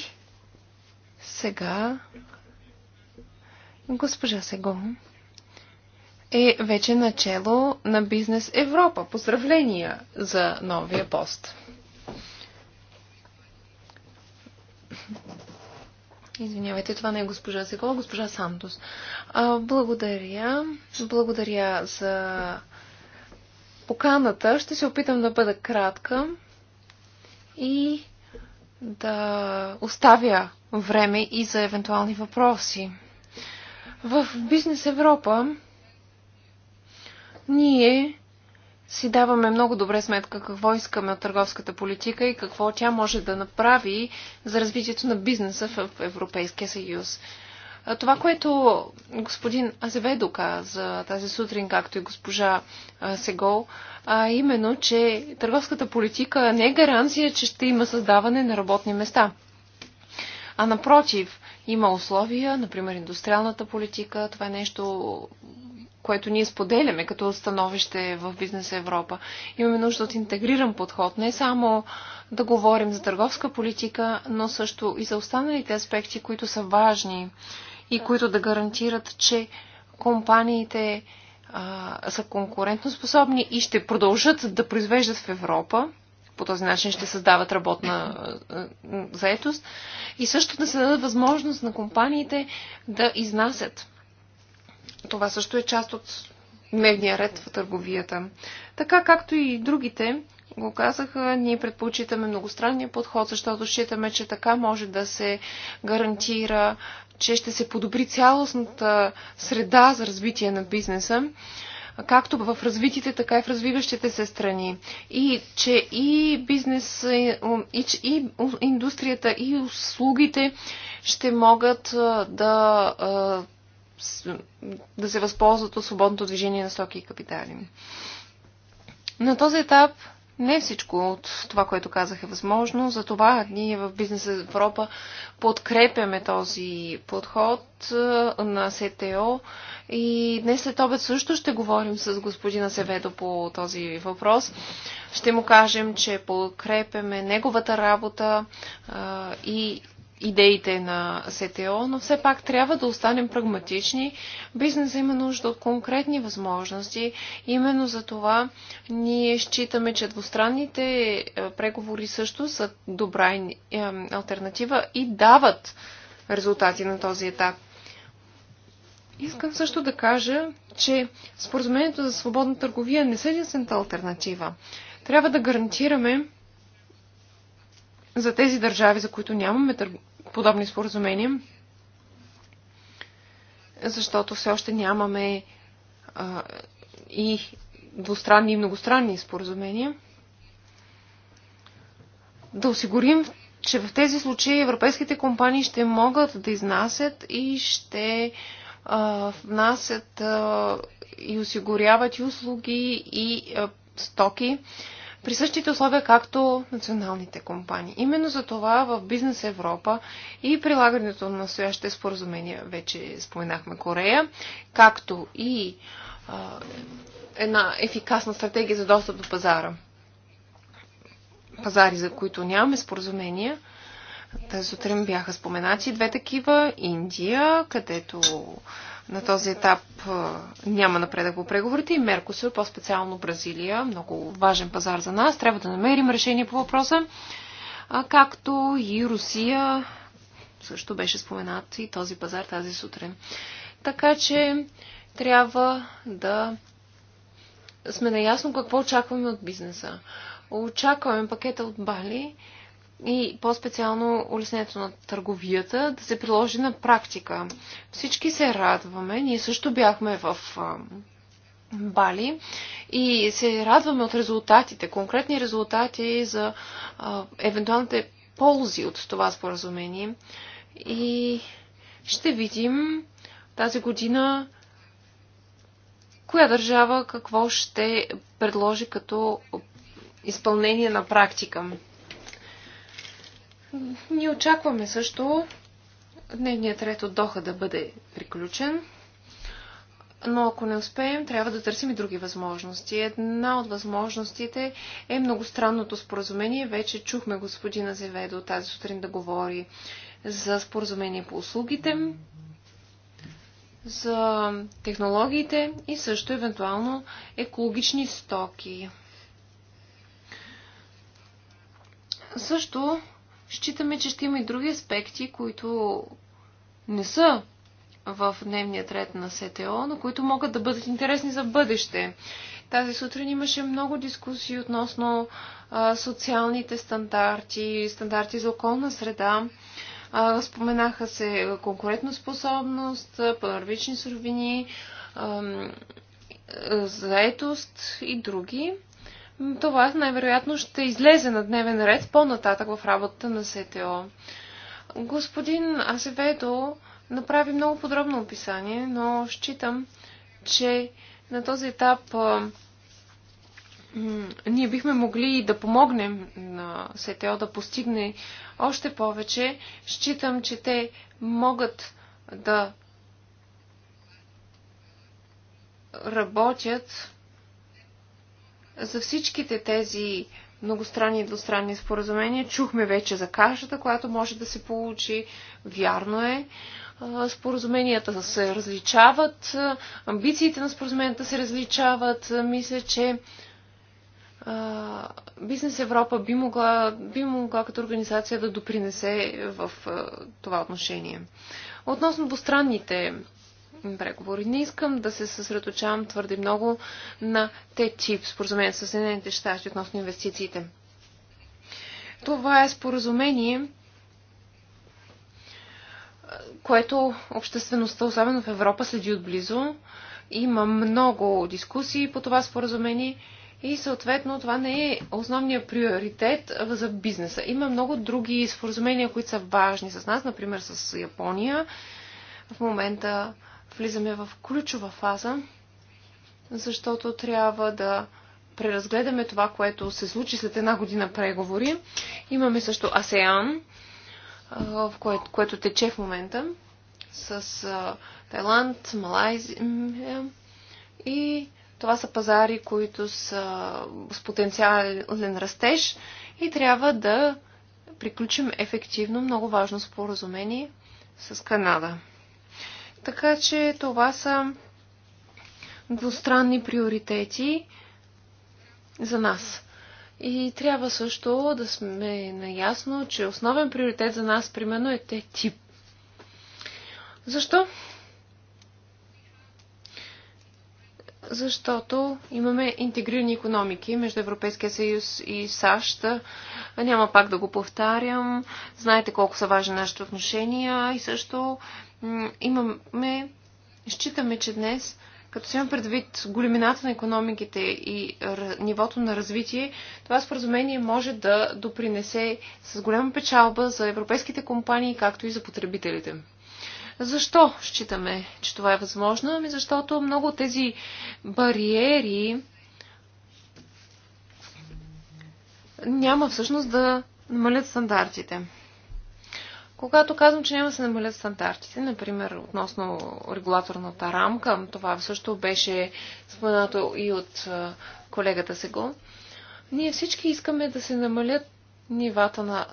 сега госпожа Сего е вече начало на Бизнес Европа. Поздравления за новия пост. Извинявайте, това не е госпожа Сегова, а госпожа Сантос. благодаря. Благодаря за поканата. Ще се опитам да бъда кратка и да оставя време и за евентуални въпроси. В Бизнес Европа ние си даваме много добре сметка какво искаме от търговската политика и какво тя може да направи за развитието на бизнеса в Европейския съюз. Това, което господин Азеведо каза тази сутрин, както и госпожа Сегол, а именно, че търговската политика не е гаранция, че ще има създаване на работни места. А напротив, има условия, например индустриалната политика, това е нещо, което ние споделяме като становище в Бизнес Европа. Имаме нужда от интегриран подход, не само да говорим за търговска политика, но също и за останалите аспекти, които са важни и които да гарантират, че компаниите а, са конкурентоспособни и ще продължат да произвеждат в Европа. По този начин ще създават работна заетост и също да се дадат възможност на компаниите да изнасят. Това също е част от дневния ред в търговията. Така както и другите го казаха, ние предпочитаме многостранния подход, защото считаме, че така може да се гарантира, че ще се подобри цялостната среда за развитие на бизнеса, както в развитите, така и в развиващите се страни. И че и бизнес, и, и индустрията, и услугите ще могат да, да се възползват от свободното движение на стоки и капитали. На този етап не всичко от това, което казах е възможно. Затова ние в в Европа подкрепяме този подход на СТО. И днес след обед също ще говорим с господина Севедо по този въпрос. Ще му кажем, че подкрепяме неговата работа и идеите на СТО, но все пак трябва да останем прагматични. Бизнесът има нужда от конкретни възможности. Именно за това ние считаме, че двустранните е, преговори също са добра е, альтернатива и дават резултати на този етап. Искам също да кажа, че споразумението за свободна търговия не са единствената альтернатива. Трябва да гарантираме за тези държави, за които нямаме подобни споразумения, защото все още нямаме а, и двустранни и многостранни споразумения. Да осигурим, че в тези случаи европейските компании ще могат да изнасят и ще а, внасят а, и осигуряват и услуги и а, стоки при същите условия, както националните компании. Именно за това в Бизнес Европа и прилагането на настоящите споразумения, вече споменахме Корея, както и а, една ефикасна стратегия за достъп до пазара. Пазари, за които нямаме споразумения, тази сутрин бяха споменати две такива. Индия, където на този етап няма напредък по преговорите и Меркосур, по-специално Бразилия, много важен пазар за нас. Трябва да намерим решение по въпроса, както и Русия, също беше споменат и този пазар тази сутрин. Така че трябва да сме наясно какво очакваме от бизнеса. Очакваме пакета от Бали, и по-специално улеснението на търговията да се приложи на практика. Всички се радваме. Ние също бяхме в Бали и се радваме от резултатите, конкретни резултати за а, евентуалните ползи от това споразумение. И ще видим тази година коя държава какво ще предложи като изпълнение на практика. Ние очакваме също дневният ред от Доха да бъде приключен, но ако не успеем, трябва да търсим и други възможности. Една от възможностите е многостранното споразумение. Вече чухме господина Зеведо тази сутрин да говори за споразумение по услугите, за технологиите и също евентуално екологични стоки. Също считаме, че ще има и други аспекти, които не са в дневния ред на СТО, но които могат да бъдат интересни за бъдеще. Тази сутрин имаше много дискусии относно а, социалните стандарти, стандарти за околна среда. А, споменаха се способност, първични суровини, заетост и други това най-вероятно ще излезе на дневен ред по-нататък в работата на СТО. Господин Асеведо направи много подробно описание, но считам, че на този етап ние бихме могли да помогнем на СТО да постигне още повече. Считам, че те могат да работят за всичките тези многостранни и двустранни споразумения. Чухме вече за кашата, която може да се получи. Вярно е. Споразуменията се различават, амбициите на споразуменията се различават. Мисля, че Бизнес Европа би могла, би могла като организация да допринесе в това отношение. Относно двустранните преговори. Не искам да се съсредоточавам твърде много на тип споразумение с Съединените щати относно инвестициите. Това е споразумение, което обществеността, особено в Европа, следи отблизо. Има много дискусии по това споразумение и съответно това не е основният приоритет за бизнеса. Има много други споразумения, които са важни с нас, например с Япония. В момента Влизаме в ключова фаза, защото трябва да преразгледаме това, което се случи след една година преговори. Имаме също АСЕАН, което, което тече в момента с Тайланд, Малайзия и това са пазари, които са с потенциален растеж и трябва да приключим ефективно много важно споразумение с Канада. Така че това са двустранни приоритети за нас. И трябва също да сме наясно, че основен приоритет за нас, примерно, е те тип. Защо? Защото имаме интегрирани економики между Европейския съюз и САЩ. Няма пак да го повтарям. Знаете колко са важни нашите отношения и също имаме, считаме, че днес, като си имам предвид големината на економиките и нивото на развитие, това споразумение може да допринесе с голяма печалба за европейските компании, както и за потребителите. Защо считаме, че това е възможно? Ами защото много от тези бариери няма всъщност да намалят стандартите. Когато казвам, че няма да се намалят стандартите, например, относно регулаторната рамка, това също беше споменато и от колегата Сего, ние всички искаме да се намалят нивата на.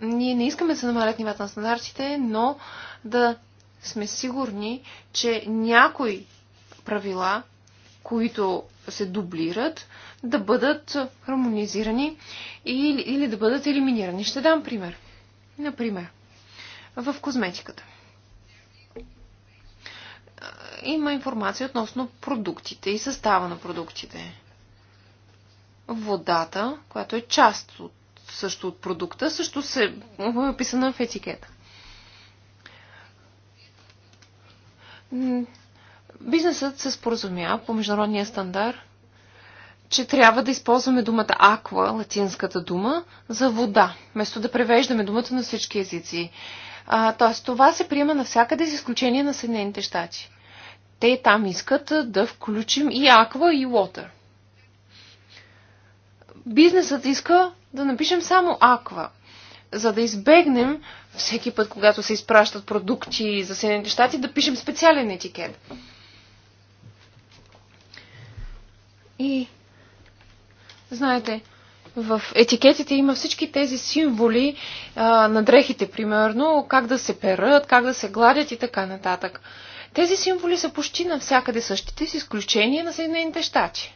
Ние не искаме да се намалят нивата на стандартите, но да сме сигурни, че някои правила, които се дублират, да бъдат хармонизирани или, или да бъдат елиминирани. Ще дам пример. Например, в козметиката. Има информация относно продуктите и състава на продуктите. Водата, която е част от, също от продукта, също се е описана в етикета. Бизнесът се споразумява по международния стандарт че трябва да използваме думата аква, латинската дума, за вода, вместо да превеждаме думата на всички езици. А, тоест, това се приема навсякъде с изключение на Съединените щати. Те там искат да включим и аква, и water. Бизнесът иска да напишем само аква, за да избегнем всеки път, когато се изпращат продукти за Съединените щати, да пишем специален етикет. И Знаете, в етикетите има всички тези символи а, на дрехите, примерно, как да се перат, как да се гладят и така нататък. Тези символи са почти навсякъде същите, с изключение на Съединените щати.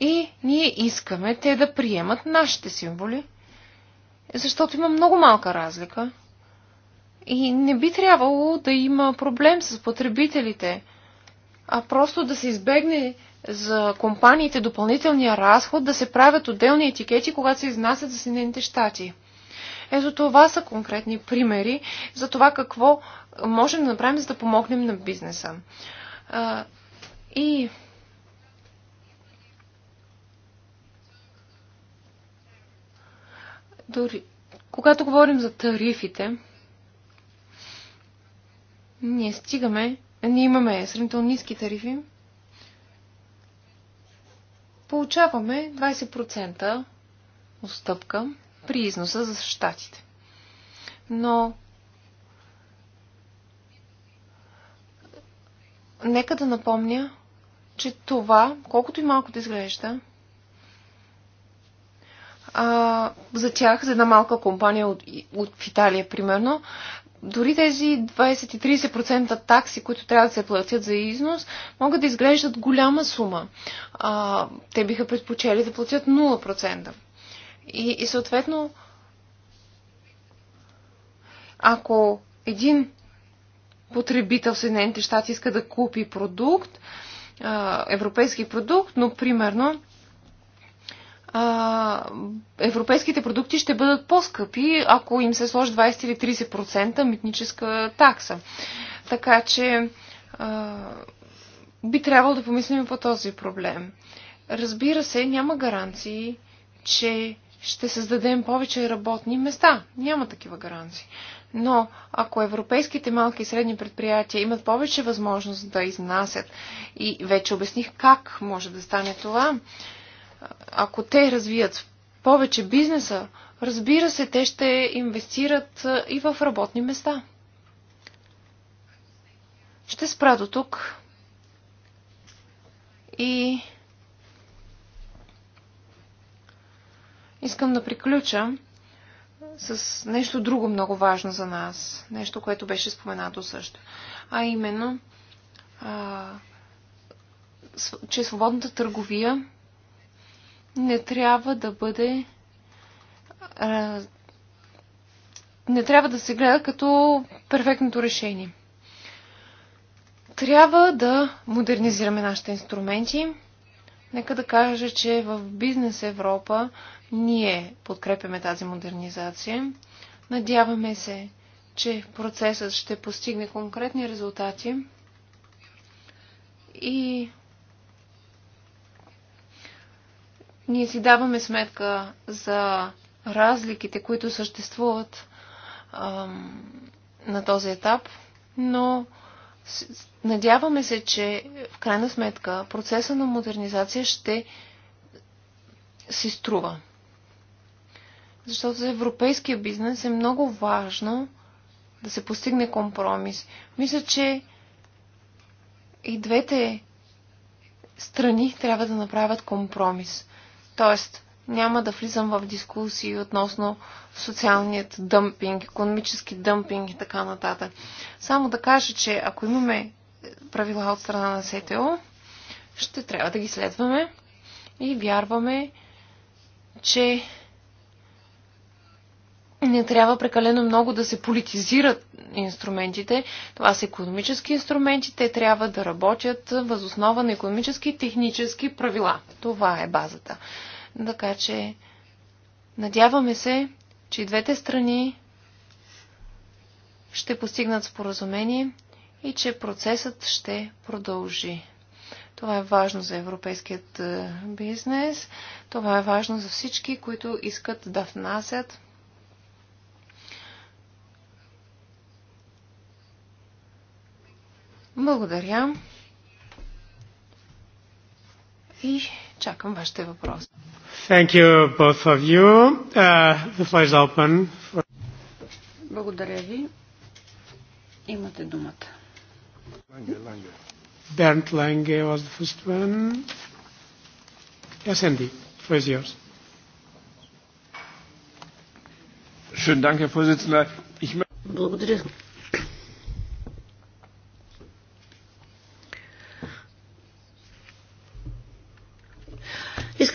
И ние искаме те да приемат нашите символи, защото има много малка разлика. И не би трябвало да има проблем с потребителите, а просто да се избегне за компаниите допълнителния разход да се правят отделни етикети, когато се изнасят за Съединените щати. Ето това са конкретни примери за това какво можем да направим, за да помогнем на бизнеса. А, и дори когато говорим за тарифите, ние стигаме, ние имаме сравнително ниски тарифи, получаваме 20% отстъпка при износа за щатите. Но нека да напомня, че това, колкото и малко да изглежда, а, за тях, за една малка компания от, от в Италия, примерно, дори тези 20-30% такси, които трябва да се платят за износ, могат да изглеждат голяма сума. А, те биха предпочели да платят 0%. И, и съответно, ако един потребител в Съединените щати иска да купи продукт, европейски продукт, но примерно а, европейските продукти ще бъдат по-скъпи, ако им се сложи 20 или 30% митническа такса. Така че а, би трябвало да помислим по този проблем. Разбира се, няма гаранции, че ще създадем повече работни места. Няма такива гаранции. Но ако европейските малки и средни предприятия имат повече възможност да изнасят и вече обясних как може да стане това, ако те развият повече бизнеса, разбира се, те ще инвестират и в работни места. Ще спра до тук и искам да приключа с нещо друго много важно за нас. Нещо, което беше споменато също. А именно, а, че свободната търговия не трябва да бъде не трябва да се гледа като перфектното решение. Трябва да модернизираме нашите инструменти. Нека да кажа, че в Бизнес Европа ние подкрепяме тази модернизация. Надяваме се, че процесът ще постигне конкретни резултати и Ние си даваме сметка за разликите, които съществуват ам, на този етап, но надяваме се, че в крайна сметка процеса на модернизация ще си струва. Защото за европейския бизнес е много важно да се постигне компромис. Мисля, че и двете страни трябва да направят компромис. Тоест, няма да влизам в дискусии относно социалният дъмпинг, економически дъмпинг и така нататък. Само да кажа, че ако имаме правила от страна на СТО, ще трябва да ги следваме и вярваме, че не трябва прекалено много да се политизират инструментите. Това са економически инструменти, те трябва да работят възоснова на економически и технически правила. Това е базата. Така че надяваме се, че и двете страни ще постигнат споразумение и че процесът ще продължи. Това е важно за европейският е, бизнес, това е важно за всички, които искат да внасят Благодаря. И чакам вашите въпроси. Thank you, both of you. Uh, the floor is open. For... Благодаря ви. Имате думата. Lange, Lange. Bernd Lange was the first one. Yes, Andy, floor is yours. Schönen Dank, Herr Vorsitzender. Ich Благодаря,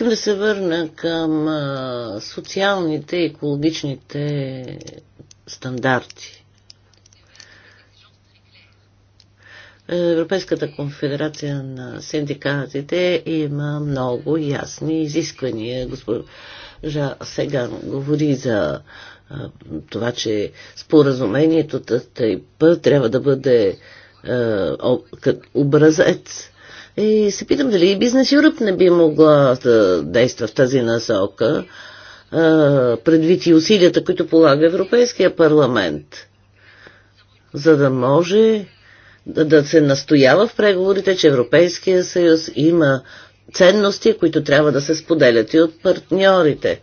Искам да се върна към социалните и екологичните стандарти. Европейската конфедерация на синдикатите има много ясни изисквания. Госпожа сега говори за това, че споразумението тъй трябва да бъде образец и се питам дали и Бизнес Юръп не би могла да действа в тази насока, предвид и усилията, които полага Европейския парламент, за да може да се настоява в преговорите, че Европейския съюз има ценности, които трябва да се споделят и от партньорите.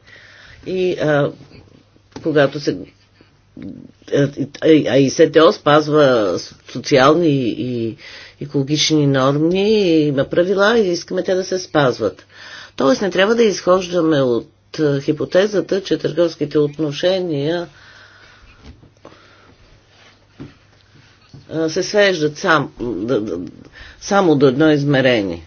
И а, когато се а и СТО спазва социални и екологични норми, и има правила и искаме те да се спазват. Тоест не трябва да изхождаме от хипотезата, че търговските отношения се свеждат сам, само до едно измерение.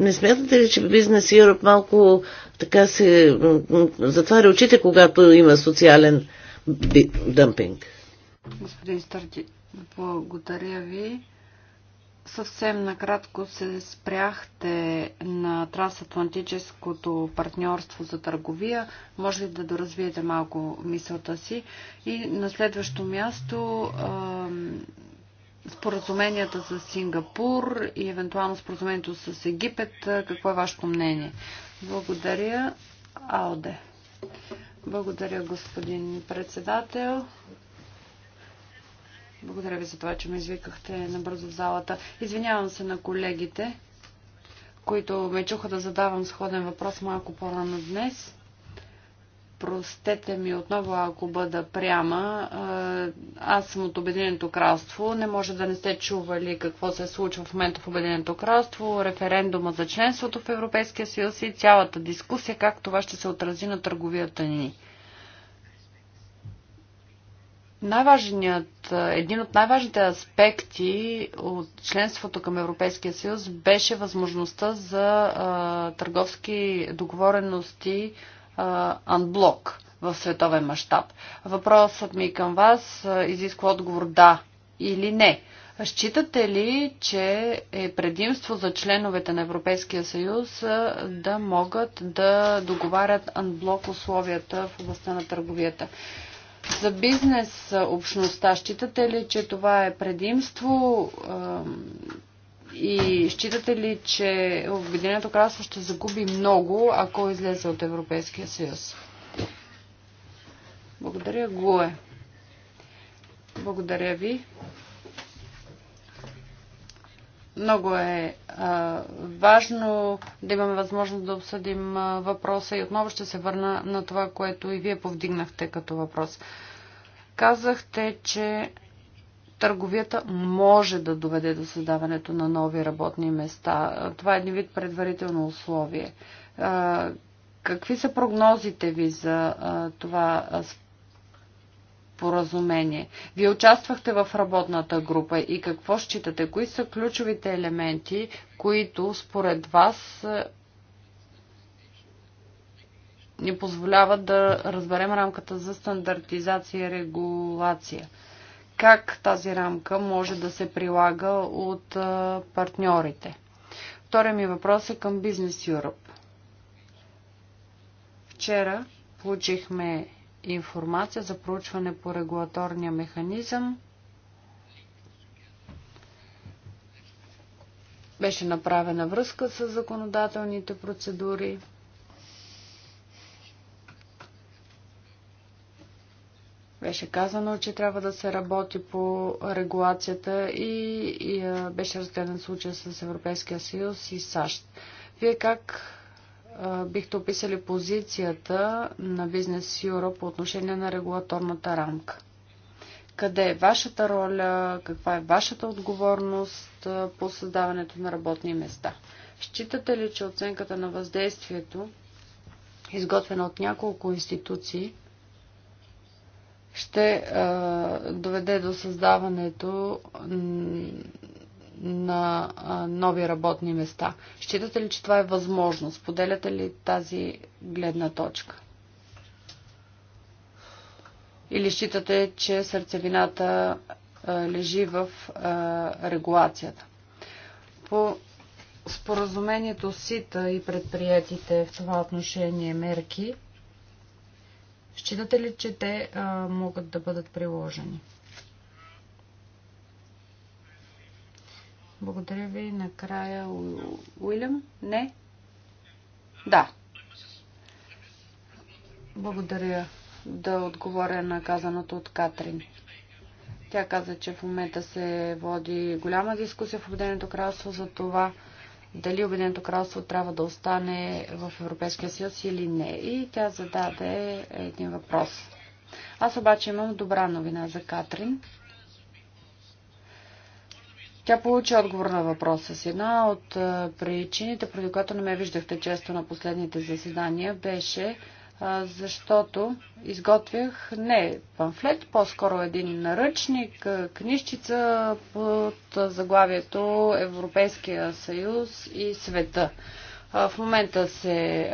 Не смятате ли, че бизнес Европ малко така се затваря очите, когато има социален дъмпинг? Господин Старти, благодаря ви. Съвсем накратко се спряхте на трансатлантическото партньорство за търговия. Може ли да доразвиете малко мисълта си? И на следващо място споразуменията с Сингапур и евентуално споразумението с Египет. Какво е вашето мнение? Благодаря. Ауде. Благодаря, господин председател. Благодаря ви за това, че ме извикахте набързо в залата. Извинявам се на колегите, които ме чуха да задавам сходен въпрос малко по-рано днес. Простете ми отново, ако бъда пряма. Аз съм от Обединеното кралство. Не може да не сте чували какво се случва в момента в Обединеното кралство, референдума за членството в Европейския съюз и цялата дискусия, как това ще се отрази на търговията ни. Най-важният, един от най-важните аспекти от членството към Европейския съюз беше възможността за а, търговски договорености анблок в световен мащаб. Въпросът ми към вас изисква отговор да или не. Считате ли, че е предимство за членовете на Европейския съюз да могат да договарят анблок условията в областта на търговията? За бизнес общността, считате ли, че това е предимство? И считате ли, че Обединеното кралство ще загуби много, ако излезе от Европейския съюз? Благодаря, Гуе. Благодаря ви. Много е а, важно да имаме възможност да обсъдим а, въпроса и отново ще се върна на това, което и вие повдигнахте като въпрос. Казахте, че търговията може да доведе до създаването на нови работни места. Това е един вид предварително условие. Какви са прогнозите ви за това споразумение? Вие участвахте в работната група и какво считате? Кои са ключовите елементи, които според вас ни позволяват да разберем рамката за стандартизация и регулация? как тази рамка може да се прилага от партньорите. Втория ми въпрос е към Business Europe. Вчера получихме информация за проучване по регулаторния механизъм. Беше направена връзка с законодателните процедури. Беше казано, че трябва да се работи по регулацията и, и беше разгледан случай с Европейския съюз и САЩ. Вие как а, бихте описали позицията на Бизнес Юра по отношение на регулаторната рамка? Къде е вашата роля? Каква е вашата отговорност по създаването на работни места? Считате ли, че оценката на въздействието, изготвена от няколко институции, ще а, е, доведе до създаването на а, е, нови работни места. Считате ли, че това е възможно? Споделяте ли тази гледна точка? Или считате, че сърцевината а, е, лежи в а, регулацията? По споразумението СИТА и предприятите в това отношение мерки, Считате ли, че те а, могат да бъдат приложени? Благодаря ви. Накрая Уилям? Не? Да. Благодаря да отговоря на казаното от Катрин. Тя каза, че в момента се води голяма дискусия в Обединеното кралство за това, дали Обединеното кралство трябва да остане в Европейския съюз или не. И тя зададе един въпрос. Аз обаче имам добра новина за Катрин. Тя получи отговор на въпроса си. Една от причините, преди която не ме виждахте често на последните заседания, беше защото изготвях не памфлет, по-скоро един наръчник, книжчица под заглавието Европейския съюз и света. В момента се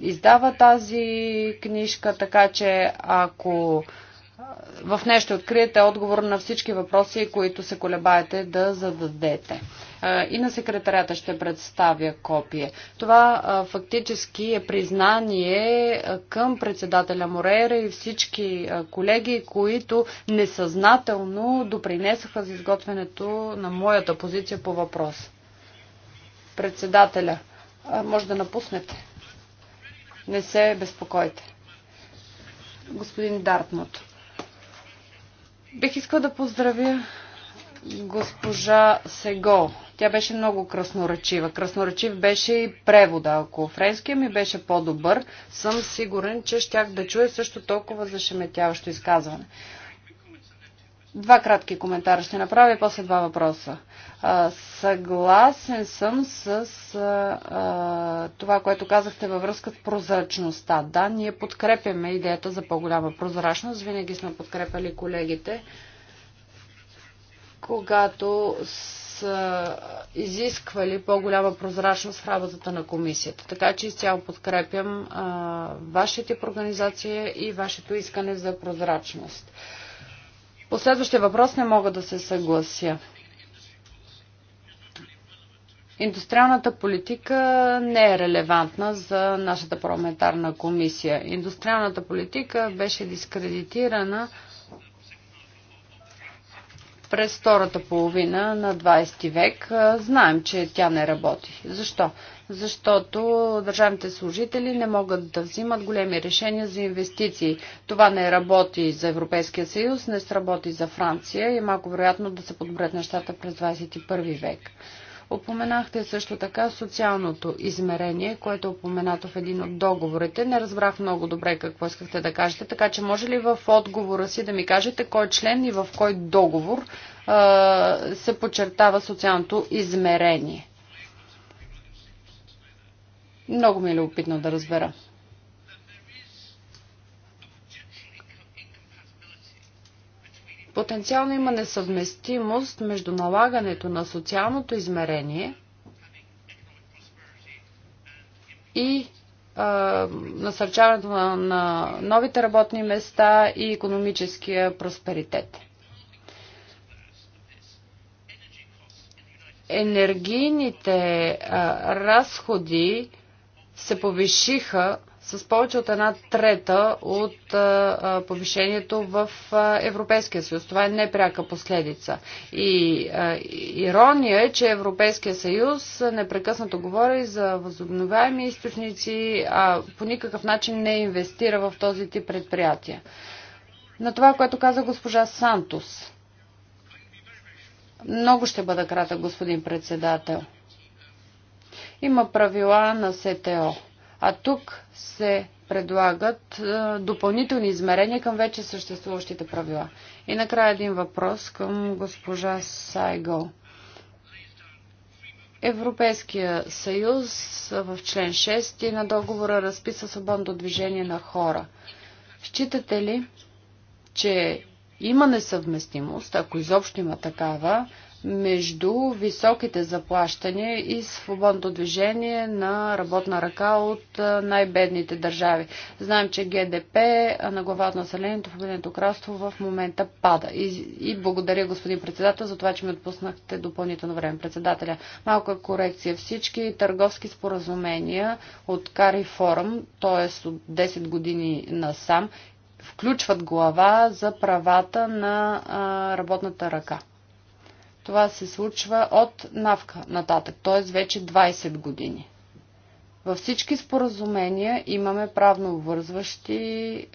издава тази книжка, така че ако в нея ще откриете отговор на всички въпроси, които се колебаете да зададете. И на секретарята ще представя копие. Това фактически е признание към председателя Морейра и всички колеги, които несъзнателно допринесаха за изготвянето на моята позиция по въпрос. Председателя, може да напуснете. Не се безпокойте. Господин Дартмото. Бих искал да поздравя госпожа Сего. Тя беше много красноречива. Красноречив беше и превода. Ако френския ми беше по-добър, съм сигурен, че щях да чуя също толкова зашеметяващо изказване. Два кратки коментара ще направя и после два въпроса. А, съгласен съм с а, това, което казахте във връзка с прозрачността. Да, ние подкрепяме идеята за по-голяма прозрачност. Винаги сме подкрепали колегите, когато са изисквали по-голяма прозрачност в работата на комисията. Така че изцяло подкрепям а, вашите организация и вашето искане за прозрачност последващия въпрос не мога да се съглася. Индустриалната политика не е релевантна за нашата парламентарна комисия. Индустриалната политика беше дискредитирана през втората половина на 20 век. Знаем, че тя не работи. Защо? защото държавните служители не могат да взимат големи решения за инвестиции. Това не работи за Европейския съюз, не сработи за Франция и малко вероятно да се подобрят нещата през 21 век. Опоменахте също така социалното измерение, което е опоменато в един от договорите. Не разбрах много добре какво искахте да кажете, така че може ли в отговора си да ми кажете кой член и в кой договор а, се подчертава социалното измерение? Много ми е любопитно да разбера. Потенциално има несъвместимост между налагането на социалното измерение и насърчаването на, на новите работни места и економическия просперитет. Енергийните а, разходи се повишиха с повече от една трета от повишението в Европейския съюз. Това е непряка последица. И ирония е, че Европейския съюз непрекъснато говори за възобновяеми източници, а по никакъв начин не инвестира в този тип предприятия. На това, което каза госпожа Сантос. Много ще бъда кратък, господин председател. Има правила на СТО, а тук се предлагат е, допълнителни измерения към вече съществуващите правила. И накрая един въпрос към госпожа Сайгъл. Европейския съюз в член 6 на договора разписа свободно движение на хора. Считате ли, че има несъвместимост, ако изобщо има такава, между високите заплащания и свободното движение на работна ръка от най-бедните държави. Знаем, че ГДП на глава от населението в Обединеното кралство в момента пада. И, и благодаря, господин председател, за това, че ми отпуснахте допълнително време. Председателя, малка корекция. Всички търговски споразумения от Кари Форум, т.е. от 10 години насам, включват глава за правата на а, работната ръка. Това се случва от навка нататък, т.е. вече 20 години. Във всички споразумения имаме правно обвързващи е,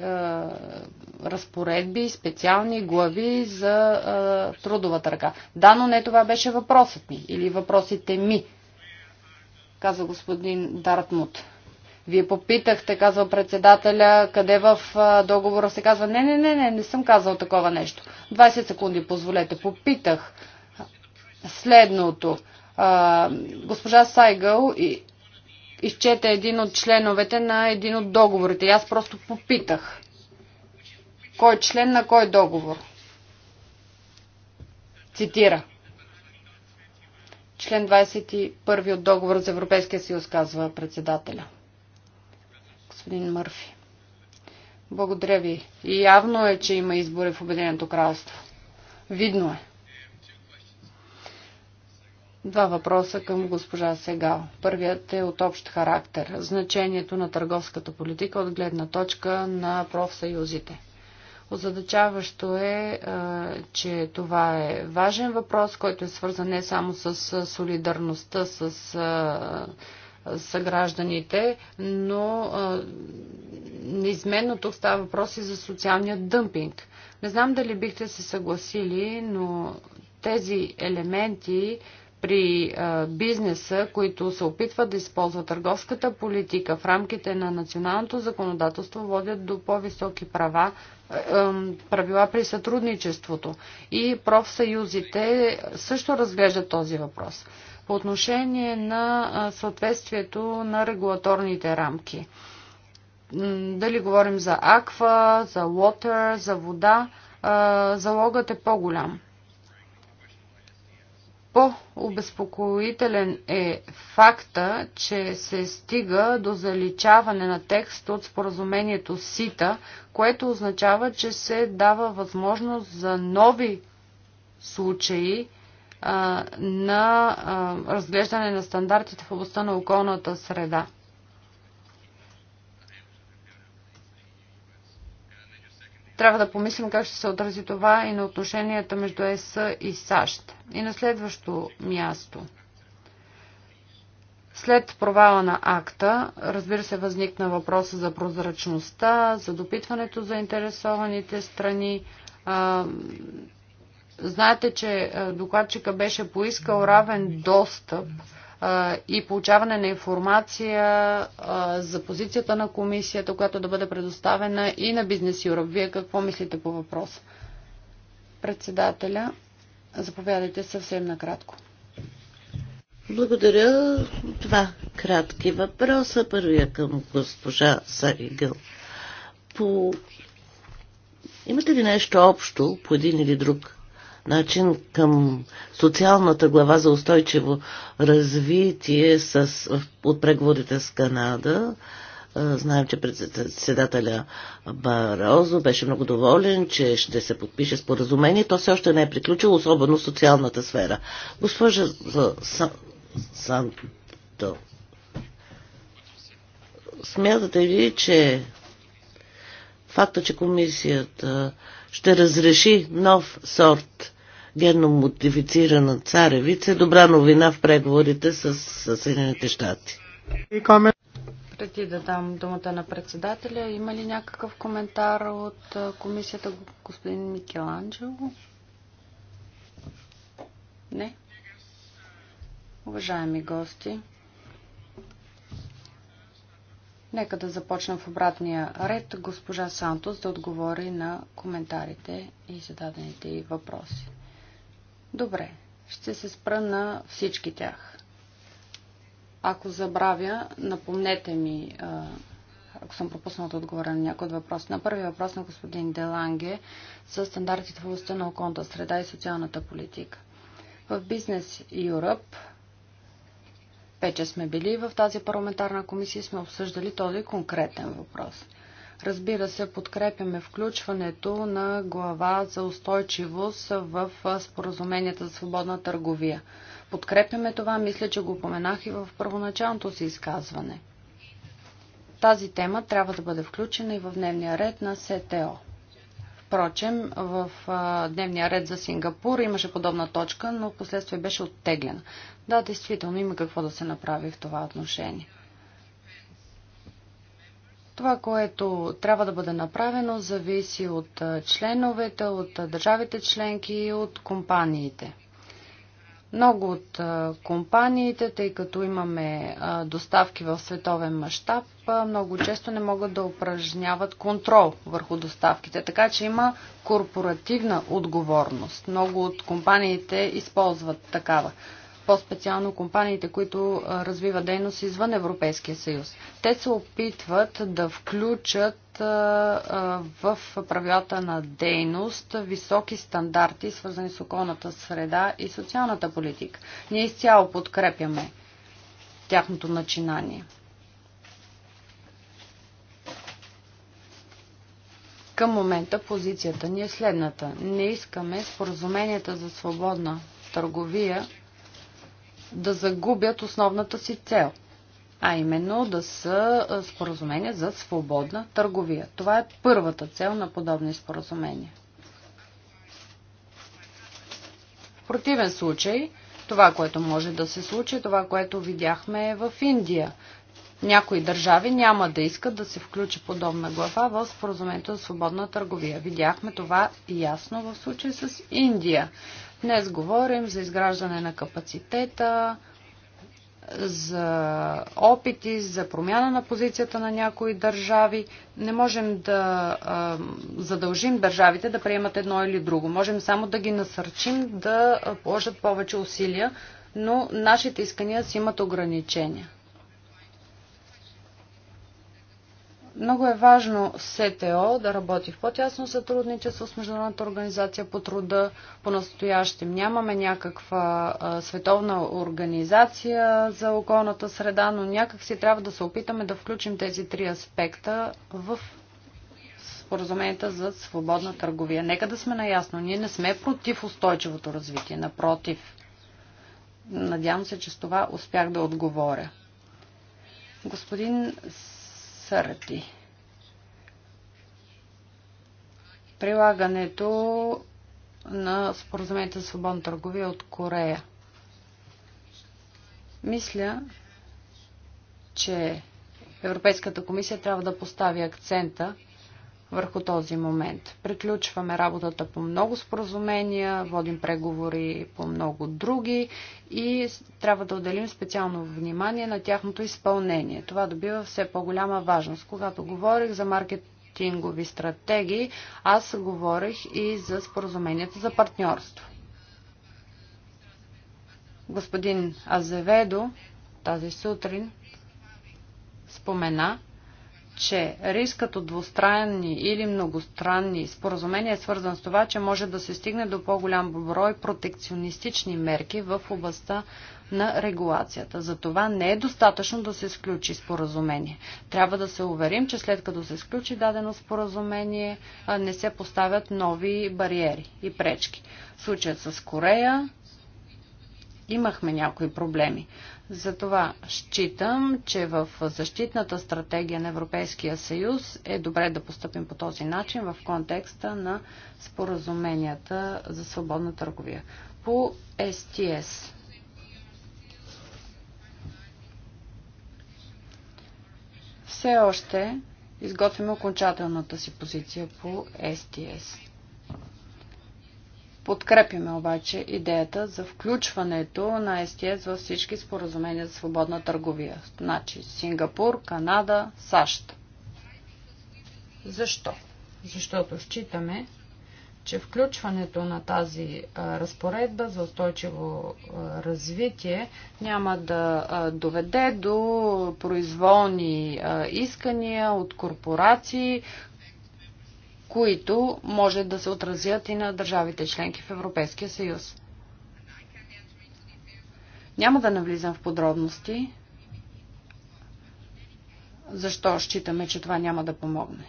разпоредби, специални глави за е, трудовата ръка. Да, но не това беше въпросът ми или въпросите ми, каза господин Дартмут. Вие попитахте, казва председателя, къде в е, договора се казва. Не, не, не, не, не съм казал такова нещо. 20 секунди, позволете. Попитах следното. А, госпожа Сайгъл и, изчете един от членовете на един от договорите. аз просто попитах. Кой член на кой договор? Цитира. Член 21 от договор за Европейския съюз, казва председателя. Господин Мърфи. Благодаря ви. И явно е, че има избори в Обединеното кралство. Видно е. Два въпроса към госпожа Сегал. Първият е от общ характер. Значението на търговската политика от гледна точка на профсъюзите. Озадачаващо е, е че това е важен въпрос, който е свързан не само с солидарността с е, съгражданите, но е, неизменно тук става въпрос и за социалния дъмпинг. Не знам дали бихте се съгласили, но тези елементи при бизнеса, които се опитват да използват търговската политика в рамките на националното законодателство, водят до по-високи права, правила при сътрудничеството. И профсъюзите също разглеждат този въпрос. По отношение на съответствието на регулаторните рамки. Дали говорим за аква, за water, за вода, залогът е по-голям. По-обезпокоителен е факта, че се стига до заличаване на текст от споразумението СИТА, което означава, че се дава възможност за нови случаи а, на а, разглеждане на стандартите в областта на околната среда. Трябва да помислим как ще се отрази това и на отношенията между ЕС и САЩ. И на следващо място. След провала на акта, разбира се, възникна въпроса за прозрачността, за допитването за интересованите страни. Знаете, че докладчика беше поискал равен достъп и получаване на информация за позицията на комисията, която да бъде предоставена и на Бизнес Юръп. Вие какво мислите по въпрос? Председателя, заповядайте съвсем накратко. Благодаря. Два кратки въпроса. Първия към госпожа Саригъл. По... Имате ли нещо общо по един или друг начин към социалната глава за устойчиво развитие с, от преговорите с Канада. Знаем, че председателя Барозо беше много доволен, че ще се подпише споразумение. То все още не е приключило, особено в социалната сфера. Госпожа Санто, смятате ли, че факта, че комисията ще разреши нов сорт генномодифицирана царевица. Добра новина в преговорите с Съединените щати. Преди да дам думата на председателя, има ли някакъв коментар от комисията господин Микеланджело? Не? Уважаеми гости, Нека да започна в обратния ред. Госпожа Сантос да отговори на коментарите и зададените й въпроси. Добре, ще се спра на всички тях. Ако забравя, напомнете ми, ако съм пропуснала да отговоря на някой от въпроси. На първи въпрос на господин Деланге с стандартите в областта на околната среда и социалната политика. В Business Europe вече сме били в тази парламентарна комисия и сме обсъждали този конкретен въпрос. Разбира се, подкрепяме включването на глава за устойчивост в споразуменията за свободна търговия. Подкрепяме това, мисля, че го поменах и в първоначалното си изказване. Тази тема трябва да бъде включена и в дневния ред на СТО. Впрочем, в дневния ред за Сингапур имаше подобна точка, но последствие беше оттеглена. Да, действително има какво да се направи в това отношение. Това, което трябва да бъде направено, зависи от членовете, от държавите членки и от компаниите. Много от компаниите, тъй като имаме доставки в световен мащаб, много често не могат да упражняват контрол върху доставките, така че има корпоративна отговорност. Много от компаниите използват такава по-специално компаниите, които развиват дейност извън Европейския съюз. Те се опитват да включат в правилата на дейност високи стандарти, свързани с околната среда и социалната политика. Ние изцяло подкрепяме тяхното начинание. Към момента позицията ни е следната. Не искаме споразуменията за свободна търговия да загубят основната си цел, а именно да са споразумения за свободна търговия. Това е първата цел на подобни споразумения. В противен случай, това, което може да се случи, това, което видяхме в Индия – някои държави няма да искат да се включи подобна глава в споразумението за свободна търговия. Видяхме това ясно в случай с Индия. Днес говорим за изграждане на капацитета, за опити, за промяна на позицията на някои държави. Не можем да а, задължим държавите да приемат едно или друго. Можем само да ги насърчим да положат повече усилия, но нашите искания си имат ограничения. Много е важно СТО да работи в по-тясно сътрудничество с Международната организация по труда. По-настоящем нямаме някаква а, световна организация за околната среда, но някак си трябва да се опитаме да включим тези три аспекта в споразуменията за свободна търговия. Нека да сме наясно, ние не сме против устойчивото развитие, напротив. Надявам се, че с това успях да отговоря. Господин Сърти. Прилагането на споразумението за свободна търговия от Корея. Мисля, че Европейската комисия трябва да постави акцента върху този момент. Приключваме работата по много споразумения, водим преговори по много други и трябва да отделим специално внимание на тяхното изпълнение. Това добива все по-голяма важност. Когато говорих за маркет маркетингови стратегии, аз говорих и за споразуменията за партньорство. Господин Азеведо тази сутрин спомена, че рискът от двустранни или многостранни споразумения е свързан с това, че може да се стигне до по-голям брой протекционистични мерки в областта на регулацията. За това не е достатъчно да се сключи споразумение. Трябва да се уверим, че след като се сключи дадено споразумение, не се поставят нови бариери и пречки. Случаят с Корея имахме някои проблеми. Затова считам, че в защитната стратегия на Европейския съюз е добре да поступим по този начин в контекста на споразуменията за свободна търговия. По СТС. Все още изготвяме окончателната си позиция по СТС. Подкрепяме обаче идеята за включването на СТС във всички споразумения за свободна търговия. Значи Сингапур, Канада, САЩ. Защо? Защото считаме, че включването на тази разпоредба за устойчиво развитие няма да доведе до произволни искания от корпорации, които може да се отразят и на държавите членки в Европейския съюз. Няма да навлизам в подробности, защо считаме, че това няма да помогне.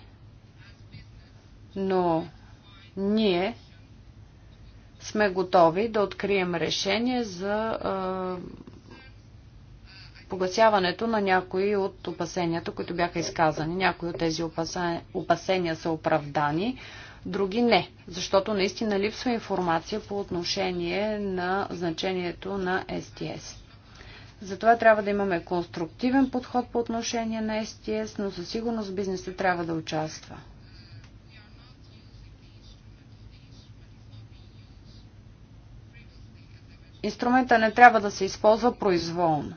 Но ние сме готови да открием решение за погасяването на някои от опасенията, които бяха изказани. Някои от тези опасения са оправдани, други не, защото наистина липсва информация по отношение на значението на СТС. Затова трябва да имаме конструктивен подход по отношение на СТС, но със сигурност бизнеса трябва да участва. Инструмента не трябва да се използва произволно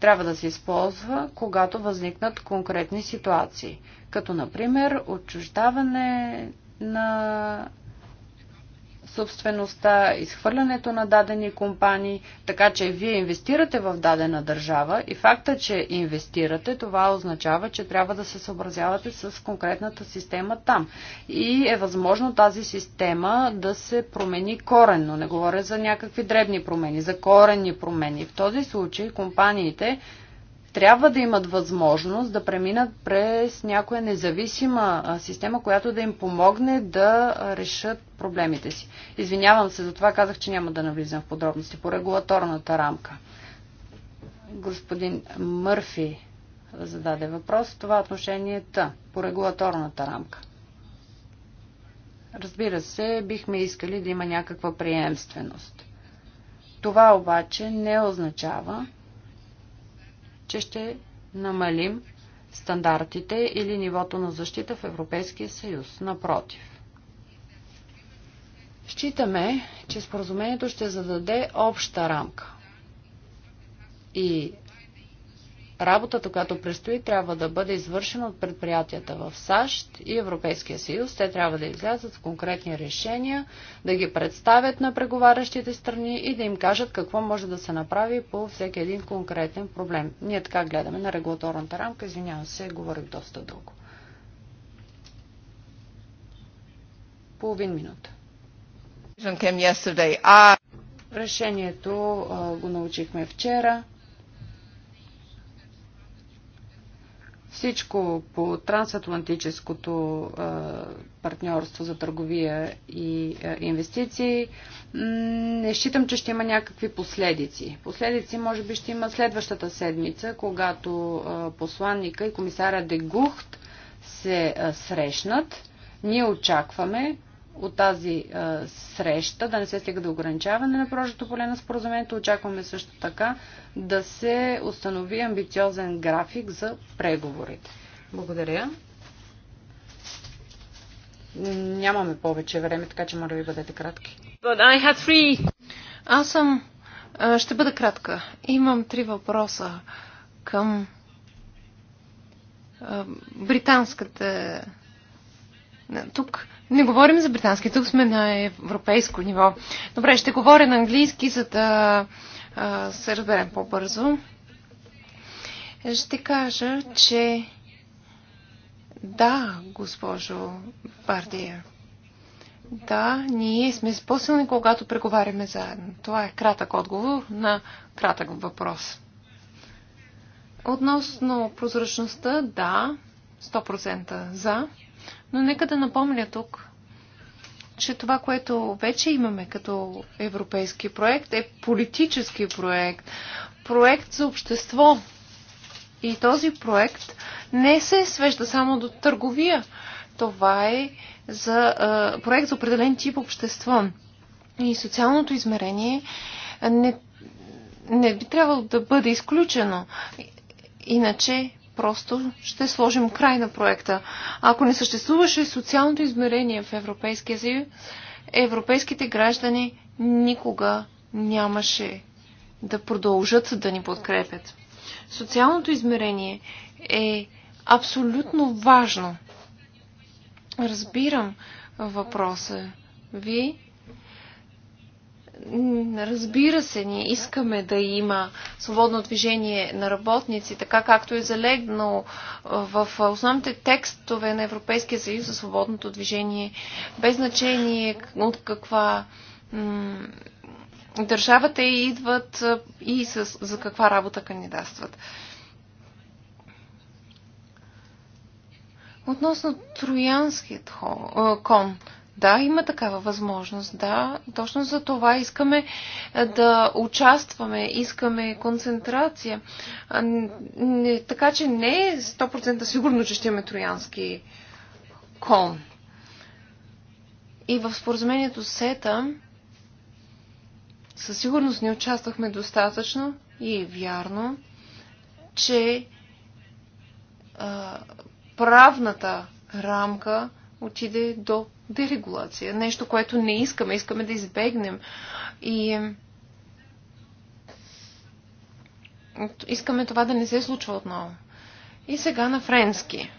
трябва да се използва, когато възникнат конкретни ситуации, като например отчуждаване на собствеността, изхвърлянето на дадени компании, така че вие инвестирате в дадена държава и факта, че инвестирате, това означава, че трябва да се съобразявате с конкретната система там. И е възможно тази система да се промени коренно. Не говоря за някакви дребни промени, за коренни промени. В този случай компаниите трябва да имат възможност да преминат през някоя независима система, която да им помогне да решат проблемите си. Извинявам се, за това казах, че няма да навлизам в подробности по регулаторната рамка. Господин Мърфи зададе въпрос това отношение е по регулаторната рамка. Разбира се, бихме искали да има някаква приемственост. Това обаче не означава, че ще намалим стандартите или нивото на защита в Европейския съюз. Напротив. Считаме, че споразумението ще зададе обща рамка. И работата, която предстои, трябва да бъде извършена от предприятията в САЩ и Европейския съюз. Те трябва да излязат с конкретни решения, да ги представят на преговарящите страни и да им кажат какво може да се направи по всеки един конкретен проблем. Ние така гледаме на регулаторната рамка. Извинявам се, говорих доста дълго. Половин минута. Решението го научихме вчера. Всичко по трансатлантическото партньорство за търговия и инвестиции не считам, че ще има някакви последици. Последици може би ще има следващата седмица, когато посланника и комисаря Дегухт се срещнат. Ние очакваме от тази а, среща, да не се стига до ограничаване на прожито поле на споразумението. Очакваме също така да се установи амбициозен график за преговорите. Благодаря. Нямаме повече време, така че моля ви бъдете кратки. But I had three. Аз съм... Ще бъда кратка. Имам три въпроса към британската... Тук не говорим за британски, тук сме на европейско ниво. Добре, ще говоря на английски, за да а, се разберем по-бързо. Ще кажа, че да, госпожо Бардия. Да, ние сме спосилни, когато преговаряме заедно. Това е кратък отговор на кратък въпрос. Относно прозрачността, да, 100% за. Но нека да напомня тук, че това, което вече имаме като европейски проект, е политически проект, проект за общество. И този проект не се свежда само до търговия. Това е за, а, проект за определен тип общество. И социалното измерение не, не би трябвало да бъде изключено. Иначе просто ще сложим край на проекта. Ако не съществуваше социалното измерение в Европейския съюз, европейските граждани никога нямаше да продължат да ни подкрепят. Социалното измерение е абсолютно важно. Разбирам въпроса ви Разбира се, ние искаме да има свободно движение на работници, така както е залегнал в основните текстове на Европейския съюз за свободното движение, без значение от каква държавата и идват и с, за каква работа кандидатстват. Относно троянският кон – да, има такава възможност. Да, точно за това искаме е, да участваме, искаме концентрация. не, така че не е 100% сигурно, че ще имаме троянски кон. И в споразумението СЕТА със сигурност не участвахме достатъчно и е вярно, че а, правната рамка отиде до дерегулация, нещо, което не искаме, искаме да избегнем. И искаме това да не се случва отново. И сега на френски.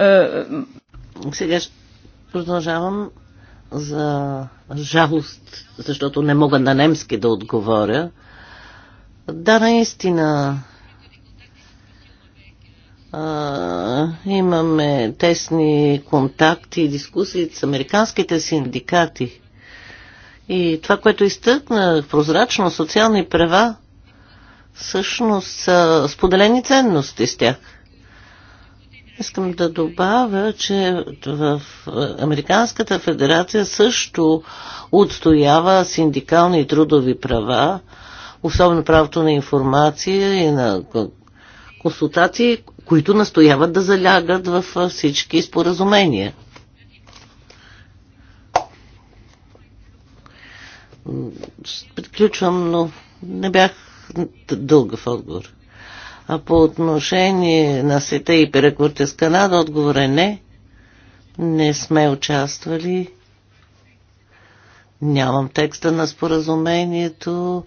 Е, сега продължавам за жалост, защото не мога на немски да отговоря. Да, наистина а, имаме тесни контакти и дискусии с американските синдикати. И това, което изтъкна прозрачно социални права, всъщност са споделени ценности с тях. Искам да добавя, че в Американската федерация също отстоява синдикални и трудови права, особено правото на информация и на консултации, които настояват да залягат в всички споразумения. Приключвам, но не бях дълга в отговор. А по отношение на света и преговорите с Канада, отговор е не. Не сме участвали. Нямам текста на споразумението.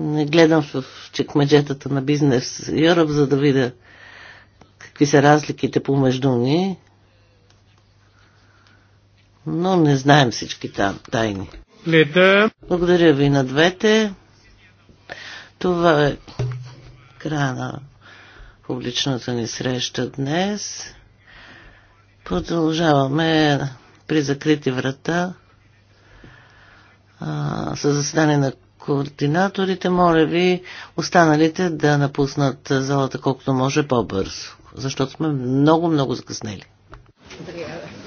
Не гледам в чекмеджетата на бизнес Юръп, за да видя какви са разликите помежду ни. Но не знаем всички там тайни. Леда. Благодаря ви на двете. Това е края на публичната ни среща днес. Продължаваме при закрити врата а, с заседание на координаторите. Моля ви останалите да напуснат залата колкото може по-бързо защото сме много-много закъснели. Благодаря.